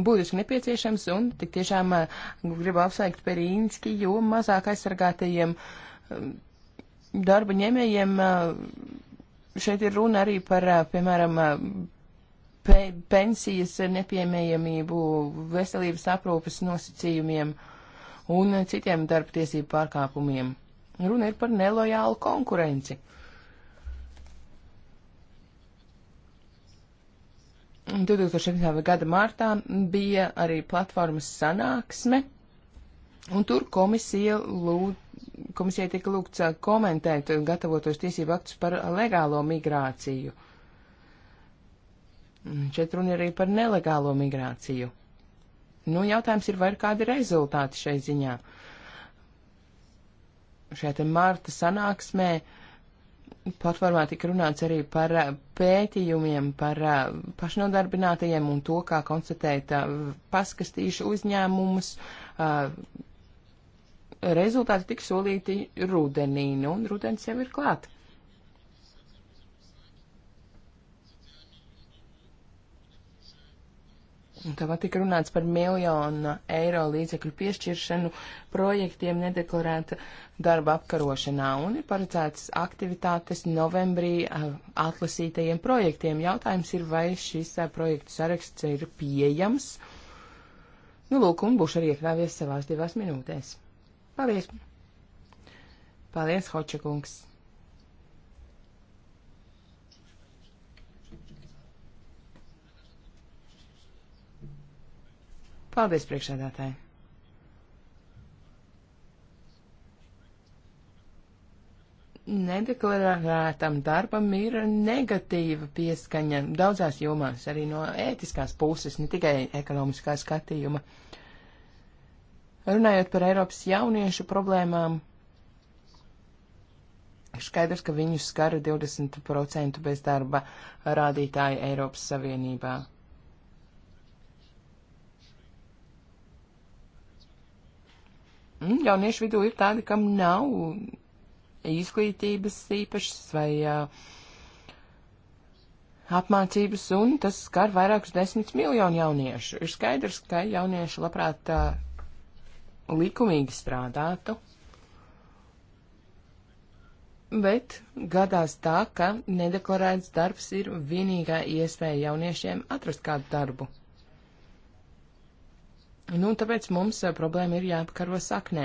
būtiski nepieciešams, un tik tiešām uh, gribu apsveikt Perīnski, jo mazāk aizsargātajiem um, darba ņēmējiem uh, šeit ir runa arī par, uh, piemēram, pe pensijas nepiemējamību, veselības aprūpes nosacījumiem un citiem darba tiesību pārkāpumiem. Runa ir par nelojālu konkurenci. Un 2017. gada martā bija arī platformas sanāksme, un tur komisija lūd, komisija tika lūgts uh, komentēt gatavotos tiesību aktus par legālo migrāciju. Šeit runa ir arī par nelegālo migrāciju. Nu, jautājums ir, vai ir kādi rezultāti šai ziņā. Šajā te Marta sanāksmē platformā tika runāts arī par eh, pētījumiem, par eh, pašnodarbinātajiem un to, kā konstatēt eh, paskastīšu uzņēmumus. Rezultāti tiks solīti rudenī, nu, un rudens jau ir klāt. Tāpat tika runāts par miljonu eiro līdzekļu piešķiršanu projektiem nedeklarēta darba apkarošanā un ir paredzētas aktivitātes novembrī eh, atlasītajiem projektiem. Jautājums ir, vai šis eh, projektu saraksts ir pieejams. Nu, lūk, un būšu arī iekļāvies savās divās minūtēs. Paldies! Paldies, Hočakungs! Paldies, priekšsēdētāji! Nedeklarētam darbam ir negatīva pieskaņa daudzās jomās, arī no ētiskās puses, ne tikai ekonomiskā skatījuma. Runājot par Eiropas jauniešu problēmām, skaidrs, ka viņus skara 20% bezdarba rādītāji Eiropas Savienībā. Mm, jauniešu vidū ir tādi, kam nav izglītības īpašas vai uh, apmācības, un tas skar vairākus desmit miljonu jauniešu. Ir skaidrs, ka jaunieši labprāt uh, likumīgi strādātu, bet gadās tā, ka nedeklarēts darbs ir vienīgā iespēja jauniešiem atrast kādu darbu. Nu, tāpēc mums eh, problēma ir jāapkaro saknē.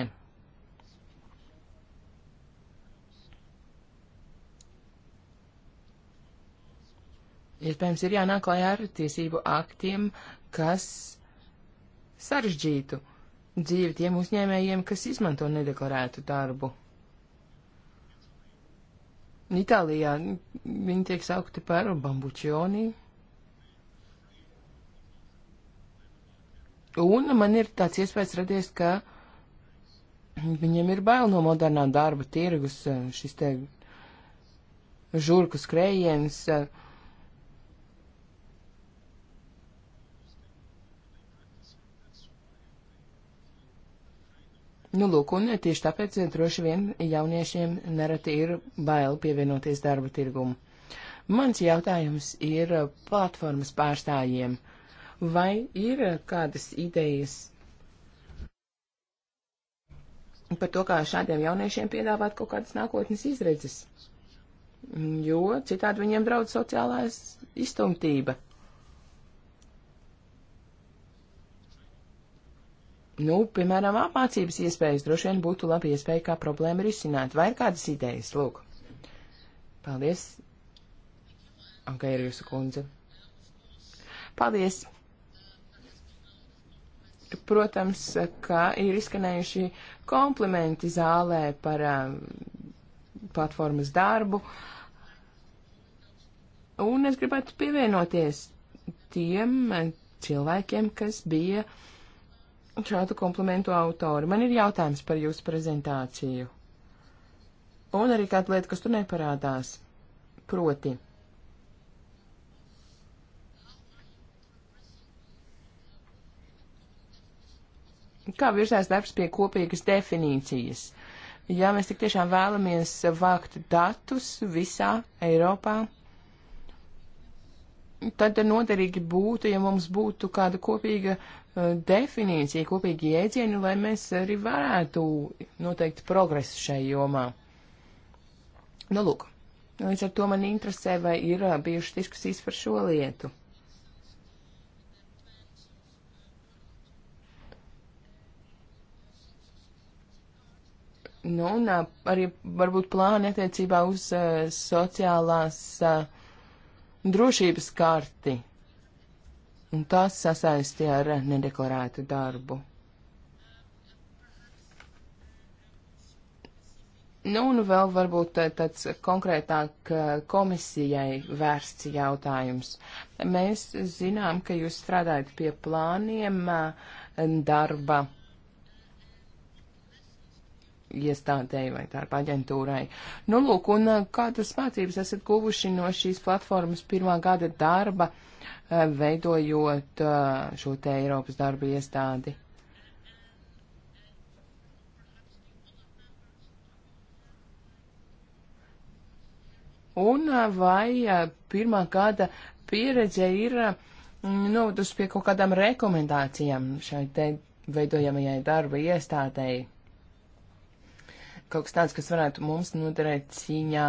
Iespējams, ir jānāk klajā ar tiesību aktiem, kas sarežģītu dzīvi tiem uzņēmējiem, kas izmanto nedeklarētu darbu. Itālijā viņi tiek saukti par bambučioniju. Un man ir tāds iespējas radies, ka viņiem ir bail no modernā darba tirgus, eh, šis te žurku skrējiens. Eh. Nu, lūk, un tieši tāpēc eh, droši vien jauniešiem nereti ir bail pievienoties darba tirgumu. Mans jautājums ir platformas pārstājiem. Uh, Vai ir kādas idejas par to, kā šādiem jauniešiem piedāvāt kaut kādas nākotnes izredzes? Jo citādi viņiem draudz sociālās iztumtība. Nu, piemēram, apmācības iespējas droši vien būtu laba iespēja, kā problēma risināt. Vai ir kādas idejas? Lūk. Paldies. Agairu jūsu kundze. Paldies. Protams, ka ir izskanējuši komplimenti zālē par um, platformas darbu. Un es gribētu pievienoties tiem cilvēkiem, kas bija šādu komplimentu autori. Man ir jautājums par jūsu prezentāciju. Un arī kāda lieta, kas tur neparādās. Proti, kā virzās darbs pie kopīgas definīcijas. Ja mēs tik tiešām vēlamies vākt datus visā Eiropā, tad noderīgi būtu, ja mums būtu kāda kopīga uh, definīcija, kopīgi jēdzieni, lai mēs arī varētu noteikt progresu šai jomā. Nu, lūk, līdz ar to man interesē, vai ir uh, bijušas diskusijas par šo lietu. Nu, un arī varbūt plāni attiecībā uz uh, sociālās uh, drošības karti. Un tas sasaisti ar nedeklarētu darbu. Nu, un vēl varbūt tāds konkrētāk komisijai vērsts jautājums. Mēs zinām, ka jūs strādājat pie plāniem darba iestādēji vai darba aģentūrai. Nu, lūk, un kādas mācības esat guvuši no šīs platformas pirmā gada darba, veidojot šo te Eiropas darba iestādi? Un vai pirmā gada pieredze ir novedus pie kaut kādām rekomendācijām šai te veidojamajai darba iestādēji? kaut kas tāds, kas varētu mums noderēt cīņā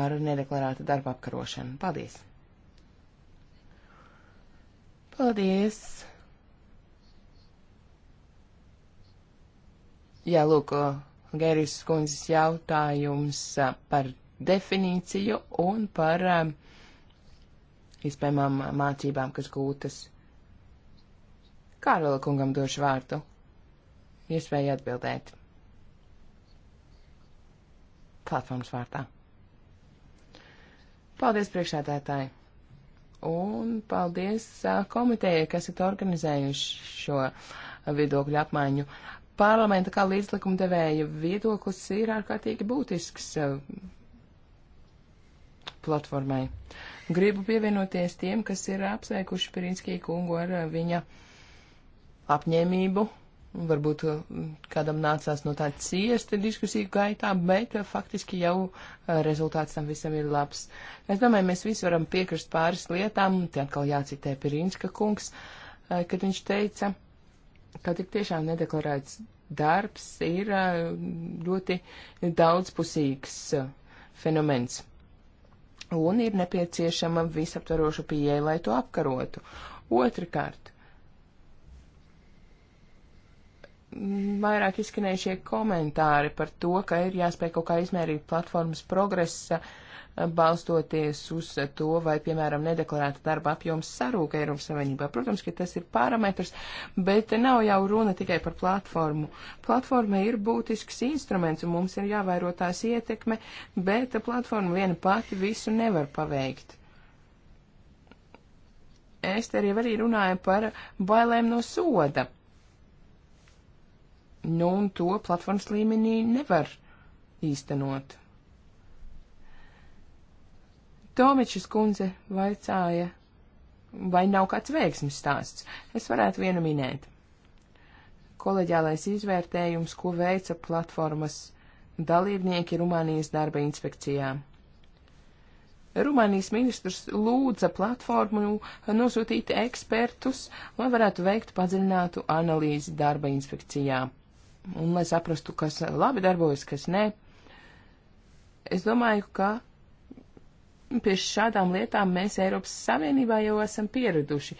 ar nedeklarētu darba apkarošanu. Paldies! Paldies! Jā, lūk, Gērijas kundzes jautājums par definīciju un par iespējamām mācībām, kas gūtas. Kārola kungam došu vārdu. Iespēja atbildēt platformas vārtā. Paldies priekšsēdētāji! Un paldies uh, komitejai, kas ir organizējuši šo viedokļu apmaiņu. Parlamenta kā līdzlikumdevēja viedoklis ir ārkārtīgi būtisks uh, platformai. Gribu pievienoties tiem, kas ir apsveikuši Pirinskī kungu ar uh, viņa apņēmību Varbūt uh, kādam nācās no tā ciesta diskusiju gaitā, bet uh, faktiski jau uh, rezultāts tam visam ir labs. Es domāju, mēs visi varam piekrist pāris lietām, un te atkal jācitē Pirinska kungs, kad viņš teica, ka tik tiešām nedeklarēts darbs ir ļoti daudzpusīgs fenomens. Un ir nepieciešama visaptvaroša pieeja, lai to apkarotu. Otrakārt, vairāk izskanējušie komentāri par to, ka ir jāspēj kaut kā izmērīt platformas progresa, eh, balstoties uz to, vai, piemēram, nedeklarēta darba apjoms sarūka Eiropas Savienībā. Protams, ka tas ir parametrs, bet nav jau runa tikai par platformu. Platforma ir būtisks instruments, un mums ir jāvairo tās ietekme, bet platforma viena pati visu nevar paveikt. Es te arī runāju par bailēm no soda Nu, un to platformas līmenī nevar īstenot. Tomičs kundze vaicāja, vai nav kāds veiksmes stāsts. Es varētu vienu minēt. Koleģiālais izvērtējums, ko veica platformas dalībnieki Rumānijas darba inspekcijā. Rumānijas ministrs lūdza platformu nosūtīt ekspertus, lai varētu veikt padziļinātu analīzi darba inspekcijā un lai saprastu, kas labi darbojas, kas nē. Es domāju, ka pie šādām lietām mēs Eiropas Savienībā jau esam pieraduši.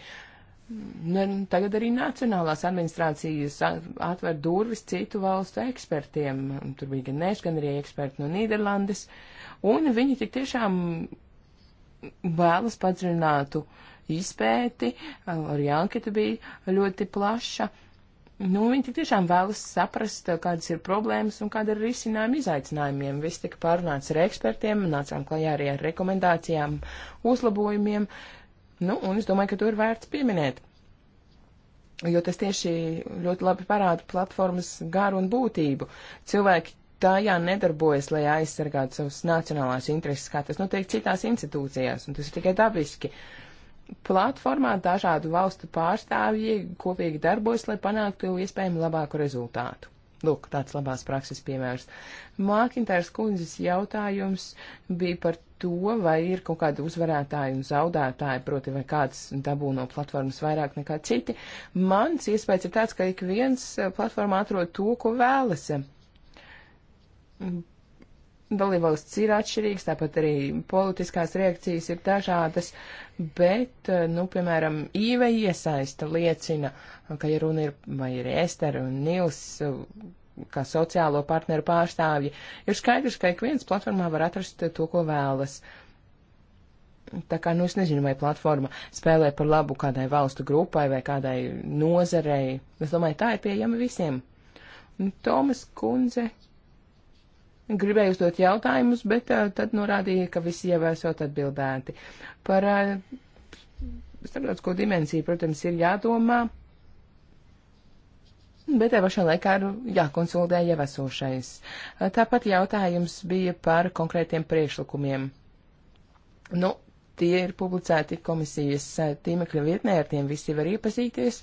Nu, tagad arī nacionālās administrācijas atver durvis citu valstu ekspertiem. Tur bija gan es, gan arī eksperti no Nīderlandes. Un viņi tik tiešām vēlas padziļinātu izpēti, arī anketa bija ļoti plaša. Nu, viņi tiešām vēlas saprast, kādas ir problēmas un kāda ir risinājuma izaicinājumiem. Viss tika pārunāts ar ekspertiem, nācām klajā arī ar rekomendācijām, uzlabojumiem. Nu, un es domāju, ka to ir vērts pieminēt. Jo tas tieši ļoti labi parāda platformas garu un būtību. Cilvēki tajā nedarbojas, lai aizsargātu savas nacionālās intereses, kā tas notiek citās institūcijās, un tas ir tikai dabiski. Uh, platformā dažādu valstu pārstāvji kopīgi darbojas, lai panāktu iespējami labāku rezultātu. Lūk, tāds labās prakses piemērs. Mākintērs kundzes jautājums bija par to, vai ir kaut kādi uzvarētāji un zaudētāji, proti, vai kāds dabū no platformas vairāk nekā citi. Mans iespējas ir tāds, ka ik viens eh, platformā atrod to, ko vēlas dalībvalsts ir atšķirīgs, tāpat arī politiskās reakcijas ir dažādas, bet, eh, nu, piemēram, īve iesaista liecina, ka, ja runa ir, vai ir Ester un Nils, eh, kā sociālo partneru pārstāvji, ir skaidrs, ka ik viens platformā var atrast to, ko vēlas. Tā kā, nu, es nezinu, vai platforma spēlē par labu kādai valstu grupai vai kādai nozarei. Es domāju, tā ir pieejama visiem. Tomas Kunze gribēju uzdot jautājumus, bet uh, tad norādīja, ka visi jau esot atbildēti. Par uh, starptautisko dimensiju, protams, ir jādomā, bet te pašā laikā ir jākonsolidē jau esošais. Uh, tāpat jautājums bija par konkrētiem priekšlikumiem. Nu, tie ir publicēti komisijas tīmekļa vietnē, ar tiem visi var iepazīties,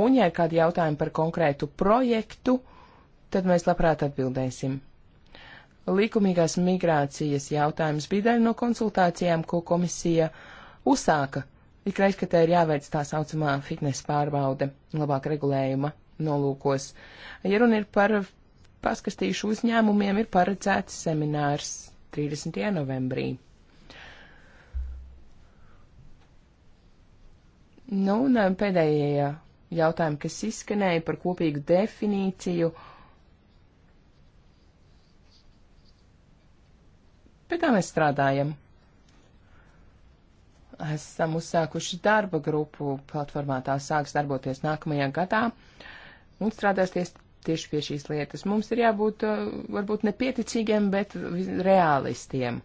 un ja ir kādi jautājumi par konkrētu projektu, tad mēs labprāt atbildēsim likumīgās migrācijas jautājums bija daļa no konsultācijām, ko komisija uzsāka. Ikreiz, kad te ir jāveic tā saucamā fitnes pārbaude, labāk regulējuma nolūkos. Ja runa ir par paskastīšu uzņēmumiem, ir paredzēts seminārs 30. novembrī. Nu, un um, pēdējie jautājumi, kas izskanēja par kopīgu definīciju. Uh, Pie tā mēs strādājam. Esam uzsākuši darba grupu platformā, tā sāks darboties nākamajā gadā un strādāsies tieši pie šīs lietas. Mums ir jābūt uh, varbūt nepieticīgiem, bet realistiem.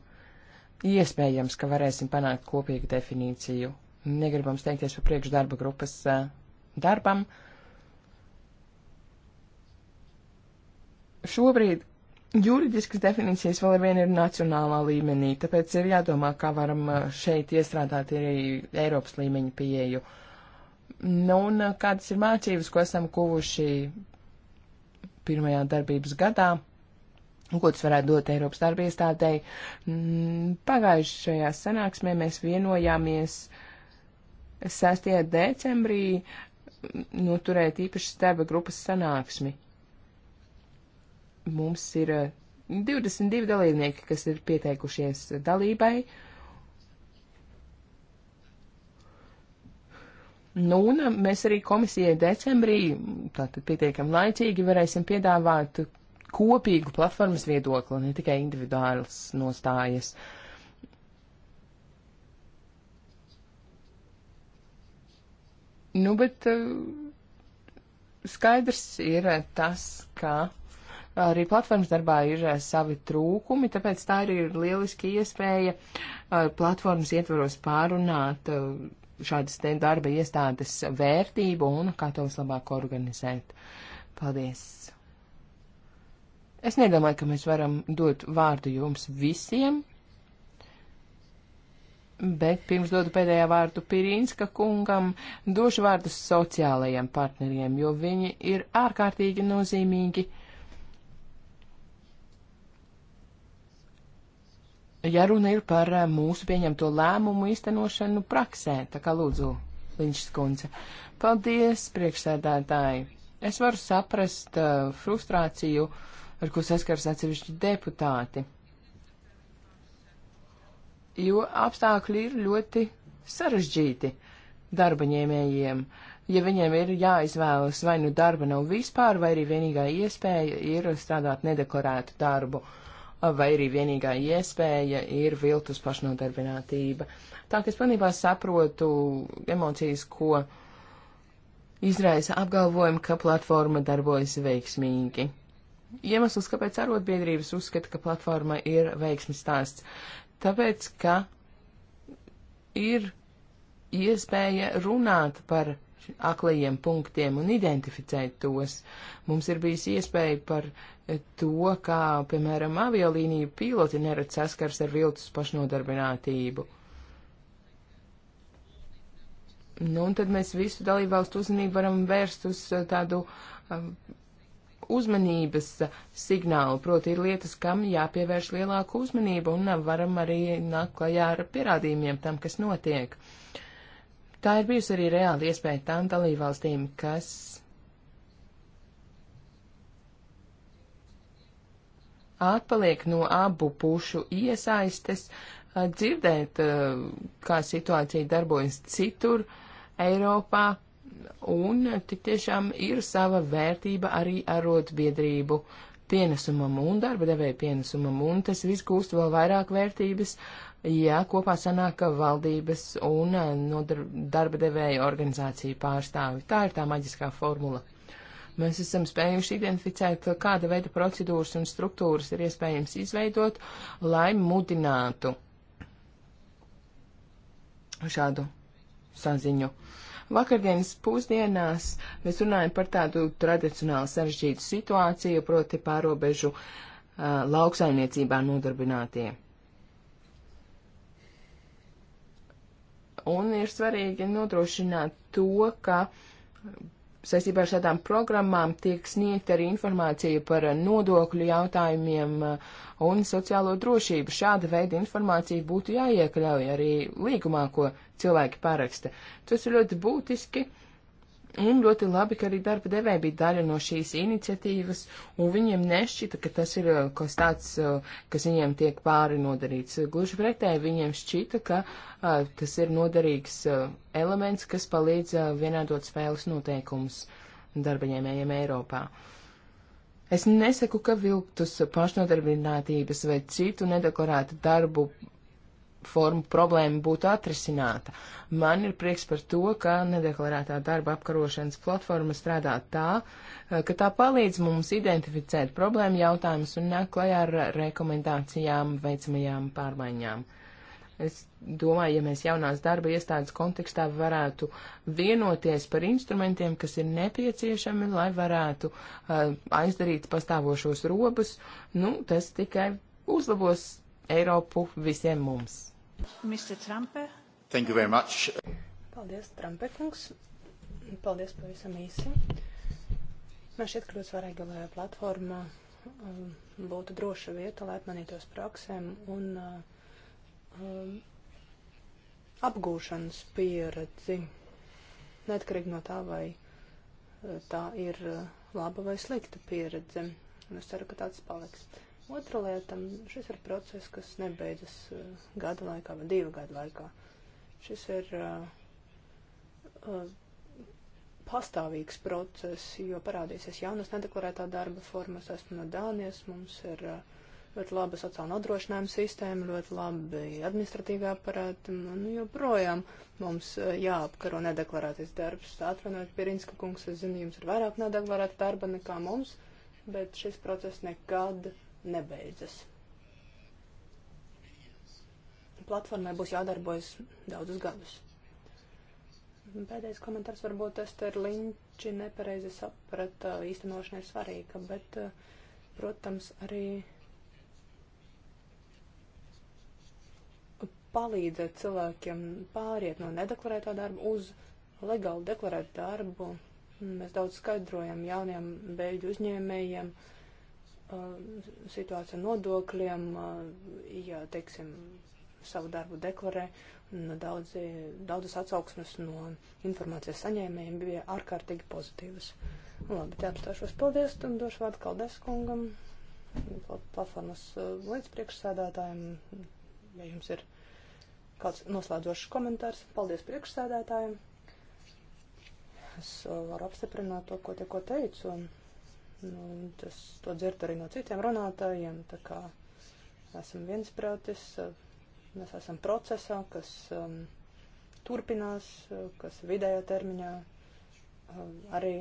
Iespējams, ka varēsim panākt kopīgu definīciju. Negribam steigties par priekšdarba grupas uh, darbam. Šobrīd Juridiskas definīcijas vēl ar vienu ir nacionālā līmenī, tāpēc ir jādomā, kā varam uh, šeit iestrādāt arī Eiropas līmeņa pieeju. Nu, un uh, kādas ir mācības, ko esam kuvuši pirmajā darbības gadā, un ko tas varētu dot Eiropas darba iestādēji. Mm, pagājušajā sanāksmē mēs vienojāmies 6. decembrī mm, noturēt nu, īpašas darba grupas sanāksmi Mums ir 22 eh, dalībnieki, kas ir pieteikušies dalībai. Nu, un eh, mēs arī komisijai decembrī, tātad pietiekam laicīgi, varēsim piedāvāt kopīgu platformas viedokli, ne tikai individuāls nostājas. Nu, bet eh, skaidrs ir tas, ka arī platformas darbā ir eh, savi trūkumi, tāpēc tā arī ir lieliski iespēja eh, platformas ietvaros pārunāt eh, šādas te darba iestādes vērtību un kā to vislabāk organizēt. Paldies! Es nedomāju, ka mēs varam dot vārdu jums visiem, Bet pirms dodu pēdējā vārdu Pirinska kungam, došu vārdu sociālajiem partneriem, jo viņi ir ārkārtīgi nozīmīgi ja runa ir par eh, mūsu pieņemto lēmumu īstenošanu praksē, tā kā lūdzu, Liņšs kundze. Paldies, priekšsēdētāji. Es varu saprast uh, frustrāciju, ar ko saskars atsevišķi deputāti, jo apstākļi ir ļoti sarežģīti darba ņēmējiem. Ja viņiem ir jāizvēlas, vai nu darba nav vispār, vai arī vienīgā iespēja ir strādāt nedeklarētu darbu. Uh, vai arī vienīgā iespēja ir viltus pašnodarbinātība. Tā ka es pilnībā saprotu emocijas, ko izraisa apgalvojumi, ka platforma darbojas veiksmīgi. Iemesls, kāpēc arotbiedrības uzskata, ka platforma ir veiksmes stāsts, tāpēc, ka ir iespēja runāt par aklajiem punktiem un identificēt tos. Mums ir bijusi iespēja par eh, to, kā, piemēram, aviolīniju piloti nerad saskars ar viltus pašnodarbinātību. Nu, un tad mēs visu dalībvalstu uzmanību varam vērst uz eh, tādu um, uzmanības eh, signālu, proti ir lietas, kam jāpievērš lielāku uzmanību, un varam arī nākt klajā ar pierādījumiem tam, kas notiek. Uh, Tā ir bijusi arī reāla iespēja tām dalībvalstīm, kas atpaliek no abu pušu iesaistes, dzirdēt, kā situācija darbojas citur Eiropā, un tik tiešām ir sava vērtība arī arotbiedrību pienesumam un darba devēja pienesumam, un tas viss gūst vēl vairāk vērtības ja kopā sanāk valdības un eh, no darba devēja organizāciju pārstāvi. Tā ir tā maģiskā formula. Mēs esam spējuši identificēt, kāda veida procedūras un struktūras ir iespējams izveidot, lai mudinātu šādu saziņu. Vakardienas pusdienās mēs runājam par tādu tradicionāli sarežģītu situāciju, proti pārobežu uh, lauksaimniecībā nodarbinātie. Un ir svarīgi nodrošināt to, ka saistībā ar šādām programmām tiek sniegta arī informācija par nodokļu jautājumiem un sociālo drošību. Šāda veida informācija būtu jāiekļauj arī līgumā, ko cilvēki paraksta. Tas ir ļoti būtiski. Uh, Un ļoti labi, ka arī darba devēja bija daļa no šīs iniciatīvas, un viņiem nešķita, ka tas ir eh, kas tāds, eh, kas viņiem tiek pāri nodarīts. Gluži pretēji viņiem šķita, ka a, eh, tas ir noderīgs a, elements, kas palīdz a, vienādot spēles noteikumus darbaņēmējiem Eiropā. Es nesaku, ka vilktus pašnodarbinātības vai citu nedeklarētu darbu formu problēma būtu atrisināta. Man ir prieks par to, ka nedeklarētā darba apkarošanas platforma strādā tā, eh, ka tā palīdz mums identificēt problēmu jautājumus un nāk klajā ar rekomendācijām veicamajām pārmaiņām. Es domāju, ja mēs jaunās darba iestādes kontekstā varētu vienoties par instrumentiem, kas ir nepieciešami, lai varētu uh, aizdarīt pastāvošos robus, nu, tas tikai uzlabos Eiropu visiem mums. Mr. Trumpe. Thank you very much. Paldies, Trumpe kungs. Paldies pavisam īsi. Man šķiet, ka ļoti svarīgi, lai platforma um, būtu droša vieta, lai apmanītos praksēm un uh, um, apgūšanas pieredzi, neatkarīgi no tā, vai uh, tā ir uh, laba vai slikta pieredze. Un es ceru, ka tāds paliks. Otra lieta - šis ir process, kas nebeidzas eh, gada laikā, bet divu gadu laikā. Šis ir uh, uh, pastāvīgs process, jo parādīsies jaunas nedeklarētā darba formas. Esmu no Dānijas, mums ir uh, ļoti laba sociāla nodrošinājuma sistēma, ļoti labi administratīvā aparāta, un nu, joprojām mums uh, jāapkaro nedeklarētais darbs. Atvainojiet, Pirinska kungs, es zinu, jums ir vairāk nedeklarēta darba nekā mums, bet šis process nekad nebeidzas. Platformai būs jādarbojas daudzus gadus. Pēdējais komentārs varbūt tas ir Linči nepareizi saprata, īstenošana ir svarīga, bet, protams, arī palīdzēt cilvēkiem pāriet no nedeklarētā darba uz legāli deklarētu darbu. Mēs daudz skaidrojam jauniem beļģu uzņēmējiem, uh, Uh, situācija nodokļiem, uh, ja, teiksim, savu darbu deklarē, un daudzi, daudzas atsauksmes no informācijas saņēmējiem bija ārkārtīgi pozitīvas. Labi, te apstāšos. Paldies, un došu vārdu Kaldes kungam, platformas uh, līdzpriekšsēdētājiem, ja jums ir kāds noslēdzošs komentārs. Paldies priekšsēdētājiem. Es varu apstiprināt to, ko tikko teicu. Un Nu, tas to dzird arī no citiem runātājiem, tā kā esam viensprātis, eh, mēs esam procesā, kas um, turpinās, eh, kas vidējā termiņā um, arī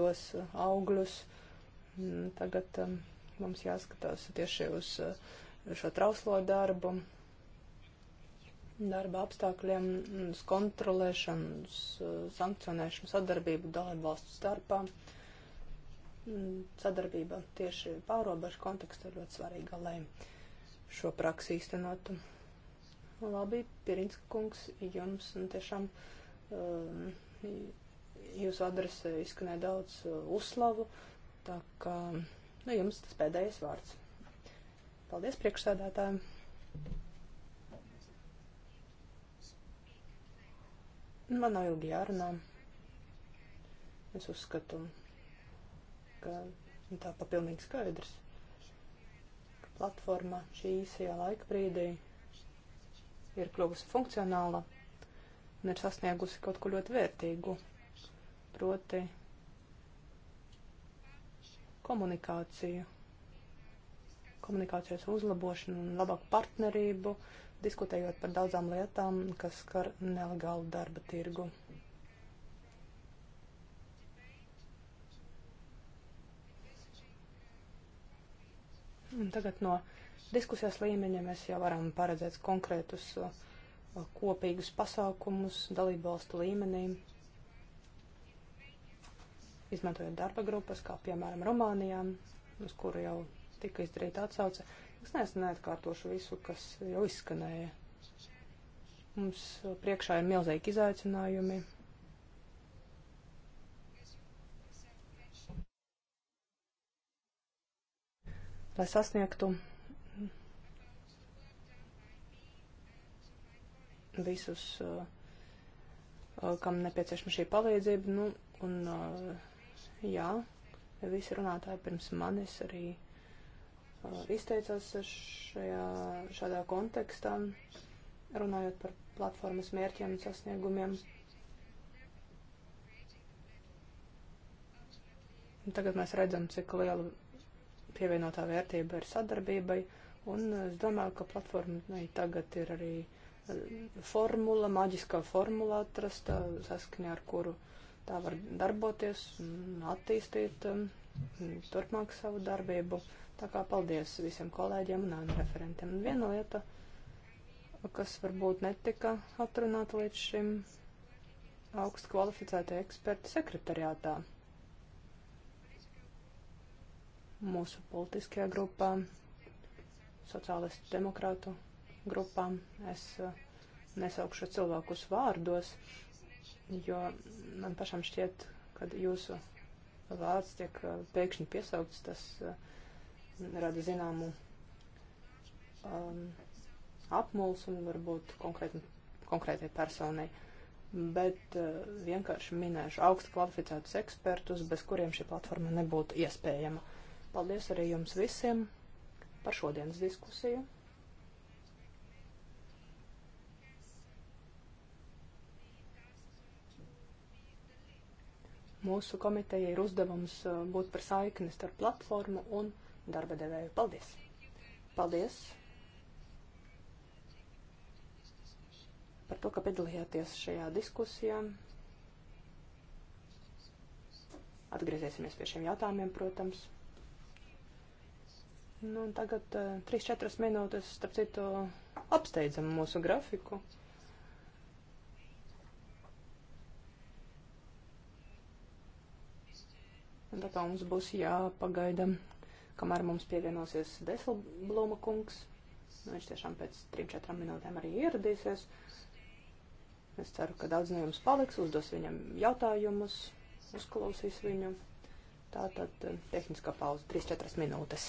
dos augļus. Mm, tagad um, mums jāskatās tieši uz uh, šo trauslo darbu, darba apstākļiem, uz kontrolēšanu, uz sankcionēšanu, sadarbību dalību valstu starpā. Uh, sadarbība tieši pārobežu kontekstā ir ļoti svarīga, lai šo praksi īstenotu. Labi, Pirinska kungs, jums tiešām um, jūsu adrese izskanēja daudz uh, uzslavu, tā kā nu, jums tas pēdējais vārds. Paldies priekšsēdētājiem! Man nav ilgi jārunā. Es uzskatu, ka nu, tā pa pilnīgi skaidrs, ka platforma šī īsajā laika brīdī ir kļuvusi funkcionāla un ir sasniegusi kaut ko ļoti vērtīgu, proti komunikāciju, komunikācijas uzlabošanu un labāku partnerību, diskutējot par daudzām lietām, kas skar nelegālu darba tirgu. Un tagad no diskusijas līmeņa mēs jau varam paredzēt konkrētus kopīgus pasākumus dalību valstu līmenī, izmantojot darba grupas, kā piemēram Rumānijā, uz kuru jau tika izdarīta atsauce. Es neesmu neatkārtošu visu, kas jau izskanēja. Mums priekšā ir milzīgi izaicinājumi. lai sasniegtu visus, uh, uh, kam nepieciešama šī palīdzība. Nu, un, uh, jā, visi runātāji pirms manis arī izteicās šajā, šādā kontekstā, runājot par platformas mērķiem un sasniegumiem. Tagad mēs redzam, cik lielu pievienotā vērtība ir sadarbībai, un es domāju, ka platformai tagad ir arī eh, formula, maģiskā formula atrasta, saskaņā ar kuru tā var darboties un attīstīt um, turpmāk savu darbību. Tā kā paldies visiem kolēģiem un referentiem. Un viena lieta, kas varbūt netika atrunāta līdz šim, augstu kvalificētie eksperti sekretariātā mūsu politiskajā grupā, sociālistu demokrātu grupā. Es eh, nesaukšu cilvēkus vārdos, jo man pašam šķiet, kad jūsu vārds tiek eh, pēkšņi piesaukts, tas eh, rada zināmu um, ehm, apmulsu un varbūt konkrēti, konkrētai personai. Bet uh, vienkārši minēšu augstu kvalificētus ekspertus, bez kuriem šī platforma nebūtu iespējama. Paldies arī jums visiem par šodienas diskusiju. Mūsu komiteja ir uzdevums uh, būt par saikni starp platformu un darba devēju. Paldies! Paldies par to, ka piedalījāties šajā diskusijā. Atgriezīsimies pie šiem jautājumiem, protams. Nu, tagad uh, eh, 3-4 minūtes, starp citu, apsteidzam mūsu grafiku. Un tā kā mums būs jāpagaida, kamēr mums pievienosies Deselbloma kungs. Nu, viņš tiešām pēc 3-4 minūtēm arī ieradīsies. Es ceru, ka daudz no jums paliks, uzdos viņam jautājumus, uzklausīs viņu. Tātad eh, tehniskā pauze 3-4 minūtes.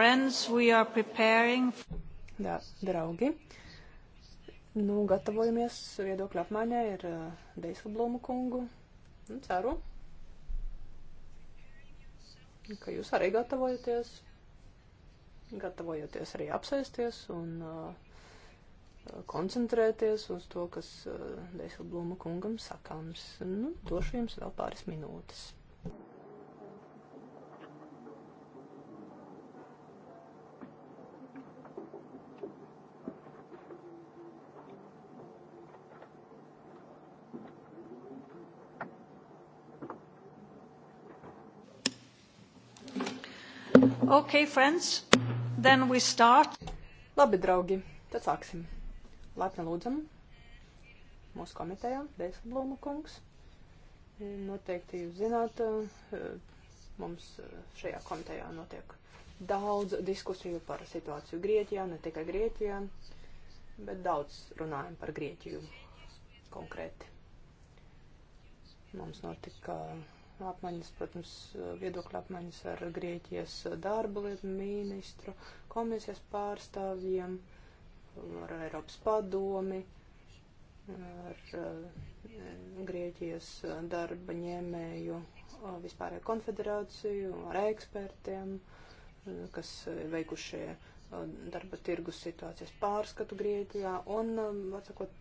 friends, we are preparing. Jā, draugi. Nu, gatavojamies viedokļu apmaiņai ar uh, Deisa Blūmu kungu. Nu, ceru, ka jūs arī gatavojaties. Gatavojaties arī apsēsties un uh, koncentrēties uz to, kas uh, Deisa Blūma kungam sakāms. Nu, došu jums vēl pāris minūtes. Okay, friends, then we start. Labi, draugi, tad sāksim. Lepni lūdzam mūsu komitejā, Deisablūma kungs. Noteikti jūs zināt, eh, mums eh, šajā komitejā notiek daudz diskusiju par situāciju Grieķijā, ne tikai Grieķijā, bet daudz runājam par Grieķiju konkrēti. Mums notika apmaiņas, protams, viedokļa apmaiņas ar Grieķijas darba lietu ministru, komisijas pārstāvjiem, ar Eiropas padomi, ar eh, Grieķijas darba ņēmēju eh, vispārēju konfederāciju, ar ekspertiem, eh, kas veikušie darba tirgus situācijas pārskatu Grieķijā un, atsakot,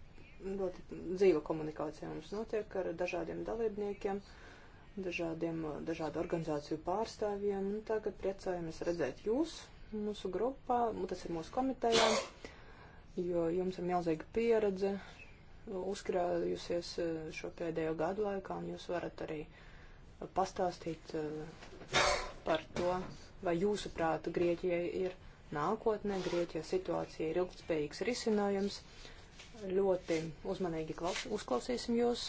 ļoti dzīva komunikācija mums notiek ar dažādiem dalībniekiem. Uh, dažādiem, dažādu organizāciju pārstāvjiem. Un tagad priecājamies redzēt jūs mūsu grupā, nu, tas ir mūsu komitejā, jo jums ir milzīga pieredze uzkrājusies eh, šo pēdējo gadu laikā, un jūs varat arī pastāstīt eh, par to, vai jūsuprāt Grieķijai ir nākotnē, Grieķijā situācija ir ilgspējīgs risinājums. Ļoti uzmanīgi klaus, uzklausīsim jūs,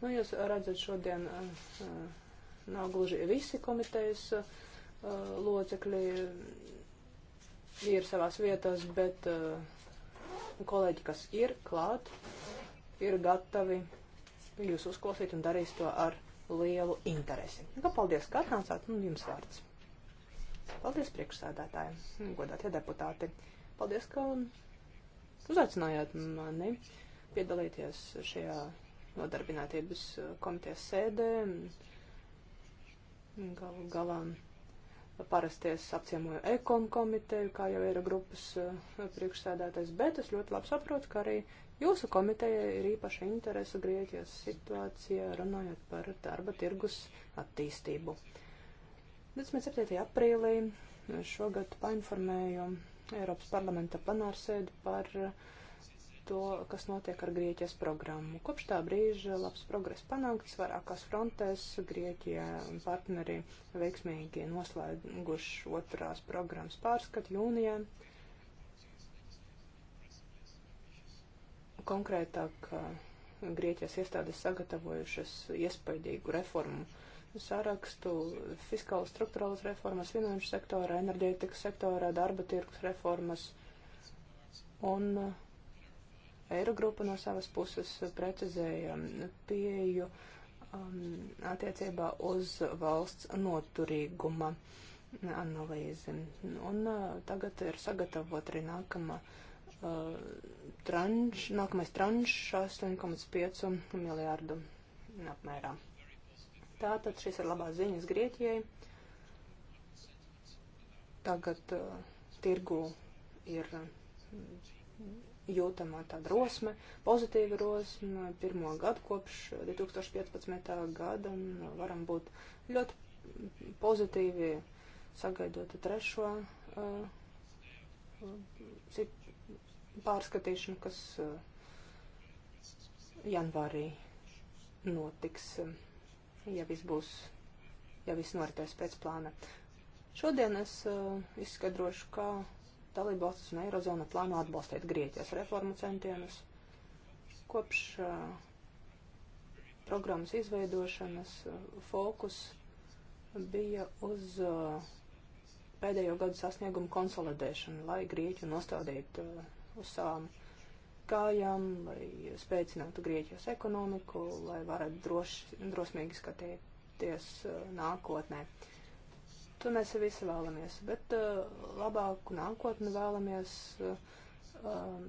Nu, jūs redzat, šodien uh, nav gluži visi komitejas uh, locekļi ir savās vietās, bet uh, kolēģi, kas ir klāt, ir gatavi jūs uzklausīt un darīs to ar lielu interesi. Nu, paldies, ka atnācāt, un jums vārds. Paldies priekšsēdētājiem, godātie deputāti. Paldies, ka uzaicinājāt mani piedalīties šajā nodarbinātības uh, komitejas sēdē. Galu galā parasti es apciemoju ekom komiteju, kā jau ir grupas uh, priekšsēdētājs, bet es ļoti labi saprotu, ka arī jūsu komiteja ir īpaša interesa Grieķijas situācijā, runājot par darba tirgus attīstību. 27. aprīlī šogad painformēju Eiropas parlamenta plenārsēdi par uh, to, kas notiek ar Grieķijas programmu. Kopš tā brīža labs progress panākts vairākās frontēs. Grieķija un partneri veiksmīgi noslēguši otrās programmas pārskatu jūnijā. Konkrētāk, Grieķijas iestādes sagatavojušas iespaidīgu reformu sārakstu fiskālas struktūrālas reformas, finanšu sektora, enerģētikas sektora, darba tirkus reformas un uh, Eirogrupa no savas puses precizēja pieju um, attiecībā uz valsts noturīguma analīzi. Un uh, tagad ir sagatavot arī nākama. Uh, tranš, nākamais tranš 8,5 miljārdu apmērā. Tātad šis ir labās ziņas Grieķijai. Tagad uh, tirgu ir jūtama tā drosme, pozitīva drosme pirmo gadu kopš 2015. gada un varam būt ļoti pozitīvi sagaidot trešo uh, pārskatīšanu, kas uh, janvārī notiks, uh, ja viss būs, ja viss noritēs pēc plāna. Šodien es uh, izskaidrošu, kā dalībvalstis un Eirozona plāno atbalstīt Grieķijas reformu centienus. Kopš uh, programmas izveidošanas uh, fokus bija uz uh, pēdējo gadu sasniegumu konsolidēšanu, lai Grieķu nostādītu uz savām kājām, lai spēcinātu Grieķijas ekonomiku, lai varētu droši, drosmīgi skatīties nākotnē. Uh, To mēs visi vēlamies, bet uh, labāku nākotni vēlamies. Uh, um,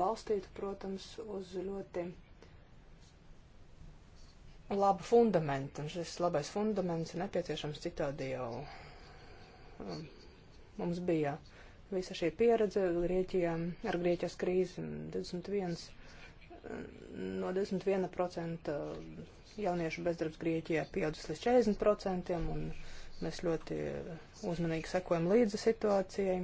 balstīt, protams, uz ļoti labu fundamentu. Un šis labais fundaments ir nepieciešams citādi jau. Um, mums bija visa šī pieredze Grieķijā, ar Grieķijas krīzi 21, no 21% Jauniešu bezdarbs Grieķijā pieaudzis līdz 40%, un mēs ļoti uzmanīgi sekojam līdzi situācijai.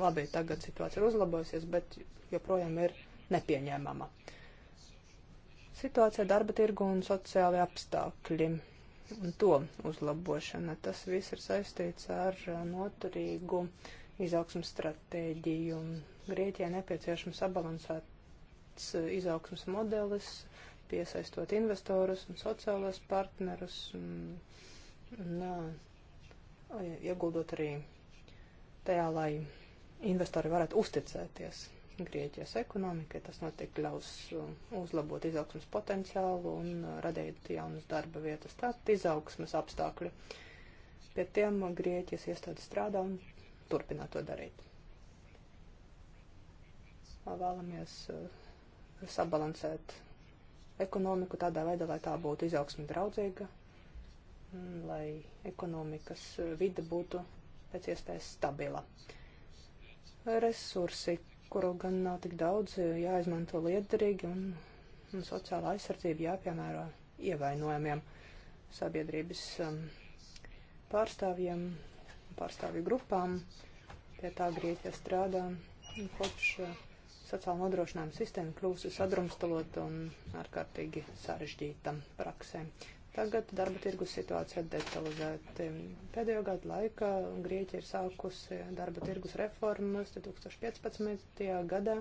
Labi, tagad situācija ir uzlabojusies, bet joprojām ir nepieņēmama. Situācija darba tirgu un sociālai apstākļi un to uzlabošana. Tas viss ir saistīts ar noturīgu izaugsmas stratēģiju. Grieķijai nepieciešams sabalansēts izaugsmas modelis, piesaistot investorus un sociālos partnerus un, un, un ieguldot arī tajā, lai investori varētu uzticēties Grieķijas ekonomikai. Tas noteikti ļaus uzlabot izaugsmas potenciālu un radīt jaunas darba vietas. Tātad izaugsmas apstākļi. Pie tiem Grieķijas iestādes strādā un turpinā to darīt. Vēlamies sabalansēt ekonomiku tādā veidā, lai tā būtu izaugsmi draudzīga, mm, lai ekonomikas eh, vide būtu pēc iespējas stabila. Resursi, kuru gan nav tik daudz, eh, jāizmanto liederīgi un, un sociāla aizsardzība jāpiemēro ievainojamiem sabiedrības um, pārstāvjiem, pārstāvju grupām. Pie tā Grieķija strādā kopš uh, sociāla nodrošinājuma sistēma kļūst sadrumstalot un ārkārtīgi sarežģīta praksē. Tagad darba tirgus situācija detalizēti. Pēdējo gadu laikā Grieķija ir sākusi darba tirgus reformas 2015. gadā.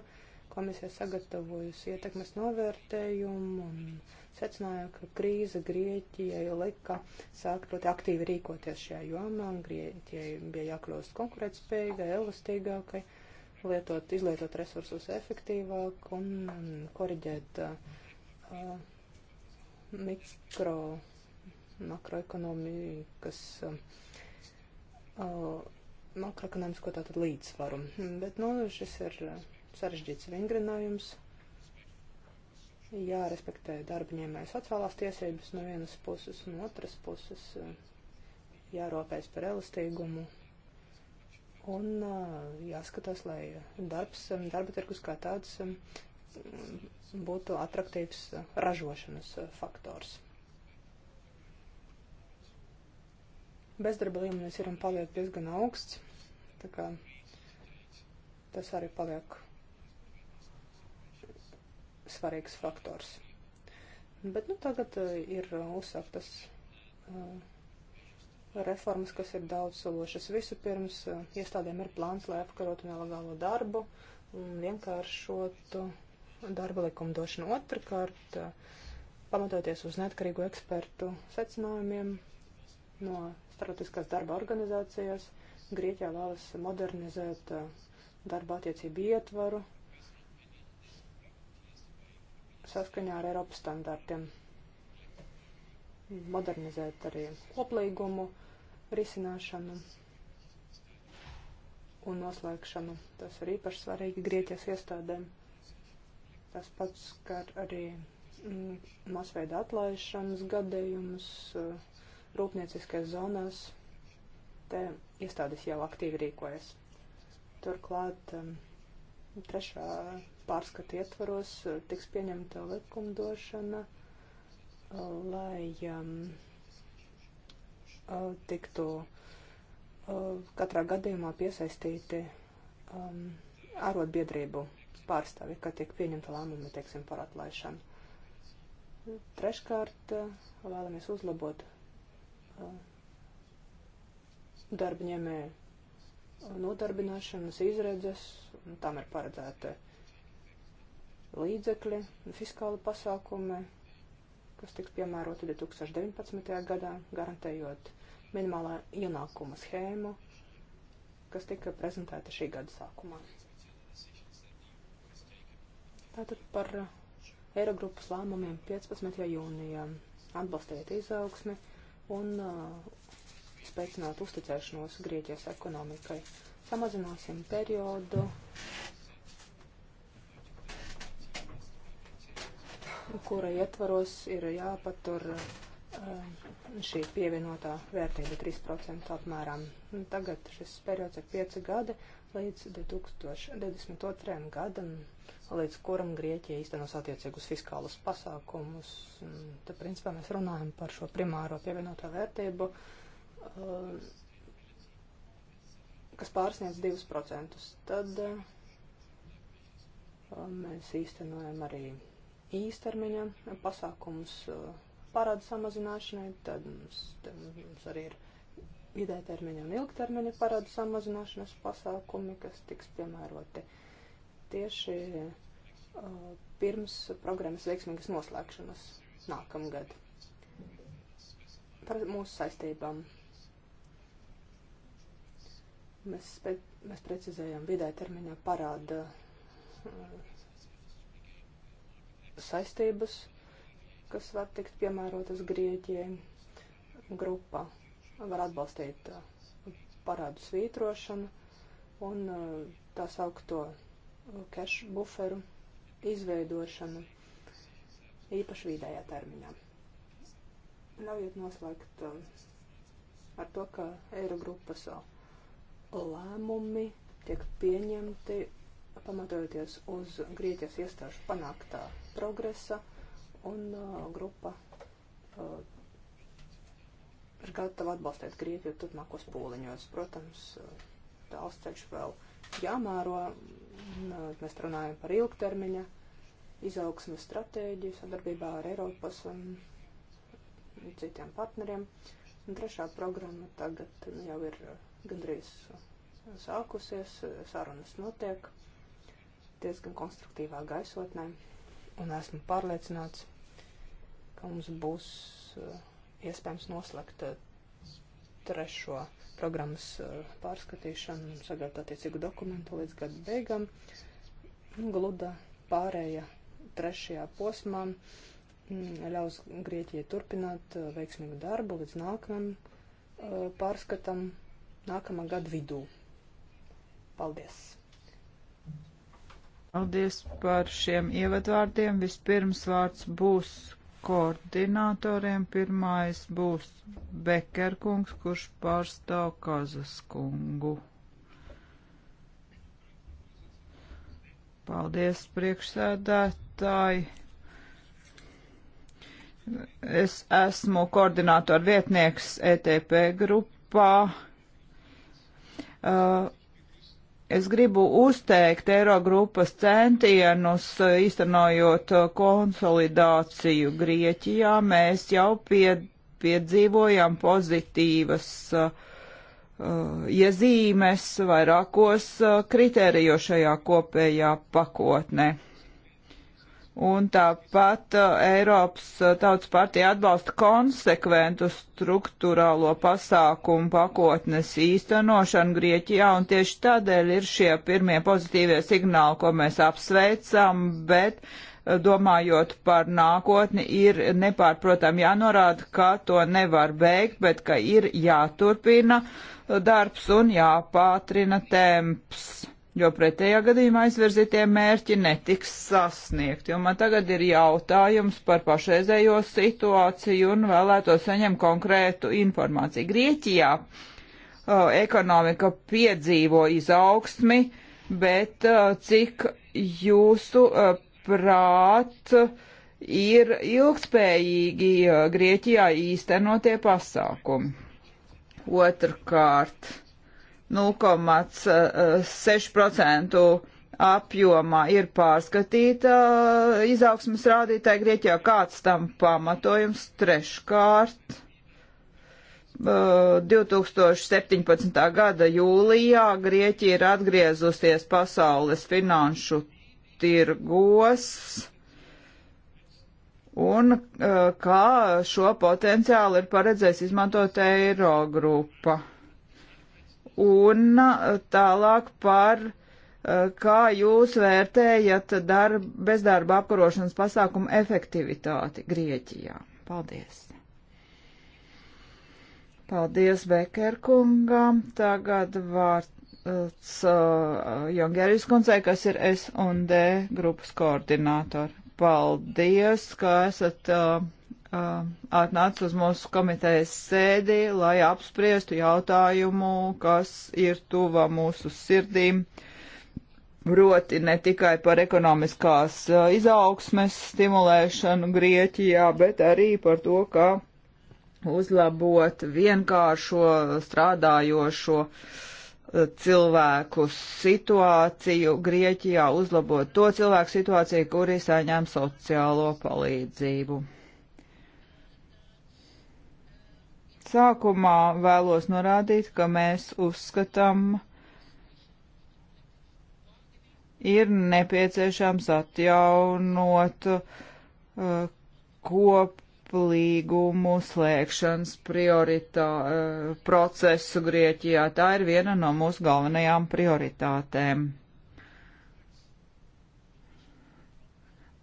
Komisija sagatavojusi ietekmes novērtējumu un secināja, ka krīze Grieķijai lika sākt ļoti aktīvi rīkoties šajā jomā. Grieķijai bija jākļūst konkurētspējīgai, elastīgākai. Okay lietot, izlietot resursus efektīvāk un koriģēt uh, mikro, makroekonomikas, um, uh, makroekonomisko tātad līdzsvaru. Bet, nu, šis ir uh, sarežģīts vingrinājums. Jārespektē darbaņēmēja sociālās tiesības no vienas puses, no otras puses uh, jārūpēs par elastīgumu Un jāskatās, lai darbs, darba tirkus kā tāds būtu atraktīvs ražošanas faktors. Bezdarba līmenis ir un paliek diezgan augsts, tā kā tas arī paliek svarīgs faktors. Bet nu, tagad ir uzsāktas. Uh, reformas, kas ir daudz sološas. Vispirms eh, iestādēm ir plāns, lai apkarotu nelegālo darbu un vienkāršotu darba likumdošanu. Otrakārt, eh, pamatoties uz neatkarīgu ekspertu secinājumiem no starptautiskās darba organizācijas, Grieķijā vēlas modernizēt eh, darba attiecību ietvaru saskaņā ar Eiropas standartiem. Modernizēt arī koplīgumu risināšanu un noslēgšanu. Tas ir īpaši svarīgi Grieķijas iestādēm. Tas pats skar arī mm, masveida atlaišanas gadījumus eh, rūpnieciskajās zonās. Te iestādes jau aktīvi rīkojas. Turklāt mm, trešā pārskata ietvaros eh, tiks pieņemta likumdošana, eh, lai um, Uh, tiktu uh, katrā gadījumā piesaistīti um, arotbiedrību pārstāvi, kad tiek pieņemta lēmuma, teiksim, par atlaišanu. Treškārt, uh, vēlamies uzlabot uh, darbņēmēju nodarbināšanas izredzes, un tam ir paredzēti līdzekļi, fiskāli pasākumi, kas tiks piemēroti 2019. gadā, garantējot minimālā ienākuma schēmu, kas tika prezentēta šī gada sākumā. Tātad par Eirogrupas lēmumiem 15. jūnijā atbalstīt izaugsmi un uh, spēcināt uzticēšanos Grieķijas ekonomikai. Samazināsim periodu. kura ietvaros ir jāpatur uh, šī pievienotā vērtība 3% apmēram. Tagad šis periods ir 5 gadi līdz 2022. gadam, līdz kuram Grieķija īstenos attiecīgus fiskālus pasākumus. Tad, principā, mēs runājam par šo primāro pievienoto vērtību, kas pārsniedz 2%. Tad mēs īstenojam arī īstermiņa pasākumus parādu samazināšanai, tad mums, tad mums arī ir vidē termiņa un ilgtermiņa parādu samazināšanas pasākumi, kas tiks piemēroti tieši uh, pirms programmas veiksmīgas noslēgšanas nākamgad. Par mūsu saistībām. Mēs, spe, mēs precizējam vidē termiņā parāda uh, saistības kas var tikt piemērotas Grieķijai. Grupa var atbalstīt uh, parādu svītrošanu un uh, tā saukto uh, cash buferu izveidošanu īpaši vidējā termiņā. Ļaujiet noslēgt ar to, ka Eirogrupas lēmumi tiek pieņemti pamatojoties uz Grieķijas iestāžu panāktā progresa un uh, grupa uh, ir gatava atbalstīt Grieķiju turpmākos pūliņos. Protams, uh, tāls ceļš vēl jāmēro. Uh, mēs runājam par ilgtermiņa izaugsmes stratēģiju sadarbībā ar Eiropas un citiem partneriem. Un trešā programma tagad jau ir uh, gandrīz sākusies, sarunas notiek diezgan konstruktīvā gaisotnē, un esmu pārliecināts, ka mums būs eh, iespējams noslēgt eh, trešo programmas eh, pārskatīšanu un sagatavot attiecīgu dokumentu līdz gada beigām. Nu, gluda pārēja trešajā posmā mm, ļaus Grieķijai turpināt veiksmīgu darbu līdz nākamajam pārskatam nākamā gada vidū. Paldies! Paldies par šiem ievadvārdiem. Vispirms vārds būs koordinatoriem. Pirmais būs Bekerkungs, kurš pārstāv Kazaskungu. Paldies, priekšsēdētāji. Es esmu koordinātoru vietnieks ETP grupā. Uh, Es gribu uzteikt Eirogrupas centienus, eh, īstenojot eh, konsolidāciju Grieķijā. Mēs jau pie, piedzīvojam pozitīvas uh, iezīmes vairākos kriterijos šajā kopējā pakotnē. Un tāpat uh, Eiropas uh, Tautas partija atbalsta konsekventu struktūrālo pasākumu pakotnes īstenošanu Grieķijā, un tieši tādēļ ir šie pirmie pozitīvie signāli, ko mēs apsveicam, bet uh, domājot par nākotni, ir nepārprotam jānorāda, ka to nevar beigt, bet ka ir jāturpina uh, darbs un jāpātrina temps jo pretējā gadījumā aizvirzītie mērķi netiks sasniegti. Un man tagad ir jautājums par pašreizējo situāciju un vēlētos saņemt konkrētu informāciju. Grieķijā uh, ekonomika piedzīvo izaugsmi, bet uh, cik jūsu uh, prāt ir ilgspējīgi uh, Grieķijā īstenotie pasākumi? Otrkārt 0,6% eh, eh, apjomā ir pārskatīta eh, izaugsmas rādītāja Grieķijā. Kāds tam pamatojums treškārt? 2017. gada jūlijā Grieķija ir atgriezusies pasaules finanšu tirgos. Un kā šo potenciālu ir paredzējis izmantot Eirogrupa? grupa? un uh, tālāk par uh, kā jūs vērtējat darb, bezdarba apkarošanas pasākumu efektivitāti Grieķijā. Paldies! Paldies Bekerkungam. Tagad vārds uh, Jongeris kundzei, kas ir S un D grupas koordinātori. Paldies, ka esat uh, atnāca uz mūsu komitejas sēdi, lai apspriestu jautājumu, kas ir tuva mūsu sirdīm. Proti ne tikai par ekonomiskās izaugsmes stimulēšanu Grieķijā, bet arī par to, kā uzlabot vienkāršo strādājošo cilvēku situāciju Grieķijā, uzlabot to cilvēku situāciju, kuri saņem sociālo palīdzību. Sākumā vēlos norādīt, ka mēs uzskatām, ir nepieciešams atjaunot uh, koplīgumu slēgšanas prioritā, uh, procesu Grieķijā. Tā ir viena no mūsu galvenajām prioritātēm.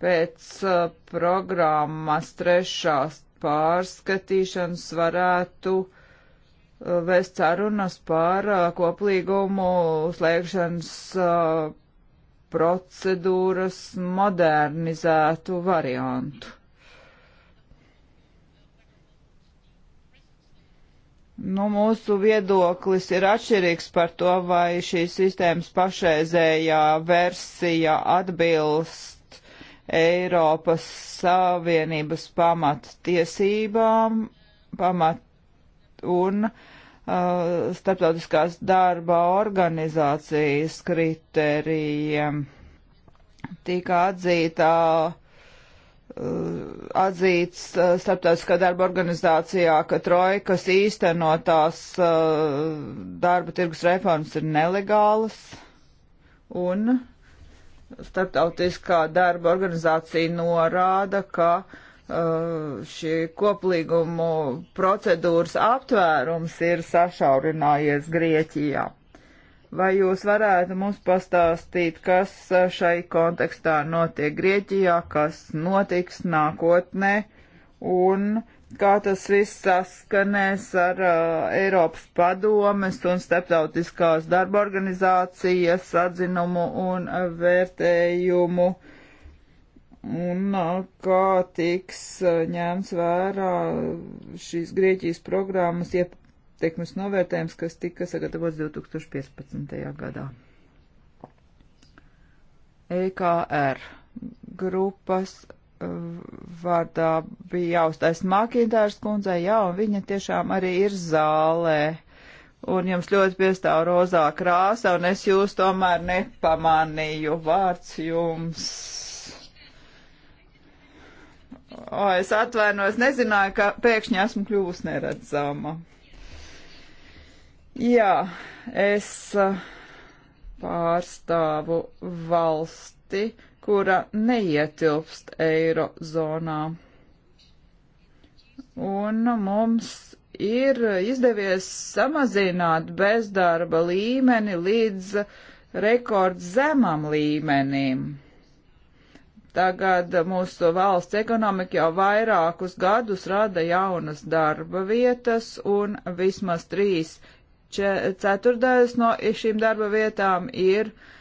Pēc uh, programmas trešās pārskatīšanas varētu uh, vēst sarunas par uh, koplīgumu slēgšanas uh, procedūras modernizētu variantu. Nu, mūsu viedoklis ir atšķirīgs par to, vai šīs sistēmas pašreizējā versija atbilst Eiropas Savienības pamata tiesībām pamat un uh, starptautiskās darba organizācijas kritērijiem. Tika atzītā, uh, atzīts uh, starptautiskā darba organizācijā, ka trojkas īstenotās uh, darba tirgus reformas ir nelegālas un uh, Startautiskā darba organizācija norāda, ka uh, šī koplīgumu procedūras aptvērums ir sašaurinājies Grieķijā. Vai jūs varētu mums pastāstīt, kas uh, šai kontekstā notiek Grieķijā, kas notiks nākotnē un kā tas viss saskanēs ar uh, Eiropas padomes un starptautiskās darba organizācijas atzinumu un uh, vērtējumu, un uh, kā tiks uh, ņēmts vērā šīs Grieķijas programmas ietekmes novērtējums, kas tika sagatavots 2015. gadā. EKR grupas vārdā bija jāuztais Mākīntārs kundzei, jā, un viņa tiešām arī ir zālē. Un jums ļoti piestāv rozā krāsa, un es jūs tomēr nepamanīju. Vārds jums. O, es atvainojos, nezināju, ka pēkšņi esmu kļuvusi neredzama. Jā, es eh, pārstāvu valsti, kura neietilpst eirozonā. Un mums ir izdevies samazināt bezdarba līmeni līdz rekordzemam līmenim. Tagad mūsu valsts ekonomika jau vairākus gadus rada jaunas darba vietas, un vismaz trīs ceturtdaļas no šīm darba vietām ir uh,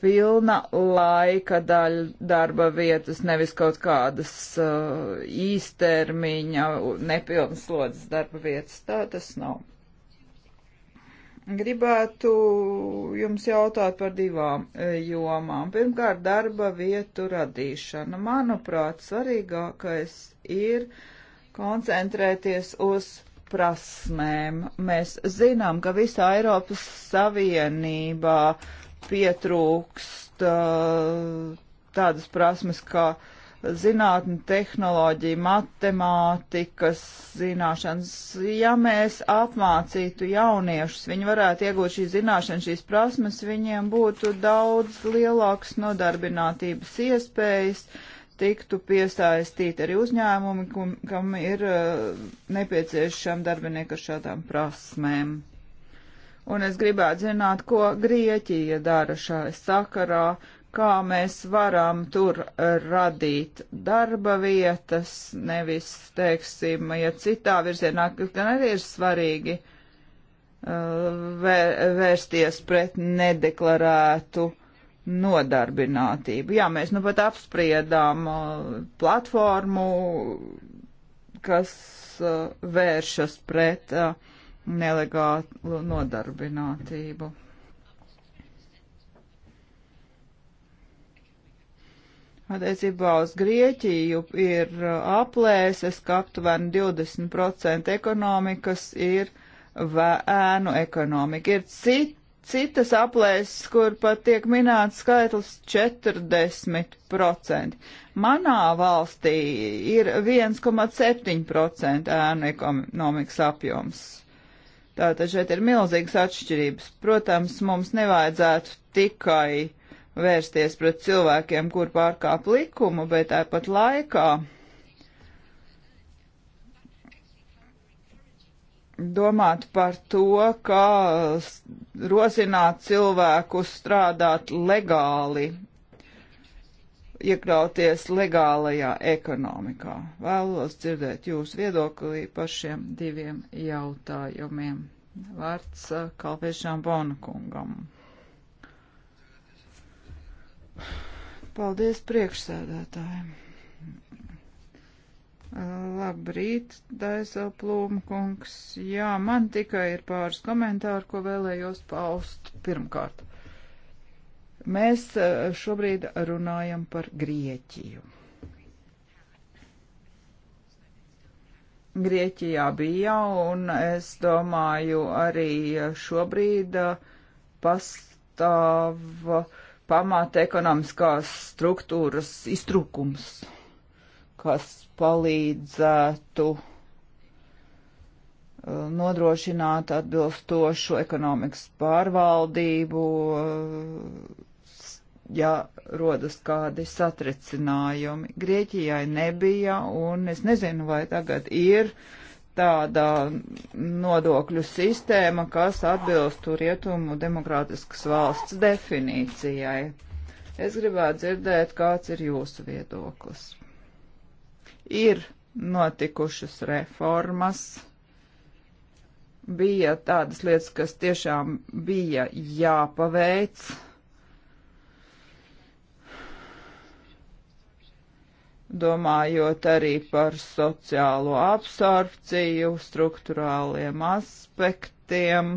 pilna laika daļa darba vietas, nevis kaut kādas uh, īstermiņa, nepilnas slodzes darba vietas. Tā tas nav. Gribētu jums jautāt par divām uh, jomām. Pirmkārt, darba vietu radīšana. Manuprāt, svarīgākais ir koncentrēties uz prasmēm. Mēs zinām, ka visā Eiropas Savienībā uh, pietrūkst uh, tādas prasmes kā zinātne, tehnoloģija, matemātikas zināšanas. Ja mēs apmācītu jauniešus, viņi varētu iegūt šīs zināšanas, šīs prasmes, viņiem būtu daudz lielākas nodarbinātības iespējas, tiktu piesaistīti arī uzņēmumi, kam ir uh, nepieciešami darbinieki ar šādām prasmēm. Un es gribētu zināt, ko Grieķija dara šai sakarā, kā mēs varam tur radīt darba vietas, nevis, teiksim, ja citā virzienā, kas gan arī ir svarīgi uh, vērsties pret nedeklarētu nodarbinātību. Jā, mēs nu pat apspriedām uh, platformu, kas uh, vēršas pret uh, nelegālu nodarbinātību. Attiecībā uz Grieķiju ir uh, aplēses, ka aptuveni 20% ekonomikas ir ēnu ekonomika. Ir cit, citas aplēses, kur pat tiek minēts skaitlis 40%. Manā valstī ir 1,7% ēnu ekonomikas apjoms. Tātad šeit ir milzīgas atšķirības. Protams, mums nevajadzētu tikai vērsties pret cilvēkiem, kur pārkāp likumu, bet tāpat laikā domāt par to, kā rosināt cilvēkus strādāt legāli iekļauties legālajā ekonomikā. Vēlos dzirdēt jūsu viedoklī par šiem diviem jautājumiem. Vārds uh, Kalviešām Bonakungam. Paldies priekšsēdētājiem. Labrīt, Daiselplūma kungs. Jā, man tikai ir pāris komentāri, ko vēlējos paust pirmkārt. Mēs eh, šobrīd runājam par Grieķiju. Grieķijā bija, un es domāju, arī šobrīd eh, pastāv pamata ekonomiskās struktūras iztrūkums, kas palīdzētu eh, nodrošināt atbilstošu ekonomikas pārvaldību, ja rodas kādi satricinājumi. Grieķijai nebija, un es nezinu, vai tagad ir tāda nodokļu sistēma, kas atbilstu rietumu demokrātiskas valsts definīcijai. Es gribētu dzirdēt, kāds ir jūsu viedoklis. Ir notikušas reformas, bija tādas lietas, kas tiešām bija jāpaveic domājot arī par sociālo absorpciju, struktūrāliem aspektiem.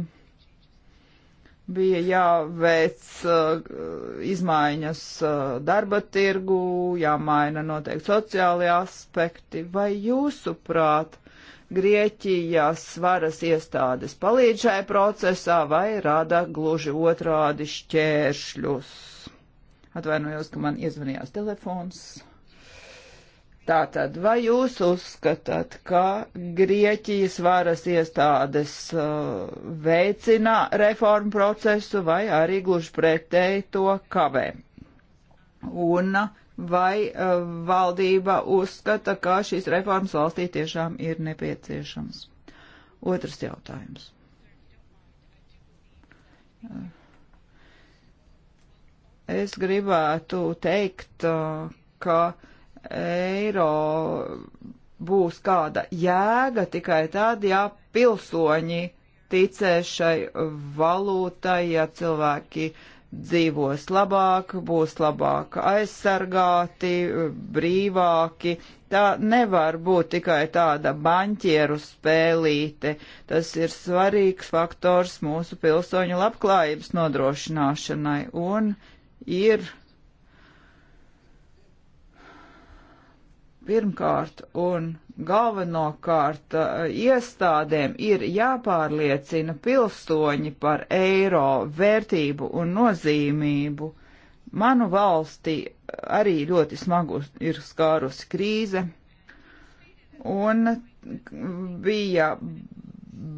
Bija jāveic uh, izmaiņas uh, darba tirgu, jāmaina noteikti sociālie aspekti. Vai jūsuprāt, Grieķijas varas iestādes palīdz šai procesā vai rada gluži otrādi šķēršļus? Atvainojos, ka man iezvanījās telefons. Tātad, vai jūs uzskatāt, ka Grieķijas varas iestādes uh, veicina reformu procesu vai arī gluži pretēji to kavē? Un uh, vai uh, valdība uzskata, ka šīs reformas valstī tiešām ir nepieciešams? Otrs jautājums. Uh, es gribētu teikt, uh, ka eiro būs kāda jēga tikai tad, ja pilsoņi ticēs šai valūtai, ja cilvēki dzīvos labāk, būs labāk aizsargāti, brīvāki. Tā nevar būt tikai tāda baņķieru spēlīte. Tas ir svarīgs faktors mūsu pilsoņu labklājības nodrošināšanai un ir pirmkārt un galvenokārt eh, iestādēm ir jāpārliecina pilsoņi par eiro vērtību un nozīmību. Manu valsti arī ļoti smagu ir skārusi krīze, un bija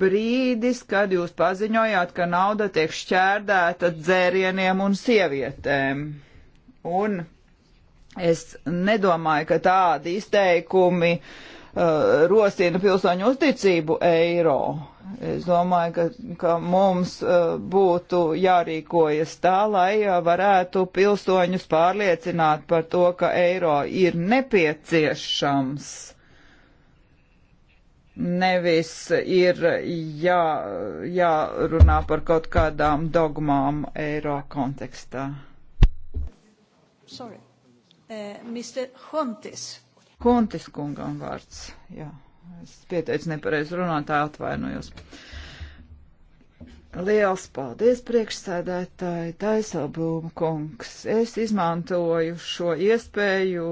brīdis, kad jūs paziņojāt, ka nauda tiek šķērdēta dzērieniem un sievietēm. Un Es nedomāju, ka tādi izteikumi uh, rosina pilsoņu uzticību eiro. Es domāju, ka, ka mums uh, būtu jārīkojas tā, lai uh, varētu pilsoņus pārliecināt par to, ka eiro ir nepieciešams. Nevis ir jā, jārunā par kaut kādām dogmām eiro kontekstā. Sorry. Eh, Mr. Hontis. Hontis kungam vārds. Jā, es pieteicu nepareizi runātāju atvainojos. Liels paldies priekšsēdētāji, Taisalblūma kungs. Es izmantoju šo iespēju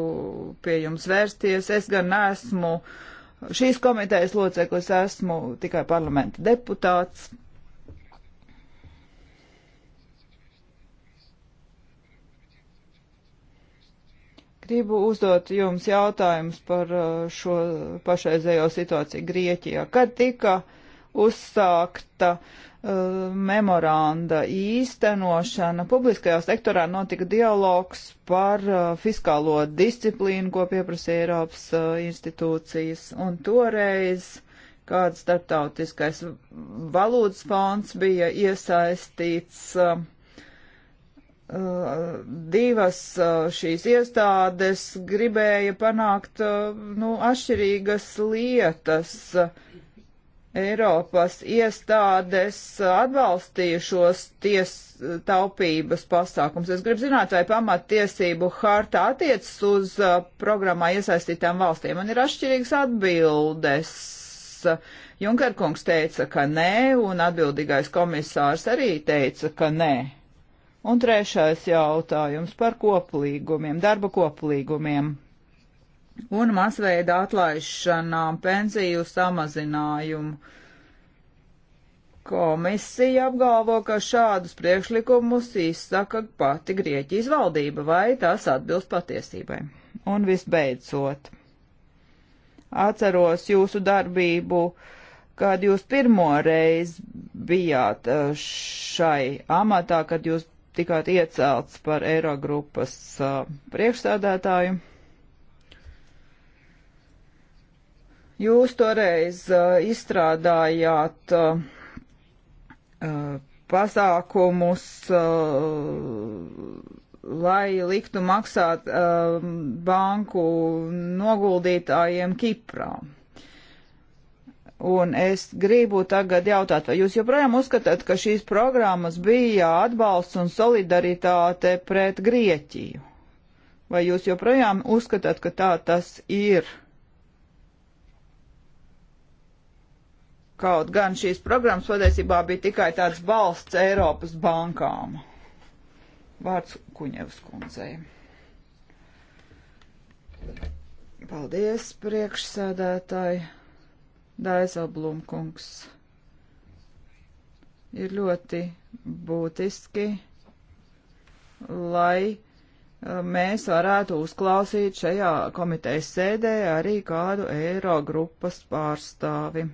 pie jums vērsties. Es gan neesmu šīs komitejas loceklis, esmu tikai parlamenta deputāts. gribu uzdot jums jautājumus par uh, šo pašreizējo situāciju Grieķijā. Kad tika uzsākta uh, memoranda īstenošana, publiskajā sektorā notika dialogs par uh, fiskālo disciplīnu, ko pieprasīja Eiropas uh, institūcijas, un toreiz kāds starptautiskais valūtas fonds bija iesaistīts uh, divas šīs iestādes gribēja panākt nu, atšķirīgas lietas. Eiropas iestādes atbalstīja šos ties, taupības pasākums. Es gribu zināt, vai pamattiesību harta attiecas uz programmā iesaistītām valstīm. Man ir atšķirīgas atbildes. Junkerkungs teica, ka nē, un atbildīgais komisārs arī teica, ka nē. Un trešais jautājums par koplīgumiem, darba koplīgumiem un masveida atlaišanām pensiju samazinājumu. Komisija apgalvo, ka šādus priekšlikumus izsaka pati Grieķijas valdība, vai tas atbilst patiesībai. Un visbeidzot, atceros jūsu darbību kad jūs pirmo reizi bijāt eh, šai amatā, kad jūs tikāt iecelts par Eirogrupas priekšsēdētāju. Jūs toreiz izstrādājāt pasākumus, lai liktu maksāt banku noguldītājiem Kiprā. Un es gribu tagad jautāt, vai jūs joprojām uzskatāt, ka šīs programmas bija atbalsts un solidaritāte pret Grieķiju? Vai jūs joprojām uzskatāt, ka tā tas ir? Kaut gan šīs programmas patiesībā bija tikai tāds balsts Eiropas bankām. Vārds Kuņevs kundzei. Paldies, priekšsēdētāji. Daizelblumkungs. Ir ļoti būtiski, lai eh, mēs varētu uzklausīt šajā komitejas sēdē arī kādu eiro grupas pārstāvi.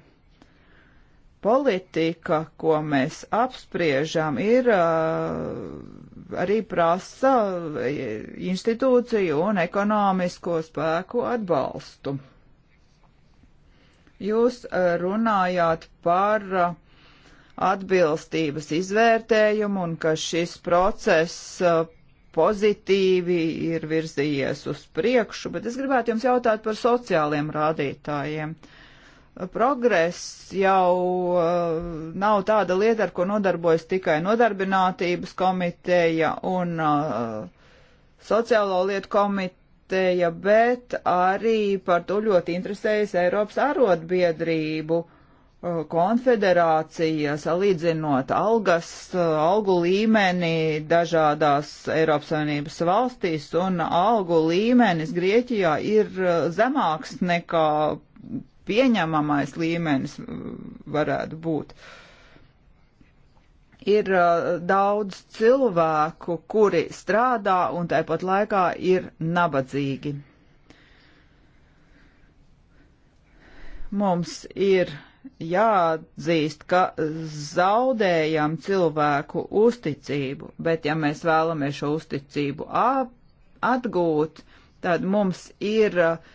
Politika, ko mēs apspriežam, ir eh, arī prasa eh, institūciju un ekonomisko spēku atbalstu. Jūs eh, runājāt par eh, atbilstības izvērtējumu un ka šis process eh, pozitīvi ir virzījies uz priekšu, bet es gribētu jums jautāt par sociāliem rādītājiem. Progress jau nav tāda lieta, ar ko nodarbojas tikai nodarbinātības komiteja un sociālo lietu komiteja komiteja, bet arī par to ļoti interesējas Eiropas arotbiedrību uh, konfederācija, salīdzinot algas, uh, algu līmeni dažādās Eiropas Savienības valstīs, un algu līmenis Grieķijā ir uh, zemāks nekā pieņemamais līmenis varētu būt. Uh, ir uh, daudz cilvēku, kuri strādā un tāpat laikā ir nabadzīgi. Mums ir jāatzīst, ka zaudējam cilvēku uzticību, bet ja mēs vēlamies šo uzticību atgūt, tad mums ir uh,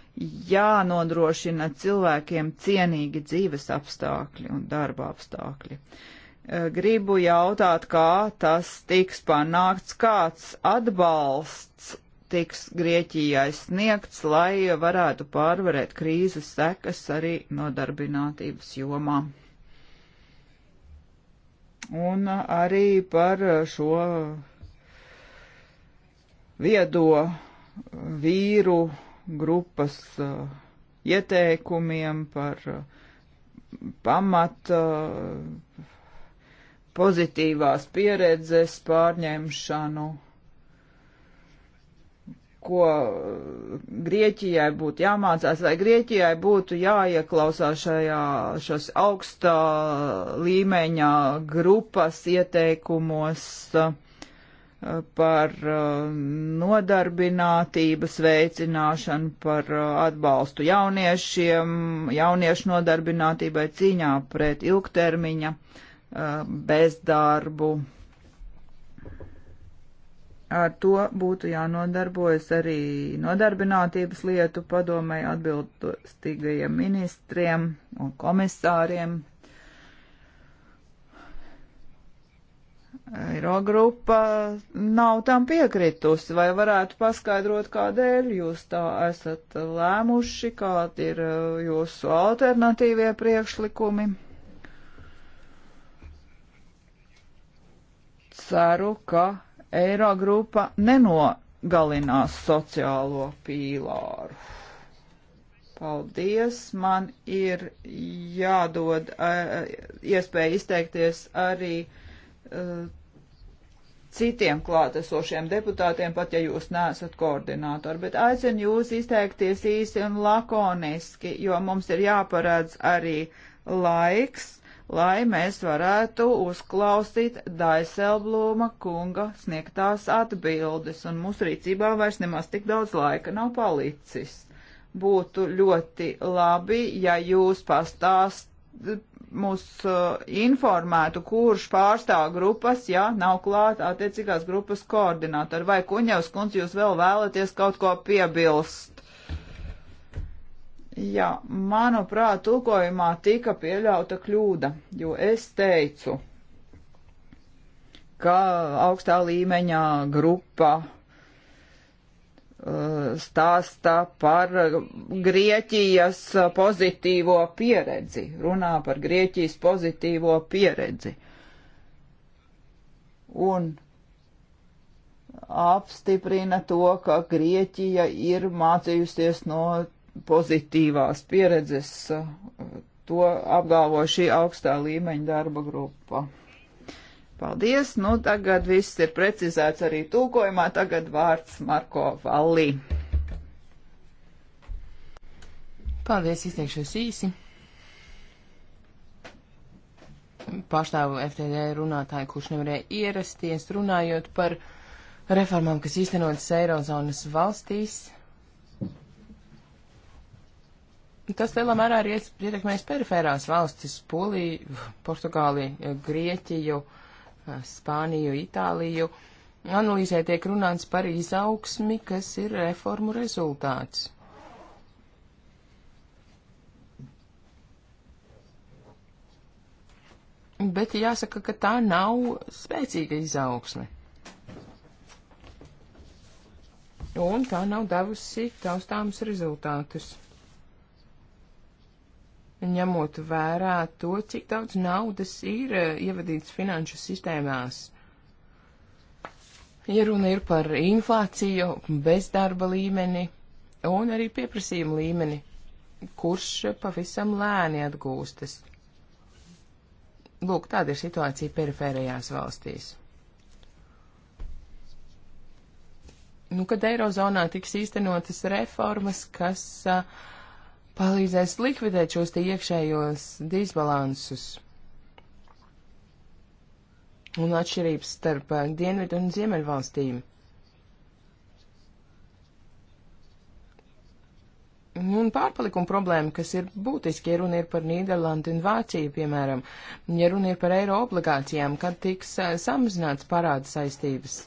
jānodrošina cilvēkiem cienīgi dzīves apstākļi un darba apstākļi. Uh, Eh, gribu jautāt, kā tas tiks panākts, kāds atbalsts tiks Grieķijai sniegts, lai varētu pārvarēt krīzes sekas arī nodarbinātības jomā. Un eh, arī par šo viedo vīru grupas eh, ieteikumiem par pamata pozitīvās pieredzes pārņemšanu, ko Grieķijai būtu jāmācās, vai Grieķijai būtu jāieklausās šajā šos augstā līmeņa grupas ieteikumos eh, par eh, nodarbinātības veicināšanu, par eh, atbalstu jauniešiem, jauniešu nodarbinātībai cīņā pret ilgtermiņa uh, bezdarbu. Ar to būtu jānodarbojas arī nodarbinātības lietu padomai atbildīgajiem ministriem un komisāriem. Eirogrupa nav tam piekritusi, vai varētu paskaidrot, kādēļ jūs tā esat lēmuši, kādi ir uh, jūsu alternatīvie priekšlikumi? ceru, ka Eirogrupa nenogalinās sociālo pīlāru. Paldies, man ir jādod uh, iespēja izteikties arī uh, citiem klātesošiem deputātiem, pat ja jūs neesat koordinātori, bet aicinu jūs izteikties īsi un lakoniski, jo mums ir jāparādz arī laiks lai mēs varētu uzklausīt Daiselblūma kunga sniegtās atbildes, un mūsu rīcībā vairs nemaz tik daudz laika nav palicis. Būtu ļoti labi, ja jūs pastāst mūs uh, informētu, kurš pārstāv grupas, ja nav klāt attiecīgās grupas koordinātori, vai kuņevs kundze jūs vēl vēlaties kaut ko piebilst? Jā, manuprāt, tulkojumā tika pieļauta kļūda, jo es teicu, ka augstā līmeņā grupa uh, stāsta par Grieķijas pozitīvo pieredzi, runā par Grieķijas pozitīvo pieredzi. Un apstiprina to, ka Grieķija ir mācījusies no pozitīvās pieredzes, eh, to apgalvo šī augstā līmeņa darba grupa. Paldies, nu tagad viss ir precizēts arī tūkojumā, tagad vārds Marko Vallī. Paldies, izteikšos īsi. Pārstāvu FTD runātāju, kurš nevarēja ierasties, runājot par reformām, kas īstenotas Eirozonas valstīs Tas lielā mērā ir ietekmējis perifērās valstis - Poliju, Portugāliju, Grieķiju, eh, Spāniju, Itāliju. Analīzē tiek runāts par izaugsmi, kas ir reformu rezultāts. Bet jāsaka, ka tā nav spēcīga izaugsme. Un tā nav devusi taustāms rezultātus ņemot vērā to, cik daudz naudas ir eh, ievadīts finanšu sistēmās. Ja runa ir par inflāciju, bezdarba līmeni un arī pieprasījuma līmeni, kurš pavisam lēni atgūstas. Lūk, tāda ir situācija perifērajās valstīs. Nu, kad Eirozonā tiks īstenotas reformas, kas uh, palīdzēs likvidēt šos te iekšējos disbalansus un atšķirības starp uh, dienvidu un ziemeļvalstīm. Nu, un pārpalikuma problēma, kas ir būtiski, ja runa ir par Nīderlandi un Vāciju, piemēram, ja runa ir par eiro obligācijām, kad tiks uh, samazināts parāda saistības.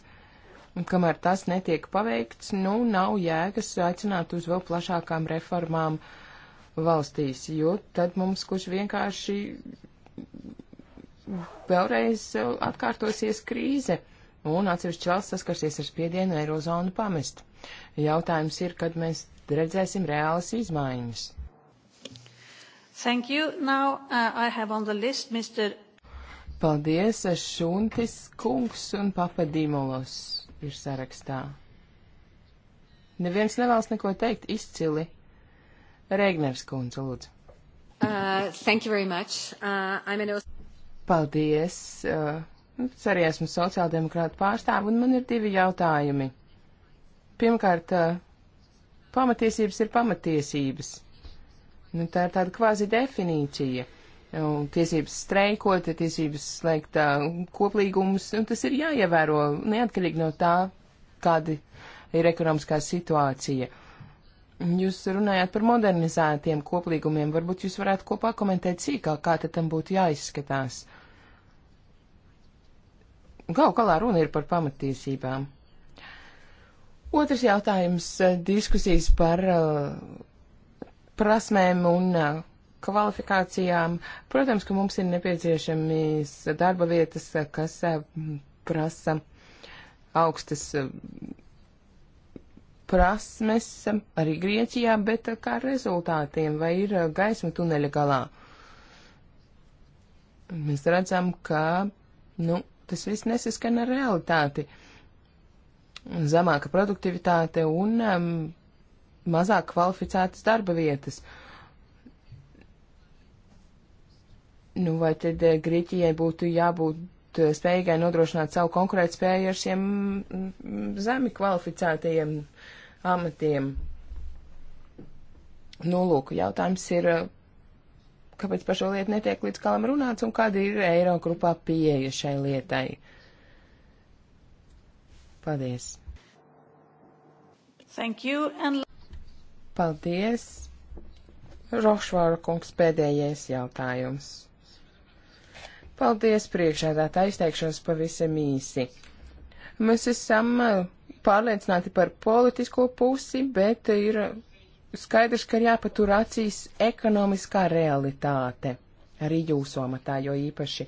Un kamēr tas netiek paveikts, nu nav jēgas aicināt uz vēl plašākām reformām uh, valstīs, jo tad mums kurš vienkārši vēlreiz atkārtosies krīze un atsevišķi valsts saskarsies ar spiedienu eirozonu pamest. Jautājums ir, kad mēs redzēsim reālas izmaiņas. Thank you. Now uh, I have on the list Mr. Paldies, Šuntis kungs un Papadīmolos ir sarakstā. Neviens nevēlas neko teikt izcili. Regners kundze, lūdzu. Uh, thank you very much. Uh, I'm an... Paldies. Uh, nu, es arī esmu sociāldemokrāta pārstāva, un man ir divi jautājumi. Pirmkārt, uh, pamatiesības ir pamatiesības. Nu, tā ir tāda kvāzi definīcija. Un tiesības streikot, tiesības slēgt uh, koplīgumus, un tas ir jāievēro neatkarīgi no tā, kāda ir ekonomiskā situācija. Uh, Jūs runājāt par modernizētiem koplīgumiem. Varbūt jūs varētu kopā komentēt sīkāk, kā tam būtu jāizskatās. Gau galā runa ir par pamatiesībām. Otrs jautājums eh, - diskusijas par eh, prasmēm un eh, kvalifikācijām. Protams, ka mums ir nepieciešamas darba vietas, kas prasa augstas prasmes arī Grieķijā, bet eh, kā ar rezultātiem, vai ir eh, gaisma tuneļa galā? Mēs redzam, ka, nu, tas viss nesaskana ar realitāti. Zemāka produktivitāte un um, mazāk kvalificētas darba vietas. Nu, vai tad eh, Grieķijai būtu jābūt spējīgai nodrošināt savu konkurētspēju ar šiem mm, mm, zemi kvalificētajiem amatiem. Nu, lūk, jautājums ir, kāpēc par šo lietu netiek līdz kalam runāts un kāda ir Eirogrupā pieeja šai lietai. Paldies! Thank you and... Paldies! Rošvāra kungs pēdējais jautājums. Paldies priekšādātā izteikšos pavisam īsi. Mēs esam pārliecināti par politisko pusi, bet ir skaidrs, ka ir jāpatur acīs ekonomiskā realitāte. Arī jūsu amatā, jo īpaši.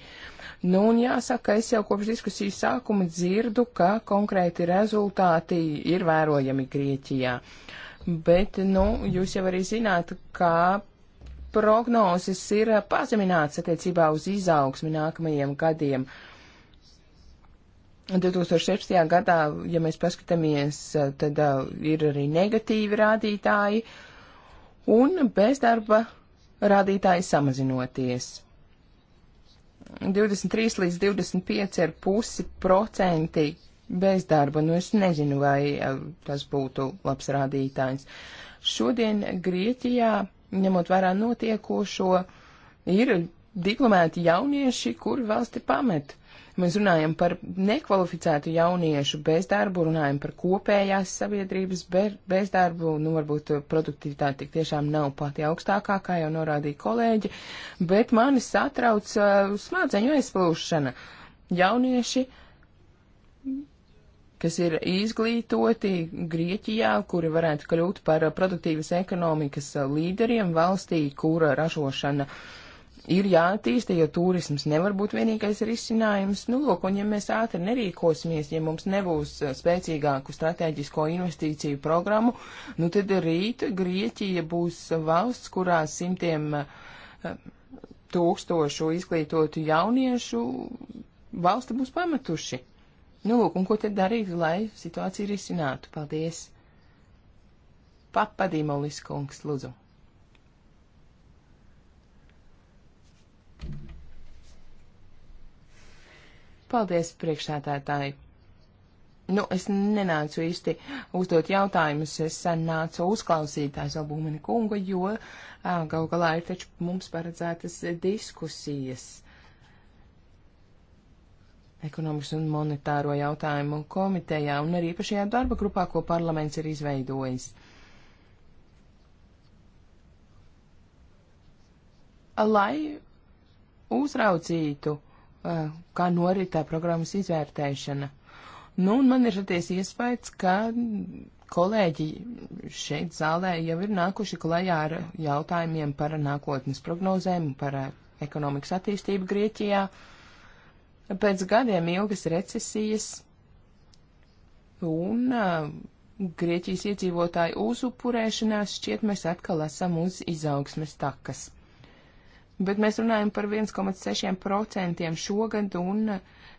Nu, un jāsaka, es jau kopš diskusijas sākuma dzirdu, ka konkrēti rezultāti ir vērojami Grieķijā. Bet, nu, jūs jau arī zināt, ka prognozes ir pazemināts attiecībā uz izaugsmi nākamajiem gadiem. Uh, 2016. gadā, ja mēs paskatāmies, tad ir arī negatīvi rādītāji un bezdarba rādītāji samazinoties. 23 līdz 25 ir pusi procenti bezdarba. Nu, es nezinu, vai tas būtu labs rādītājs. Šodien Grieķijā, ņemot vērā notiekošo, ir diplomēti jaunieši, kuri valsti pamet. Uh, Mēs runājam par nekvalificētu jauniešu bezdarbu, runājam par kopējās sabiedrības bezdarbu, nu varbūt produktivitāte tik tiešām nav pati augstākā, kā jau norādīja kolēģi, bet mani satrauc uh, smadzeņu aizplūšana. Jaunieši kas ir izglītoti Grieķijā, kuri varētu kļūt par produktīvas ekonomikas uh, līderiem valstī, kura ražošana uh, ir jāattīsta, jo turisms nevar būt vienīgais risinājums. Nu, lūk, un ja mēs ātri nerīkosimies, ja mums nebūs spēcīgāku strateģisko investīciju programmu, nu tad rīt Grieķija būs valsts, kurā simtiem tūkstošu izglītotu jauniešu valsti būs pametuši. Nu, lūk, un ko tad darīt, lai situāciju risinātu? Paldies! Papadīmolis kungs, lūdzu! Paldies, priekšsētētāji! Nu, es nenācu īsti uzdot jautājumus, es nācu uzklausītājs Obūmeni kungu, jo gal galā ir taču mums paredzētas diskusijas ekonomikas un monetāro jautājumu komitejā un arī pašajā darba grupā, ko parlaments ir izveidojis. Lai uzraudzītu Eh, kā noritē programmas izvērtēšana. Nu, un man ir šaties iespējas, ka kolēģi šeit zālē jau ir nākuši klajā ar jautājumiem par nākotnes prognozēm, par eh, ekonomikas attīstību Grieķijā. Pēc gadiem ilgas recesijas un uh, Grieķijas iedzīvotāju uzupurēšanās šķiet mēs atkal esam uz izaugsmes takas bet mēs runājam par 1,6% šogad un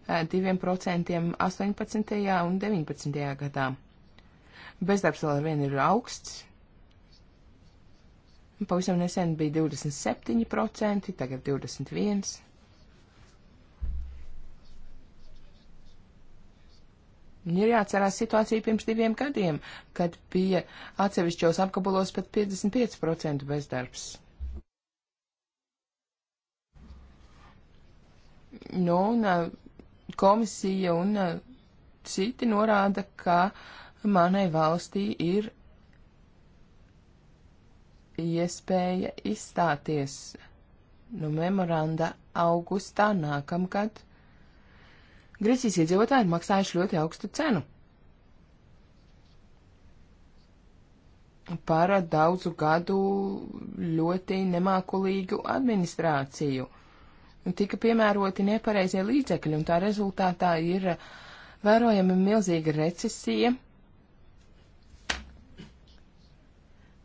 2% eh, 18. un 19. gadā. Bezdarbs vēl ar vienu ir augsts. Pavisam nesen bija 27%, tagad 21%. Ir jāatcerās situācija pirms diviem gadiem, kad bija atsevišķos apgabalos pat 55% bezdarbs. Nu, un komisija un citi norāda, ka manai valstī ir iespēja izstāties no nu, memoranda augustā nākamgad. Grieķijas iedzīvotāji ir maksājuši ļoti augstu cenu. Par daudzu gadu ļoti nemākulīgu administrāciju tika piemēroti nepareizie līdzekļi, un tā rezultātā ir eh, vērojama milzīga recesija.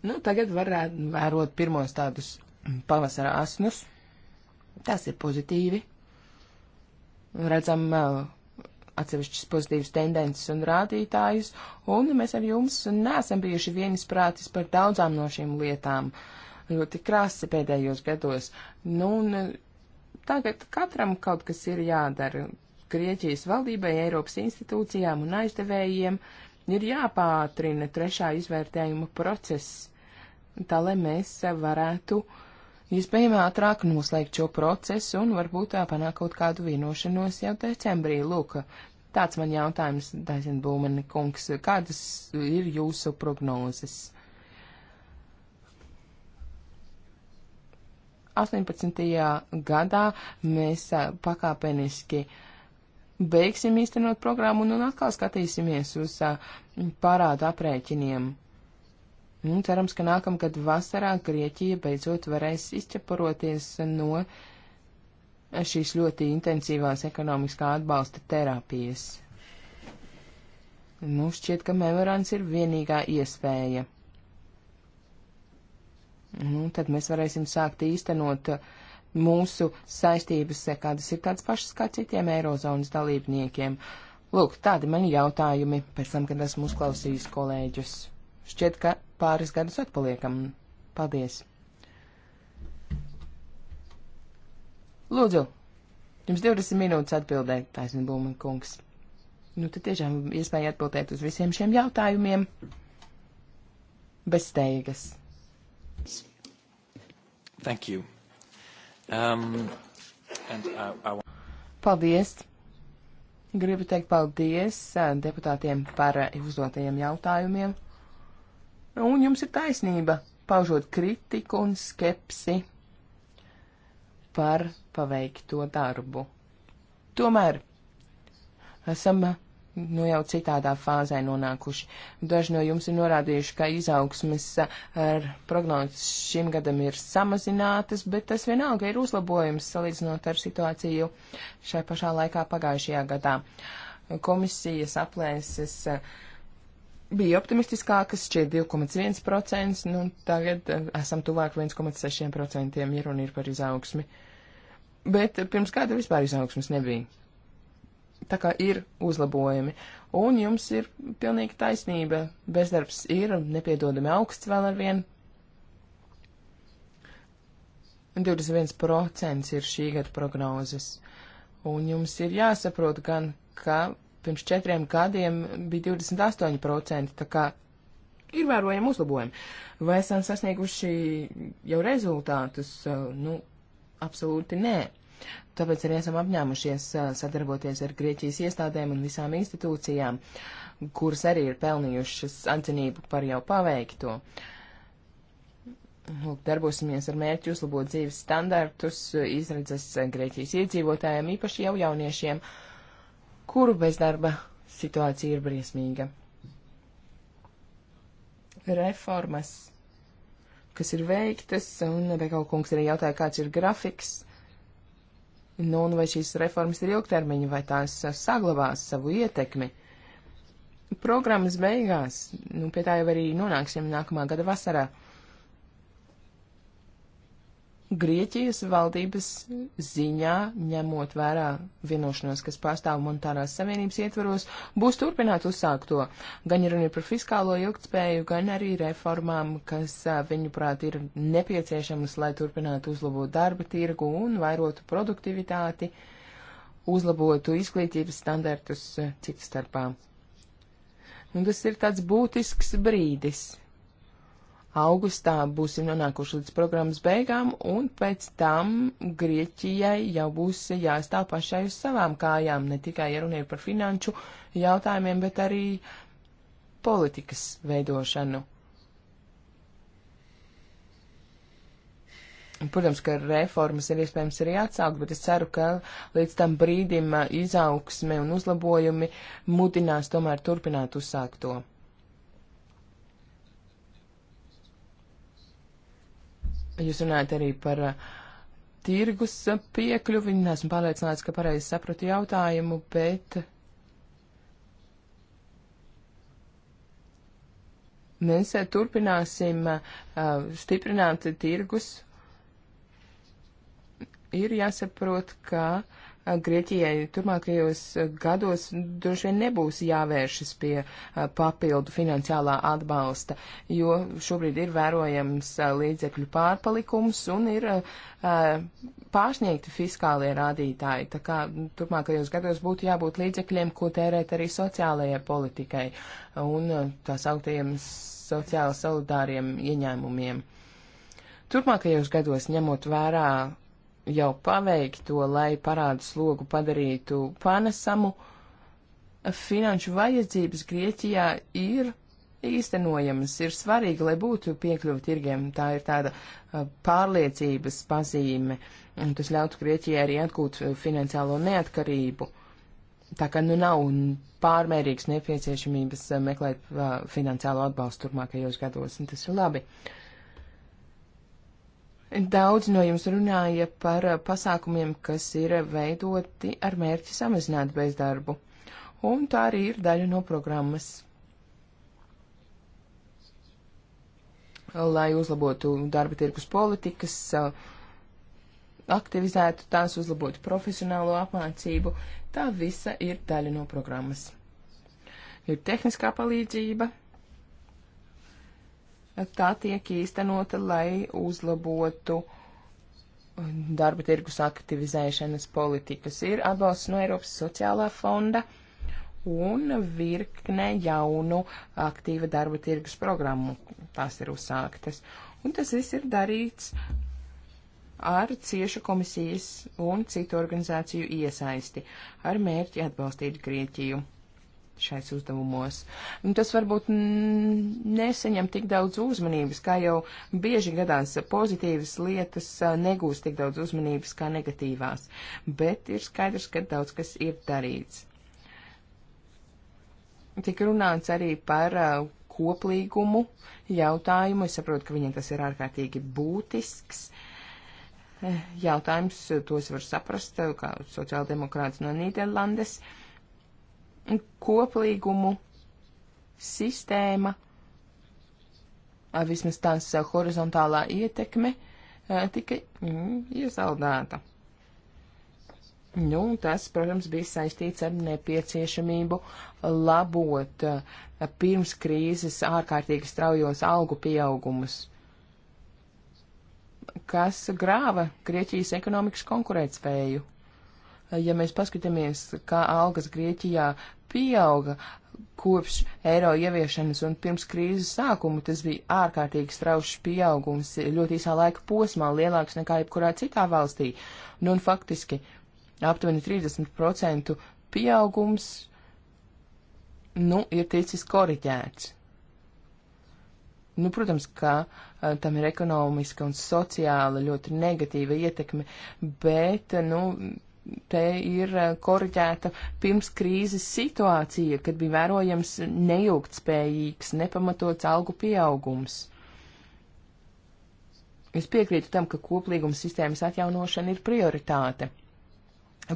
Nu, tagad varētu eh, vērot pirmos tādus mm, pavasara asnus. Tas ir pozitīvi. Redzam eh, atsevišķas pozitīvas tendences un rādītājus, un mēs ar jums nesam bijuši vienisprātis par daudzām no šīm lietām. Ļoti krāsi pēdējos gados. Nu, un tagad katram kaut kas ir jādara. Grieķijas valdībai, Eiropas institūcijām un aizdevējiem ir jāpātrina trešā izvērtējuma process, tā lai mēs varētu iespējami ātrāk noslēgt šo procesu un varbūt panākt kaut kādu vienošanos jau decembrī. Lūk, tāds man jautājums, Daisen Būmeni kungs, kādas ir jūsu prognozes? 18. gadā mēs pakāpeniski beigsim īstenot programmu un, un atkal skatīsimies uz parādu aprēķiniem. Un nu, cerams, ka nākamgad vasarā Grieķija beidzot varēs izķeparoties no šīs ļoti intensīvās ekonomiskā atbalsta terapijas. Mums nu, šķiet, ka memorāns ir vienīgā iespēja. Nu, tad mēs varēsim sākt īstenot mūsu saistības, kādas ir tādas pašas kā citiem Eirozonas dalībniekiem. Lūk, tādi mani jautājumi pēc tam, kad esmu uzklausījis kolēģus. Šķiet, ka pāris gadus atpaliekam. Paldies! Lūdzu, jums 20 minūtes atbildēt, taisnība Būma kungs. Nu, tad tiešām iespēja atbildēt uz visiem šiem jautājumiem bez steigas. Thank you. Um, and I, I want... Paldies! Gribu teikt paldies eh, deputātiem par eh, uzdotajiem jautājumiem. Un jums ir taisnība, paužot kritiku un skepsi par paveikto darbu. Tomēr esam nu jau citādā fāzē nonākuši. Daži no jums ir norādījuši, ka izaugsmes eh, ar prognozes šim gadam ir samazinātas, bet tas vienalga ir uzlabojums salīdzinot ar situāciju šai pašā laikā pagājušajā gadā. Komisijas aplēses eh, bija optimistiskākas, šķiet 2,1%, nu tagad eh, esam tuvāk 1,6%, ja runa ir par izaugsmi. Bet pirms kāda vispār izaugsmes nebija tā kā ir uzlabojumi. Un jums ir pilnīgi taisnība. Bezdarbs ir nepiedodami augsts vēl ar vienu. 21% ir šī gada prognozes. Un jums ir jāsaprot gan, ka pirms četriem gadiem bija 28%, tā kā ir vērojami uzlabojumi. Vai esam sasnieguši jau rezultātus? Nu, absolūti nē. Tāpēc arī esam apņēmušies sadarboties ar Grieķijas iestādēm un visām institūcijām, kuras arī ir pelnījušas atzinību par jau paveikto. Lūk, darbosimies ar mērķi uzlabot dzīves standartus, izredzes Grieķijas iedzīvotājiem, īpaši jau jauniešiem, kuru bezdarba situācija ir briesmīga. Reformas, kas ir veiktas, un Bekalkungs arī jautāja, kāds ir grafiks Nu, un vai šīs reformas ir ilgtermiņa, vai tās eh, saglabās savu ietekmi? Programmas beigās, nu, pie tā jau arī nonāksim nākamā gada vasarā. Uh, Grieķijas valdības ziņā, ņemot vērā vienošanos, kas pastāv monetārās savienības ietvaros, būs turpināt uzsākto, gan runa par fiskālo ilgtspēju, gan arī reformām, kas, viņuprāt, ir nepieciešamas, lai turpinātu uzlabot darba tirgu un vairotu produktivitāti, uzlabotu izglītības standartus citu starpā. Un nu, tas ir tāds būtisks brīdis augustā būsim nonākuši līdz programmas beigām, un pēc tam Grieķijai jau būs jāstāv pašai uz savām kājām, ne tikai ja runa ir par finanšu jautājumiem, bet arī politikas veidošanu. Protams, ka reformas ir iespējams arī atsaukt, bet es ceru, ka līdz tam brīdim izaugsme un uzlabojumi mudinās tomēr turpināt uzsākt to. Jūs runājat arī par uh, tirgus piekļuvi. Nesmu pārliecināts, ka pareizi sapratu jautājumu, bet mēs uh, turpināsim uh, stiprināt tirgus. Ir jāsaprot, ka Grieķijai turpmākajos gados droši vien nebūs jāvēršas pie papildu finansiālā atbalsta, jo šobrīd ir vērojams līdzekļu pārpalikums un ir pārsniegti fiskālie rādītāji. Tā kā turpmākajos gados būtu jābūt līdzekļiem, ko tērēt arī sociālajai politikai un tā sauktajiem sociāli solidāriem ieņēmumiem. Turpmākajos gados, ņemot vērā jau paveikto, lai parādu slogu padarītu panesamu, finanšu vajadzības Grieķijā ir īstenojamas, ir svarīgi, lai būtu piekļuvi tirgiem. Tā ir tāda uh, pārliecības pazīme, un tas ļautu Grieķijai arī atgūt uh, finansiālo neatkarību. Tā kā nu nav pārmērīgas nepieciešamības uh, meklēt uh, finansiālo atbalstu turpmākajos gados, un tas ir labi. Uh, Daudz no jums runāja par uh, pasākumiem, kas ir veidoti ar mērķi samazināt bezdarbu, un tā arī ir daļa no programmas. Lai uzlabotu darba tirkus politikas, uh, aktivizētu tās, uzlabotu profesionālo apmācību, tā visa ir daļa no programmas. Ir tehniskā palīdzība tā tiek īstenota, lai uzlabotu darba tirgus aktivizēšanas politikas. Ir atbalsts no Eiropas sociālā fonda un virkne jaunu aktīva darba tirgus programmu. Tās ir uzsāktas. Un tas viss ir darīts ar ciešu komisijas un citu organizāciju iesaisti, ar mērķi atbalstīt Grieķiju šais uzdevumos. Tas varbūt neseņem tik daudz uzmanības, kā jau bieži gadās pozitīvas lietas negūs tik daudz uzmanības kā negatīvās, bet ir skaidrs, ka daudz kas ir darīts. Tik runāts arī par koplīgumu jautājumu. Es saprotu, ka viņiem tas ir ārkārtīgi būtisks. Jautājums, to es varu saprast, kā sociāldemokrāts no Nīderlandes. Uh, koplīgumu sistēma, vismaz tās eh, horizontālā ietekme, eh, tika mm, iesaldēta. Nu, tas, protams, bija saistīts ar nepieciešamību labot eh, pirms krīzes ārkārtīgi straujos algu pieaugumus, kas grāva Grieķijas ekonomikas konkurētspēju ja mēs paskatāmies, kā algas Grieķijā pieauga kopš eiro ieviešanas un pirms krīzes sākuma, tas bija ārkārtīgi straušs pieaugums ļoti īsā laika posmā, lielāks nekā jebkurā citā valstī. Nu un faktiski aptuveni 30% pieaugums, nu, ir ticis koriģēts. Nu, protams, ka a, tam ir ekonomiska un sociāla ļoti negatīva ietekme, bet, nu, te ir eh, korģēta pirms krīzes situācija, kad bija vērojams neilgtspējīgs, nepamatots algu pieaugums. Es piekrītu tam, ka koplīguma sistēmas atjaunošana ir prioritāte.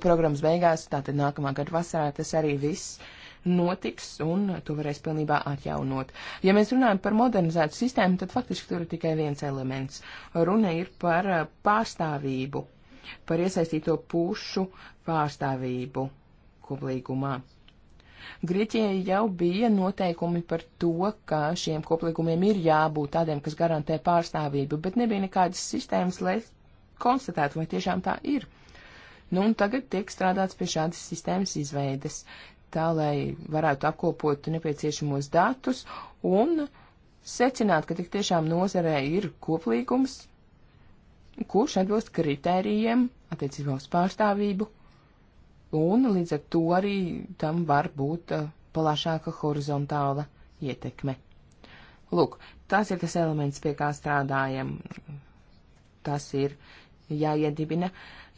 Programmas beigās, tātad nākamā gada vasarā, tas arī viss notiks un to varēs pilnībā atjaunot. Ja mēs runājam par modernizētu sistēmu, tad faktiski tur ir tikai viens elements. Runa ir par eh, pārstāvību par iesaistīto pušu pārstāvību koplīgumā. Grieķijai jau bija noteikumi par to, ka šiem koplīgumiem ir jābūt tādiem, kas garantē pārstāvību, bet nebija nekādas sistēmas, lai konstatētu, vai tiešām tā ir. Nu, un tagad tiek strādāts pie šādas sistēmas izveides, tā lai varētu apkopot nepieciešamos datus un secināt, ka tik tiešām nozarē ir koplīgums, kurš atbilst kritērijiem attiecībā uz pārstāvību, un līdz ar to arī tam var būt uh, plašāka horizontāla ietekme. Lūk, tas ir tas elements, pie kā strādājam. Tas ir jāiedibina,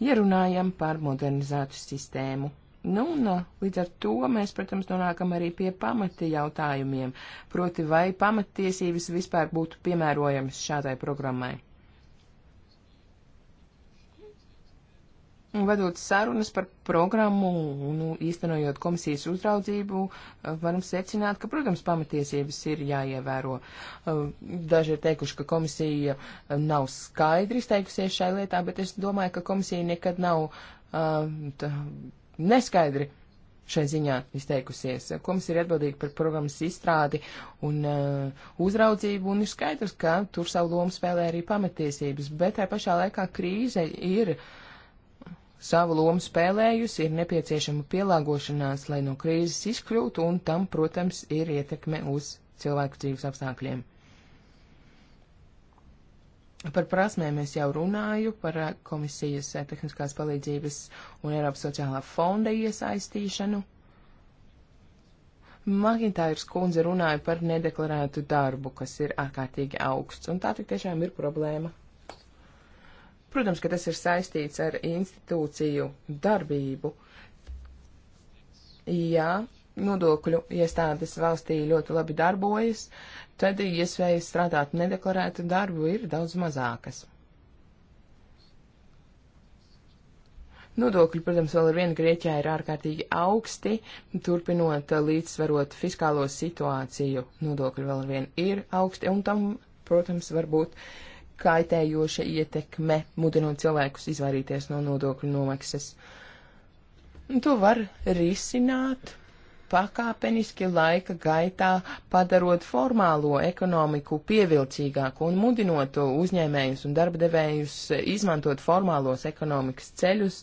ja runājam par modernizētu sistēmu. Nu, un uh, līdz ar to mēs, protams, nonākam arī pie pamata jautājumiem, proti vai pamatiesības vispār būtu piemērojamas šādai programmai. Vedot sarunas par programmu un nu, īstenojot komisijas uzraudzību, eh, varam secināt, ka, protams, pamatiesības ir jāievēro. Eh, daži ir teikuši, ka komisija eh, nav skaidri izteikusies šai lietā, bet es domāju, ka komisija nekad nav tā, neskaidri šai ziņā izteikusies. Komisija ir atbildīga par programmas izstrādi un uh, uzraudzību, un ir skaidrs, ka tur savu lomu spēlē arī pamatiesības, bet tā pašā laikā krīze ir uh, savu lomu spēlējusi, ir nepieciešama pielāgošanās, lai no krīzes izkļūtu, un tam, protams, ir ietekme uz cilvēku dzīves apstākļiem. Par prasmēm es jau runāju, par eh, komisijas eh, tehniskās palīdzības un Eiropas sociālā fonda iesaistīšanu. Magintājas kundze runāja par nedeklarētu darbu, kas ir ārkārtīgi augsts, un tā tik tiešām ir problēma. Protams, ka tas ir saistīts ar institūciju darbību. Ja nodokļu iestādes valstī ļoti labi darbojas, tad iespējas strādāt nedeklarētu darbu ir daudz mazākas. Nodokļi, protams, vēl ar vienu Grieķijā ir ārkārtīgi augsti, turpinot līdzsvarot fiskālo situāciju. Nodokļi vēl ar vienu ir augsti, un tam, protams, var būt uh, kaitējoša ietekme, mudinot cilvēkus izvairīties no nodokļu nomaksas. Un to var risināt pakāpeniski laika gaitā, padarot formālo ekonomiku pievilcīgāku un mudinot uzņēmējus un darba devējus izmantot formālos ekonomikas ceļus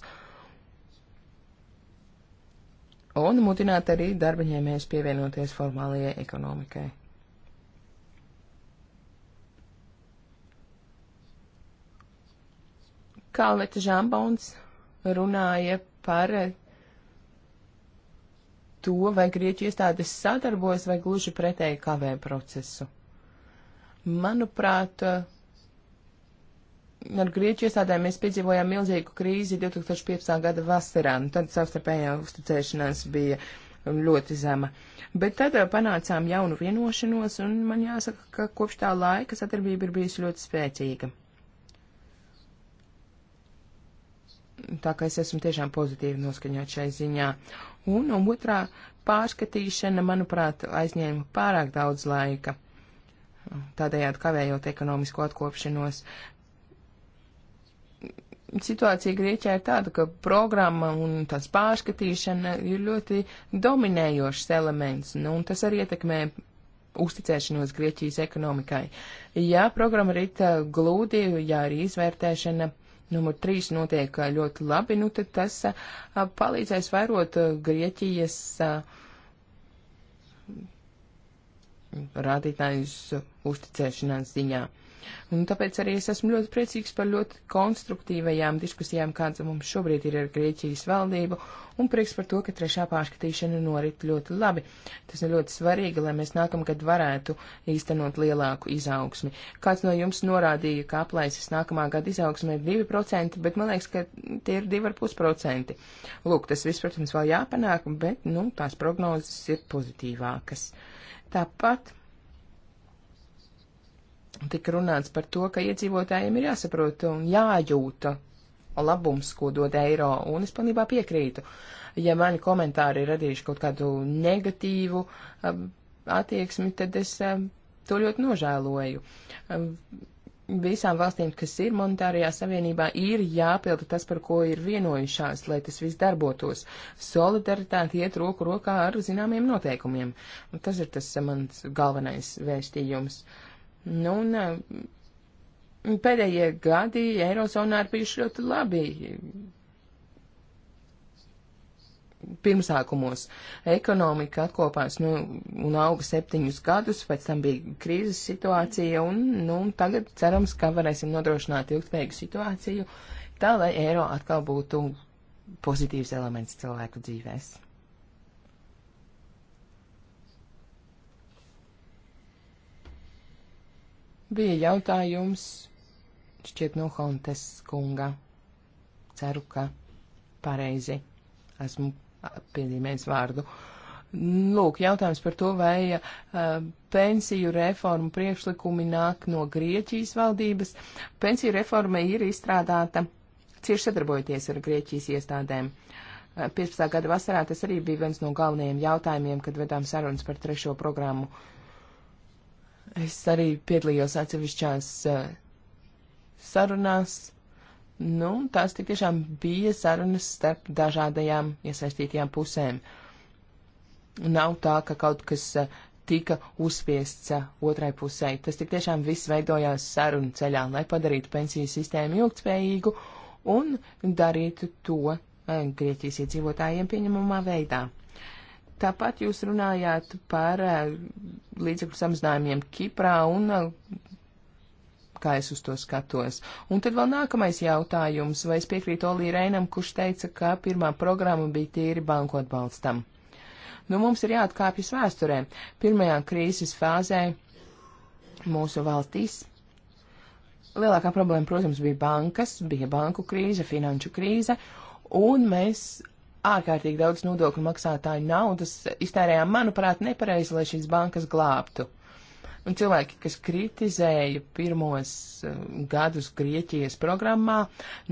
un mudināt arī darba ņēmējus pievienoties formālajai ekonomikai. Kalveta Žambons runāja par eh, to, vai Grieķu iestādes sadarbojas vai gluži pretēji kavē procesu. Manuprāt, eh, ar Grieķu iestādēm mēs piedzīvojām milzīgu krīzi 2015. gada vasarā, un nu, tad savstarpējā uzticēšanās bija ļoti zema. Bet tad eh, panācām jaunu vienošanos, un man jāsaka, ka kopš tā laika sadarbība ir bijusi ļoti spēcīga. tā kā es esmu tiešām pozitīvi noskaņot šai ziņā. Un, un otrā pārskatīšana, manuprāt, aizņēma pārāk daudz laika, tādējādi kavējot ekonomisko atkopšanos. Situācija Grieķijā ir tāda, ka programma un tās pārskatīšana ir ļoti dominējošs elements, nu, un tas arī ietekmē uzticēšanos Grieķijas ekonomikai. Ja programma rita glūdi, ja arī izvērtēšana numur 3 notiek ļoti labi, nu tad tas palīdzēs vairot Grieķijas rādītājus uzticēšanās ziņā. Un tāpēc arī es esmu ļoti priecīgs par ļoti konstruktīvajām diskusijām, kādas mums šobrīd ir ar Grieķijas valdību, un prieks par to, ka trešā pārskatīšana norit ļoti labi. Tas ir ļoti svarīgi, lai mēs nākamgad varētu īstenot lielāku izaugsmi. Kāds no jums norādīja, ka aplaises nākamā gada izaugsme ir 2%, bet man liekas, ka tie ir 2,5%. Lūk, tas viss, protams, vēl jāpanāk, bet, nu, tās prognozes ir pozitīvākas. Tāpat tika runāts par to, ka iedzīvotājiem ir jāsaprot un jājūta labums, ko dod eiro, un es pilnībā piekrītu. Ja mani komentāri radījuši kaut kādu negatīvu um, attieksmi, tad es um, to ļoti nožēloju. Um, visām valstīm, kas ir monetārajā savienībā, ir jāpilda tas, par ko ir vienojušās, lai tas viss darbotos. Solidaritāte iet roku rokā ar zināmiem noteikumiem. Un tas ir tas uh, mans galvenais vēstījums. Uh, Nu, un, eh, pēdējie gadi Eirozonā ir bijuši ļoti labi. Pirmsākumos ekonomika atkopās nu, un auga septiņus gadus, pēc tam bija krīzes situācija, un nu, tagad cerams, ka varēsim nodrošināt ilgtspējīgu situāciju, tā lai eiro atkal būtu pozitīvs elements cilvēku dzīvēs. Bija jautājums, šķiet no Hontes kunga. Ceru, ka pareizi esmu piezīmējis vārdu. Lūk, jautājums par to, vai uh, pensiju reformu priekšlikumi nāk no Grieķijas valdības. Pensiju reforma ir izstrādāta cieši sadarbojoties ar Grieķijas iestādēm. Uh, 15. gada vasarā tas arī bija viens no galvenajiem jautājumiem, kad vedām sarunas par trešo programmu. Uh, Es arī piedalījos atsevišķās uh, sarunās. Nu, tās tik tiešām bija sarunas starp dažādajām iesaistītajām pusēm. Nav tā, ka kaut kas uh, tika uzspiests eh, otrai pusē. Tas tik tiešām viss veidojās sarunu ceļā, lai padarītu pensiju sistēmu ilgtspējīgu un darītu to Grieķijas iedzīvotājiem pieņemamā veidā. Tāpat jūs runājāt par eh, līdzekļu samazinājumiem Kiprā un eh, kā es uz to skatos. Un tad vēl nākamais jautājums, vai es piekrītu Olī Reinam, kurš teica, ka pirmā programma bija tīri banku atbalstam. Nu, mums ir jāatkāpjas vēsturē. Pirmajā krīzes fāzē mūsu valstīs lielākā problēma, protams, bija bankas, bija banku krīze, finanšu krīze, un mēs ārkārtīgi daudz nodokļu maksātāju naudas iztērējām, manuprāt, nepareizi, lai šīs bankas glābtu. Un cilvēki, kas kritizēja pirmos uh, gadus Grieķijas programmā,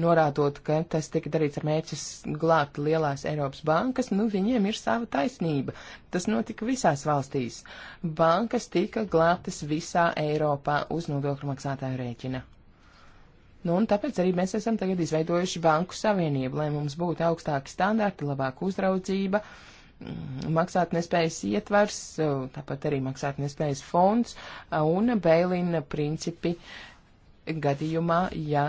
norādot, ka tas tika darīts ar mērķis glābt lielās Eiropas bankas, nu viņiem ir sava taisnība. Tas notika visās valstīs. Bankas tika glābtas visā Eiropā uz nodokļu maksātāju rēķina. Nu, un tāpēc arī mēs esam tagad izveidojuši banku savienību, lai mums būtu augstāki standarti, labāka uzraudzība, mm, maksātnespējas ietvers, tāpat arī maksātnespējas fonds un bēlina principi gadījumā, ja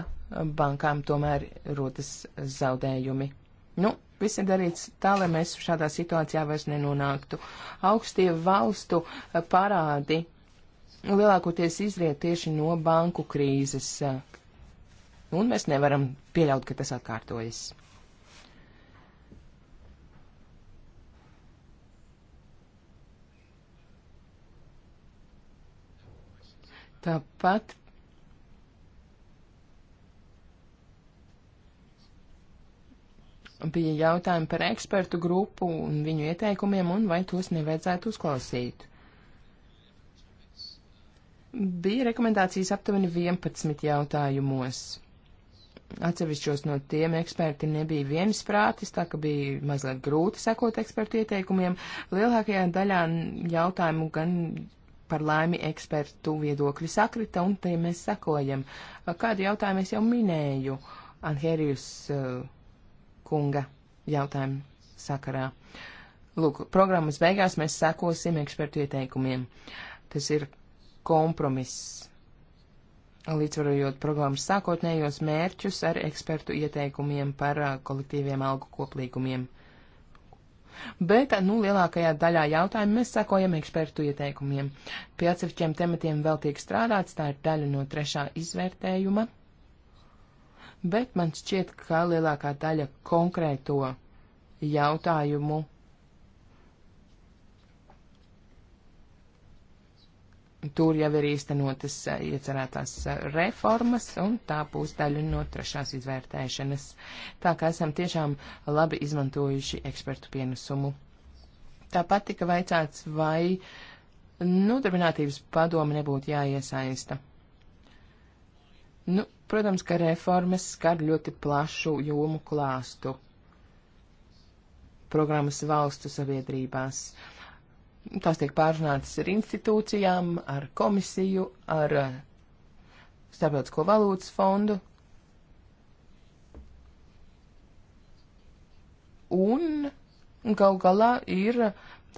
bankām tomēr rodas zaudējumi. Nu, Viss ir darīts tā, lai mēs šādā situācijā vairs nenonāktu. Augstie valstu parādi lielākoties izriet tieši no banku krīzes, un mēs nevaram pieļaut, ka tas atkārtojas. Tāpat bija jautājumi par ekspertu grupu un viņu ieteikumiem, un vai tos nevajadzētu uzklausīt. Bija rekomendācijas aptuveni 11 jautājumos. Atsevišķos no tiem eksperti nebija viensprātis, tā ka bija mazliet grūti sekot ekspertu ieteikumiem. Lielākajā daļā jautājumu gan par laimi ekspertu viedokļi sakrita, un tie mēs sekojam. Kādu jautājumu es jau minēju Anherijus uh, eh, kunga jautājumu sakarā? Lūk, programmas beigās mēs sekosim ekspertu ieteikumiem. Tas ir kompromiss līdzvarojot programmas sākotnējos mērķus ar ekspertu ieteikumiem par kolektīviem algu koplīgumiem. Bet, nu, lielākajā daļā jautājumu mēs sakojam ekspertu ieteikumiem. Pie atsevišķiem tematiem vēl tiek strādāts, tā ir daļa no trešā izvērtējuma. Bet man šķiet, ka lielākā daļa konkrēto jautājumu Tur jau ir īstenotas eh, iecerētās eh, reformas, un tā būs daļa no trešās izvērtēšanas. Tā kā esam tiešām labi izmantojuši ekspertu pienesumu. Tāpat tika veicāts, vai nodarbinātības padome nebūtu jāiesaista. Nu, protams, ka reformas skar ļoti plašu jomu klāstu programmas valstu sabiedrībās. Uh, Tās tiek pārunātas ar institūcijām, ar komisiju, ar eh, Starptautisko valūtas fondu. Un gal galā ir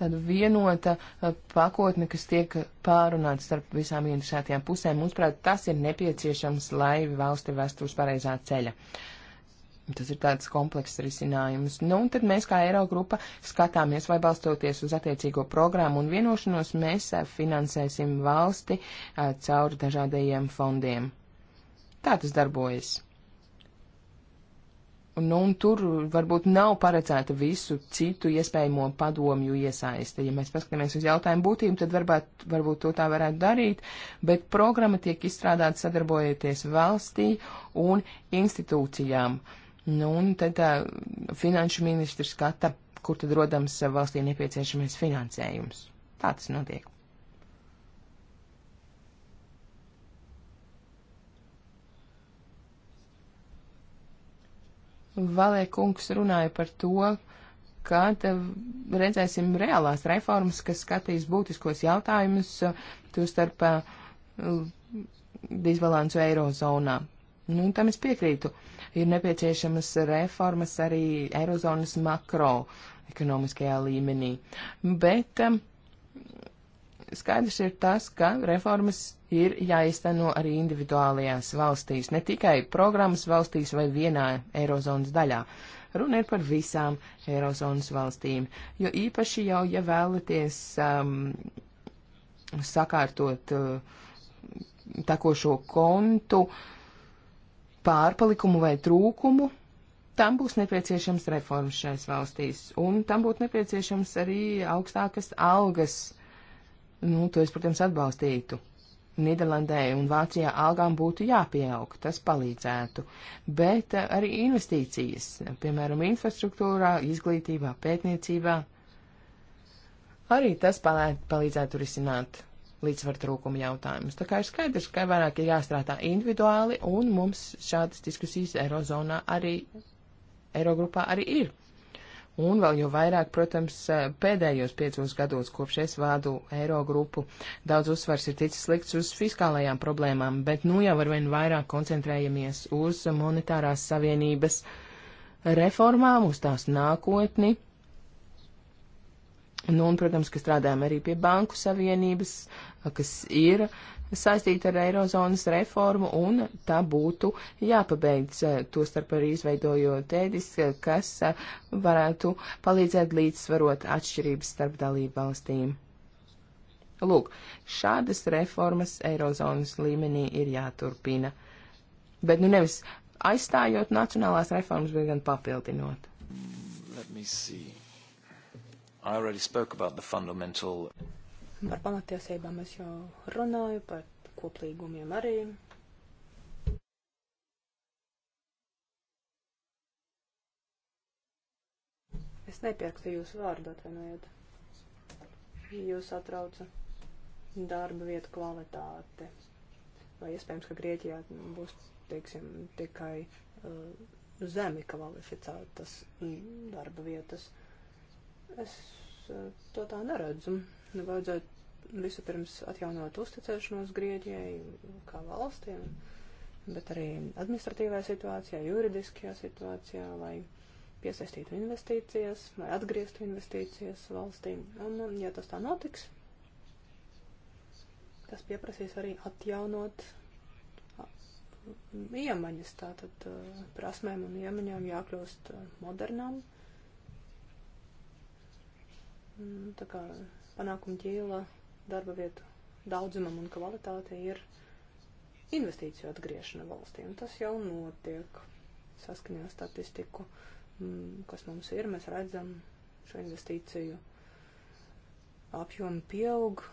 tāda vienota eh, pakotne, kas tiek pārunāta starp visām interesētajām pusēm. Mums, prāt, tas ir nepieciešams, lai valsti vestu uz pareizā ceļa. Uh, Tas ir tāds komplekss risinājums. Nu, un tad mēs kā Eirogrupa skatāmies, vai balstoties uz attiecīgo programmu un vienošanos, mēs eh, finansēsim valsti eh, caur dažādajiem fondiem. Tā tas darbojas. Un, nu, un tur varbūt nav paredzēta visu citu iespējamo padomju iesaiste. Ja mēs paskatāmies uz jautājumu būtību, tad varbūt, varbūt to tā varētu darīt, bet programma tiek izstrādāta sadarbojoties valstī un institūcijām. Uh, Nu, un tad uh, finanšu ministrs skata, kur tad rodams valstī nepieciešamais finansējums. Tā tas notiek. Valē kungs runāja par to, ka redzēsim reālās reformas, kas skatīs būtiskos jautājumus, tostarp disbalansu eirozonā. Nu, tam es piekrītu. Uh, ir nepieciešamas reformas arī Eirozonas makroekonomiskajā līmenī. Bet um, skaidrs ir tas, ka reformas ir jāizteno arī individuālajās valstīs, ne tikai programmas valstīs vai vienā Eirozonas daļā. Runa ir par visām Eirozonas valstīm, jo īpaši jau, ja vēlaties um, sakārtot uh, tekošo kontu, uh, pārpalikumu vai trūkumu, tam būs nepieciešams reformas šais valstīs, un tam būtu nepieciešams arī augstākas algas. Nu, to es, protams, atbalstītu. Nīderlandē un Vācijā algām būtu jāpieaug, tas palīdzētu, bet eh, arī investīcijas, piemēram, infrastruktūrā, izglītībā, pētniecībā, arī tas palīdzētu risināt līdzsvaru trūkumu jautājumus. Tā kā ir skaidrs, ka vairāk ir jāstrādā individuāli, un mums šādas diskusijas Eirozonā arī, Eirogrupā arī ir. Un vēl jau vairāk, protams, pēdējos piecos gados, kopš es vādu Eirogrupu, daudz uzsvars ir ticis likts uz fiskālajām problēmām, bet nu jau arvien vairāk koncentrējamies uz monetārās savienības reformām, uz tās nākotni Nu, un, protams, ka strādājam arī pie banku savienības, kas ir saistīta ar Eirozonas reformu, un tā būtu jāpabeidz, tostarp arī izveidojot ēdis, kas varētu palīdzēt līdzsvarot atšķirības starp dalību valstīm. Lūk, šādas reformas Eirozonas līmenī ir jāturpina. Bet nu nevis aizstājot nacionālās reformas, bet gan papildinot. Let me see. Fundamental... Par pamatiesībām es jau runāju, par koplīgumiem arī. Es nepierakstu jūsu vārdu, atvainojiet. Jūs atrauca darba vietu kvalitāte. Vai iespējams, ka Grieķijā būs, teiksim, tikai uh, zemi kvalificētas darba vietas. Uh, Es eh, to tā neredzu. Nu, vajadzētu vispirms atjaunot uzticēšanos Grieķijai kā valstīm, bet arī administratīvajā situācijā, juridiskajā situācijā, lai piesaistītu investīcijas, lai atgrieztu investīcijas valstīm. Un, nu, ja tas tā notiks, tas pieprasīs arī atjaunot iemaņas, tātad eh, prasmēm un iemaņām jākļūst eh, modernām Mm, tā kā panākuma ķīla darba vietu daudzumam un kvalitātei ir investīciju atgriešana valstī, un tas jau notiek saskaņā ar statistiku, mm, kas mums ir. Mēs redzam šo investīciju apjomu pieaug,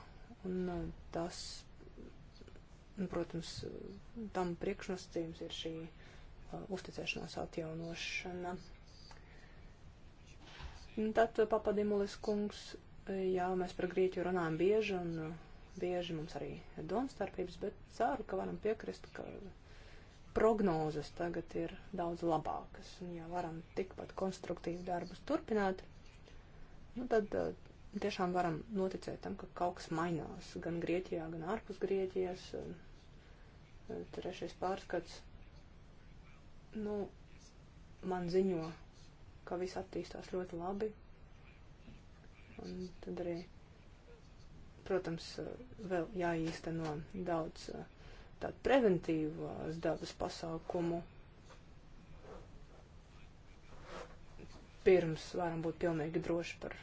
un uh, tas, un, nu, protams, tam priekšnosacījums ir šī uh, uzticēšanās atjaunošana. Nu, tad eh, papadimulis kungs, eh, jā, mēs par Grieķiju runājam bieži un eh, bieži mums arī domstarpības, bet ceru, ka varam piekrist, ka prognozes tagad ir daudz labākas un ja varam tikpat konstruktīvi darbus turpināt, nu tad tiešām varam noticēt tam, ka kaut kas mainās gan Grieķijā, gan ārpus Grieķijas. Trešais pārskats. Nu, man ziņo, ka viss attīstās ļoti labi. Un tad arī, protams, vēl jāīsteno daudz uh, tādu preventīvās dabas pasākumu. Pirms varam būt pilnīgi droši par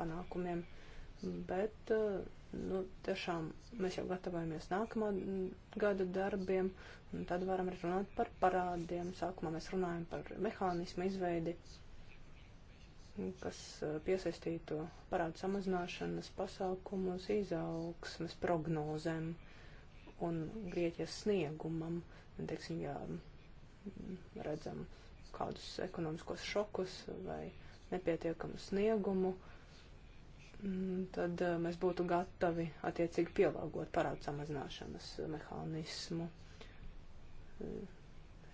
panākumiem, bet uh, nu, tiešām mēs jau gatavojamies nākamā mm, gada darbiem, un tad varam runāt par parādiem. Sākumā mēs runājam par mehānismu izveidi, kas e, piesaistītu parādu samazināšanas pasākumus, izaugsmes prognozēm un Grieķijas sniegumam. Teiksim, ja mm, redzam kādus ekonomiskos šokus vai nepietiekamu sniegumu, uh, Mm, tad eh, mēs būtu gatavi attiecīgi pielāgot parādu samazināšanas eh, mehānismu. Eh,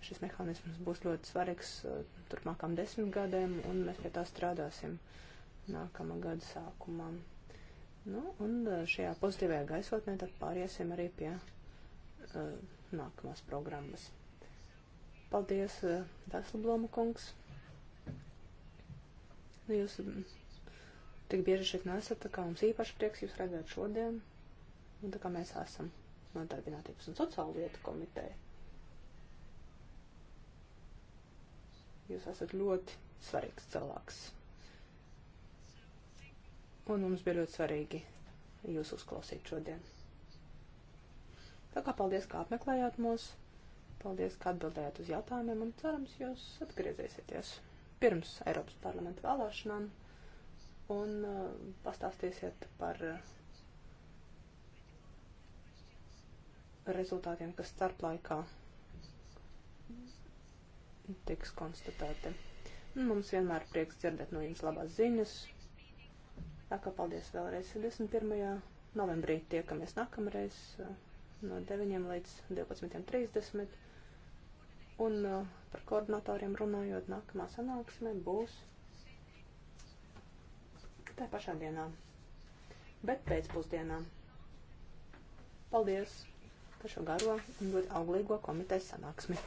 šis mehānisms būs ļoti svarīgs turpmākām desmit gadiem, un mēs pie tā strādāsim nākamā gada sākumā. Nu, un šajā pozitīvajā gaisotnē tad pāriesim arī pie uh, nākamās programmas. Paldies, uh, Daslubloma kungs. Nu, jūs mm, tik bieži šeit nesat, tā kā mums īpaši prieks jūs redzēt šodien, un nu, tā kā mēs esam nodarbinātības un sociālu lietu komiteja. Jūs esat ļoti svarīgs cilvēks. Un mums bija ļoti svarīgi jūs uzklausīt šodien. Tā kā paldies, ka apmeklējāt mūs, paldies, ka atbildējāt uz jautājumiem, un cerams, jūs atgriezīsieties pirms Eiropas parlamenta vēlēšanām un uh, pastāstīsiet par uh, rezultātiem, kas starplaikā tiks konstatēti. Mums vienmēr prieks dzirdēt no jums labās ziņas. Tā kā paldies vēlreiz 21. novembrī tiekamies nākamreiz uh, no 9 līdz 12.30. Un par koordinatoriem runājot, nākamā sanāksme būs tā pašā dienā, bet pēcpusdienā. Paldies par šo garo un ļoti auglīgo komitejas sanāksmi.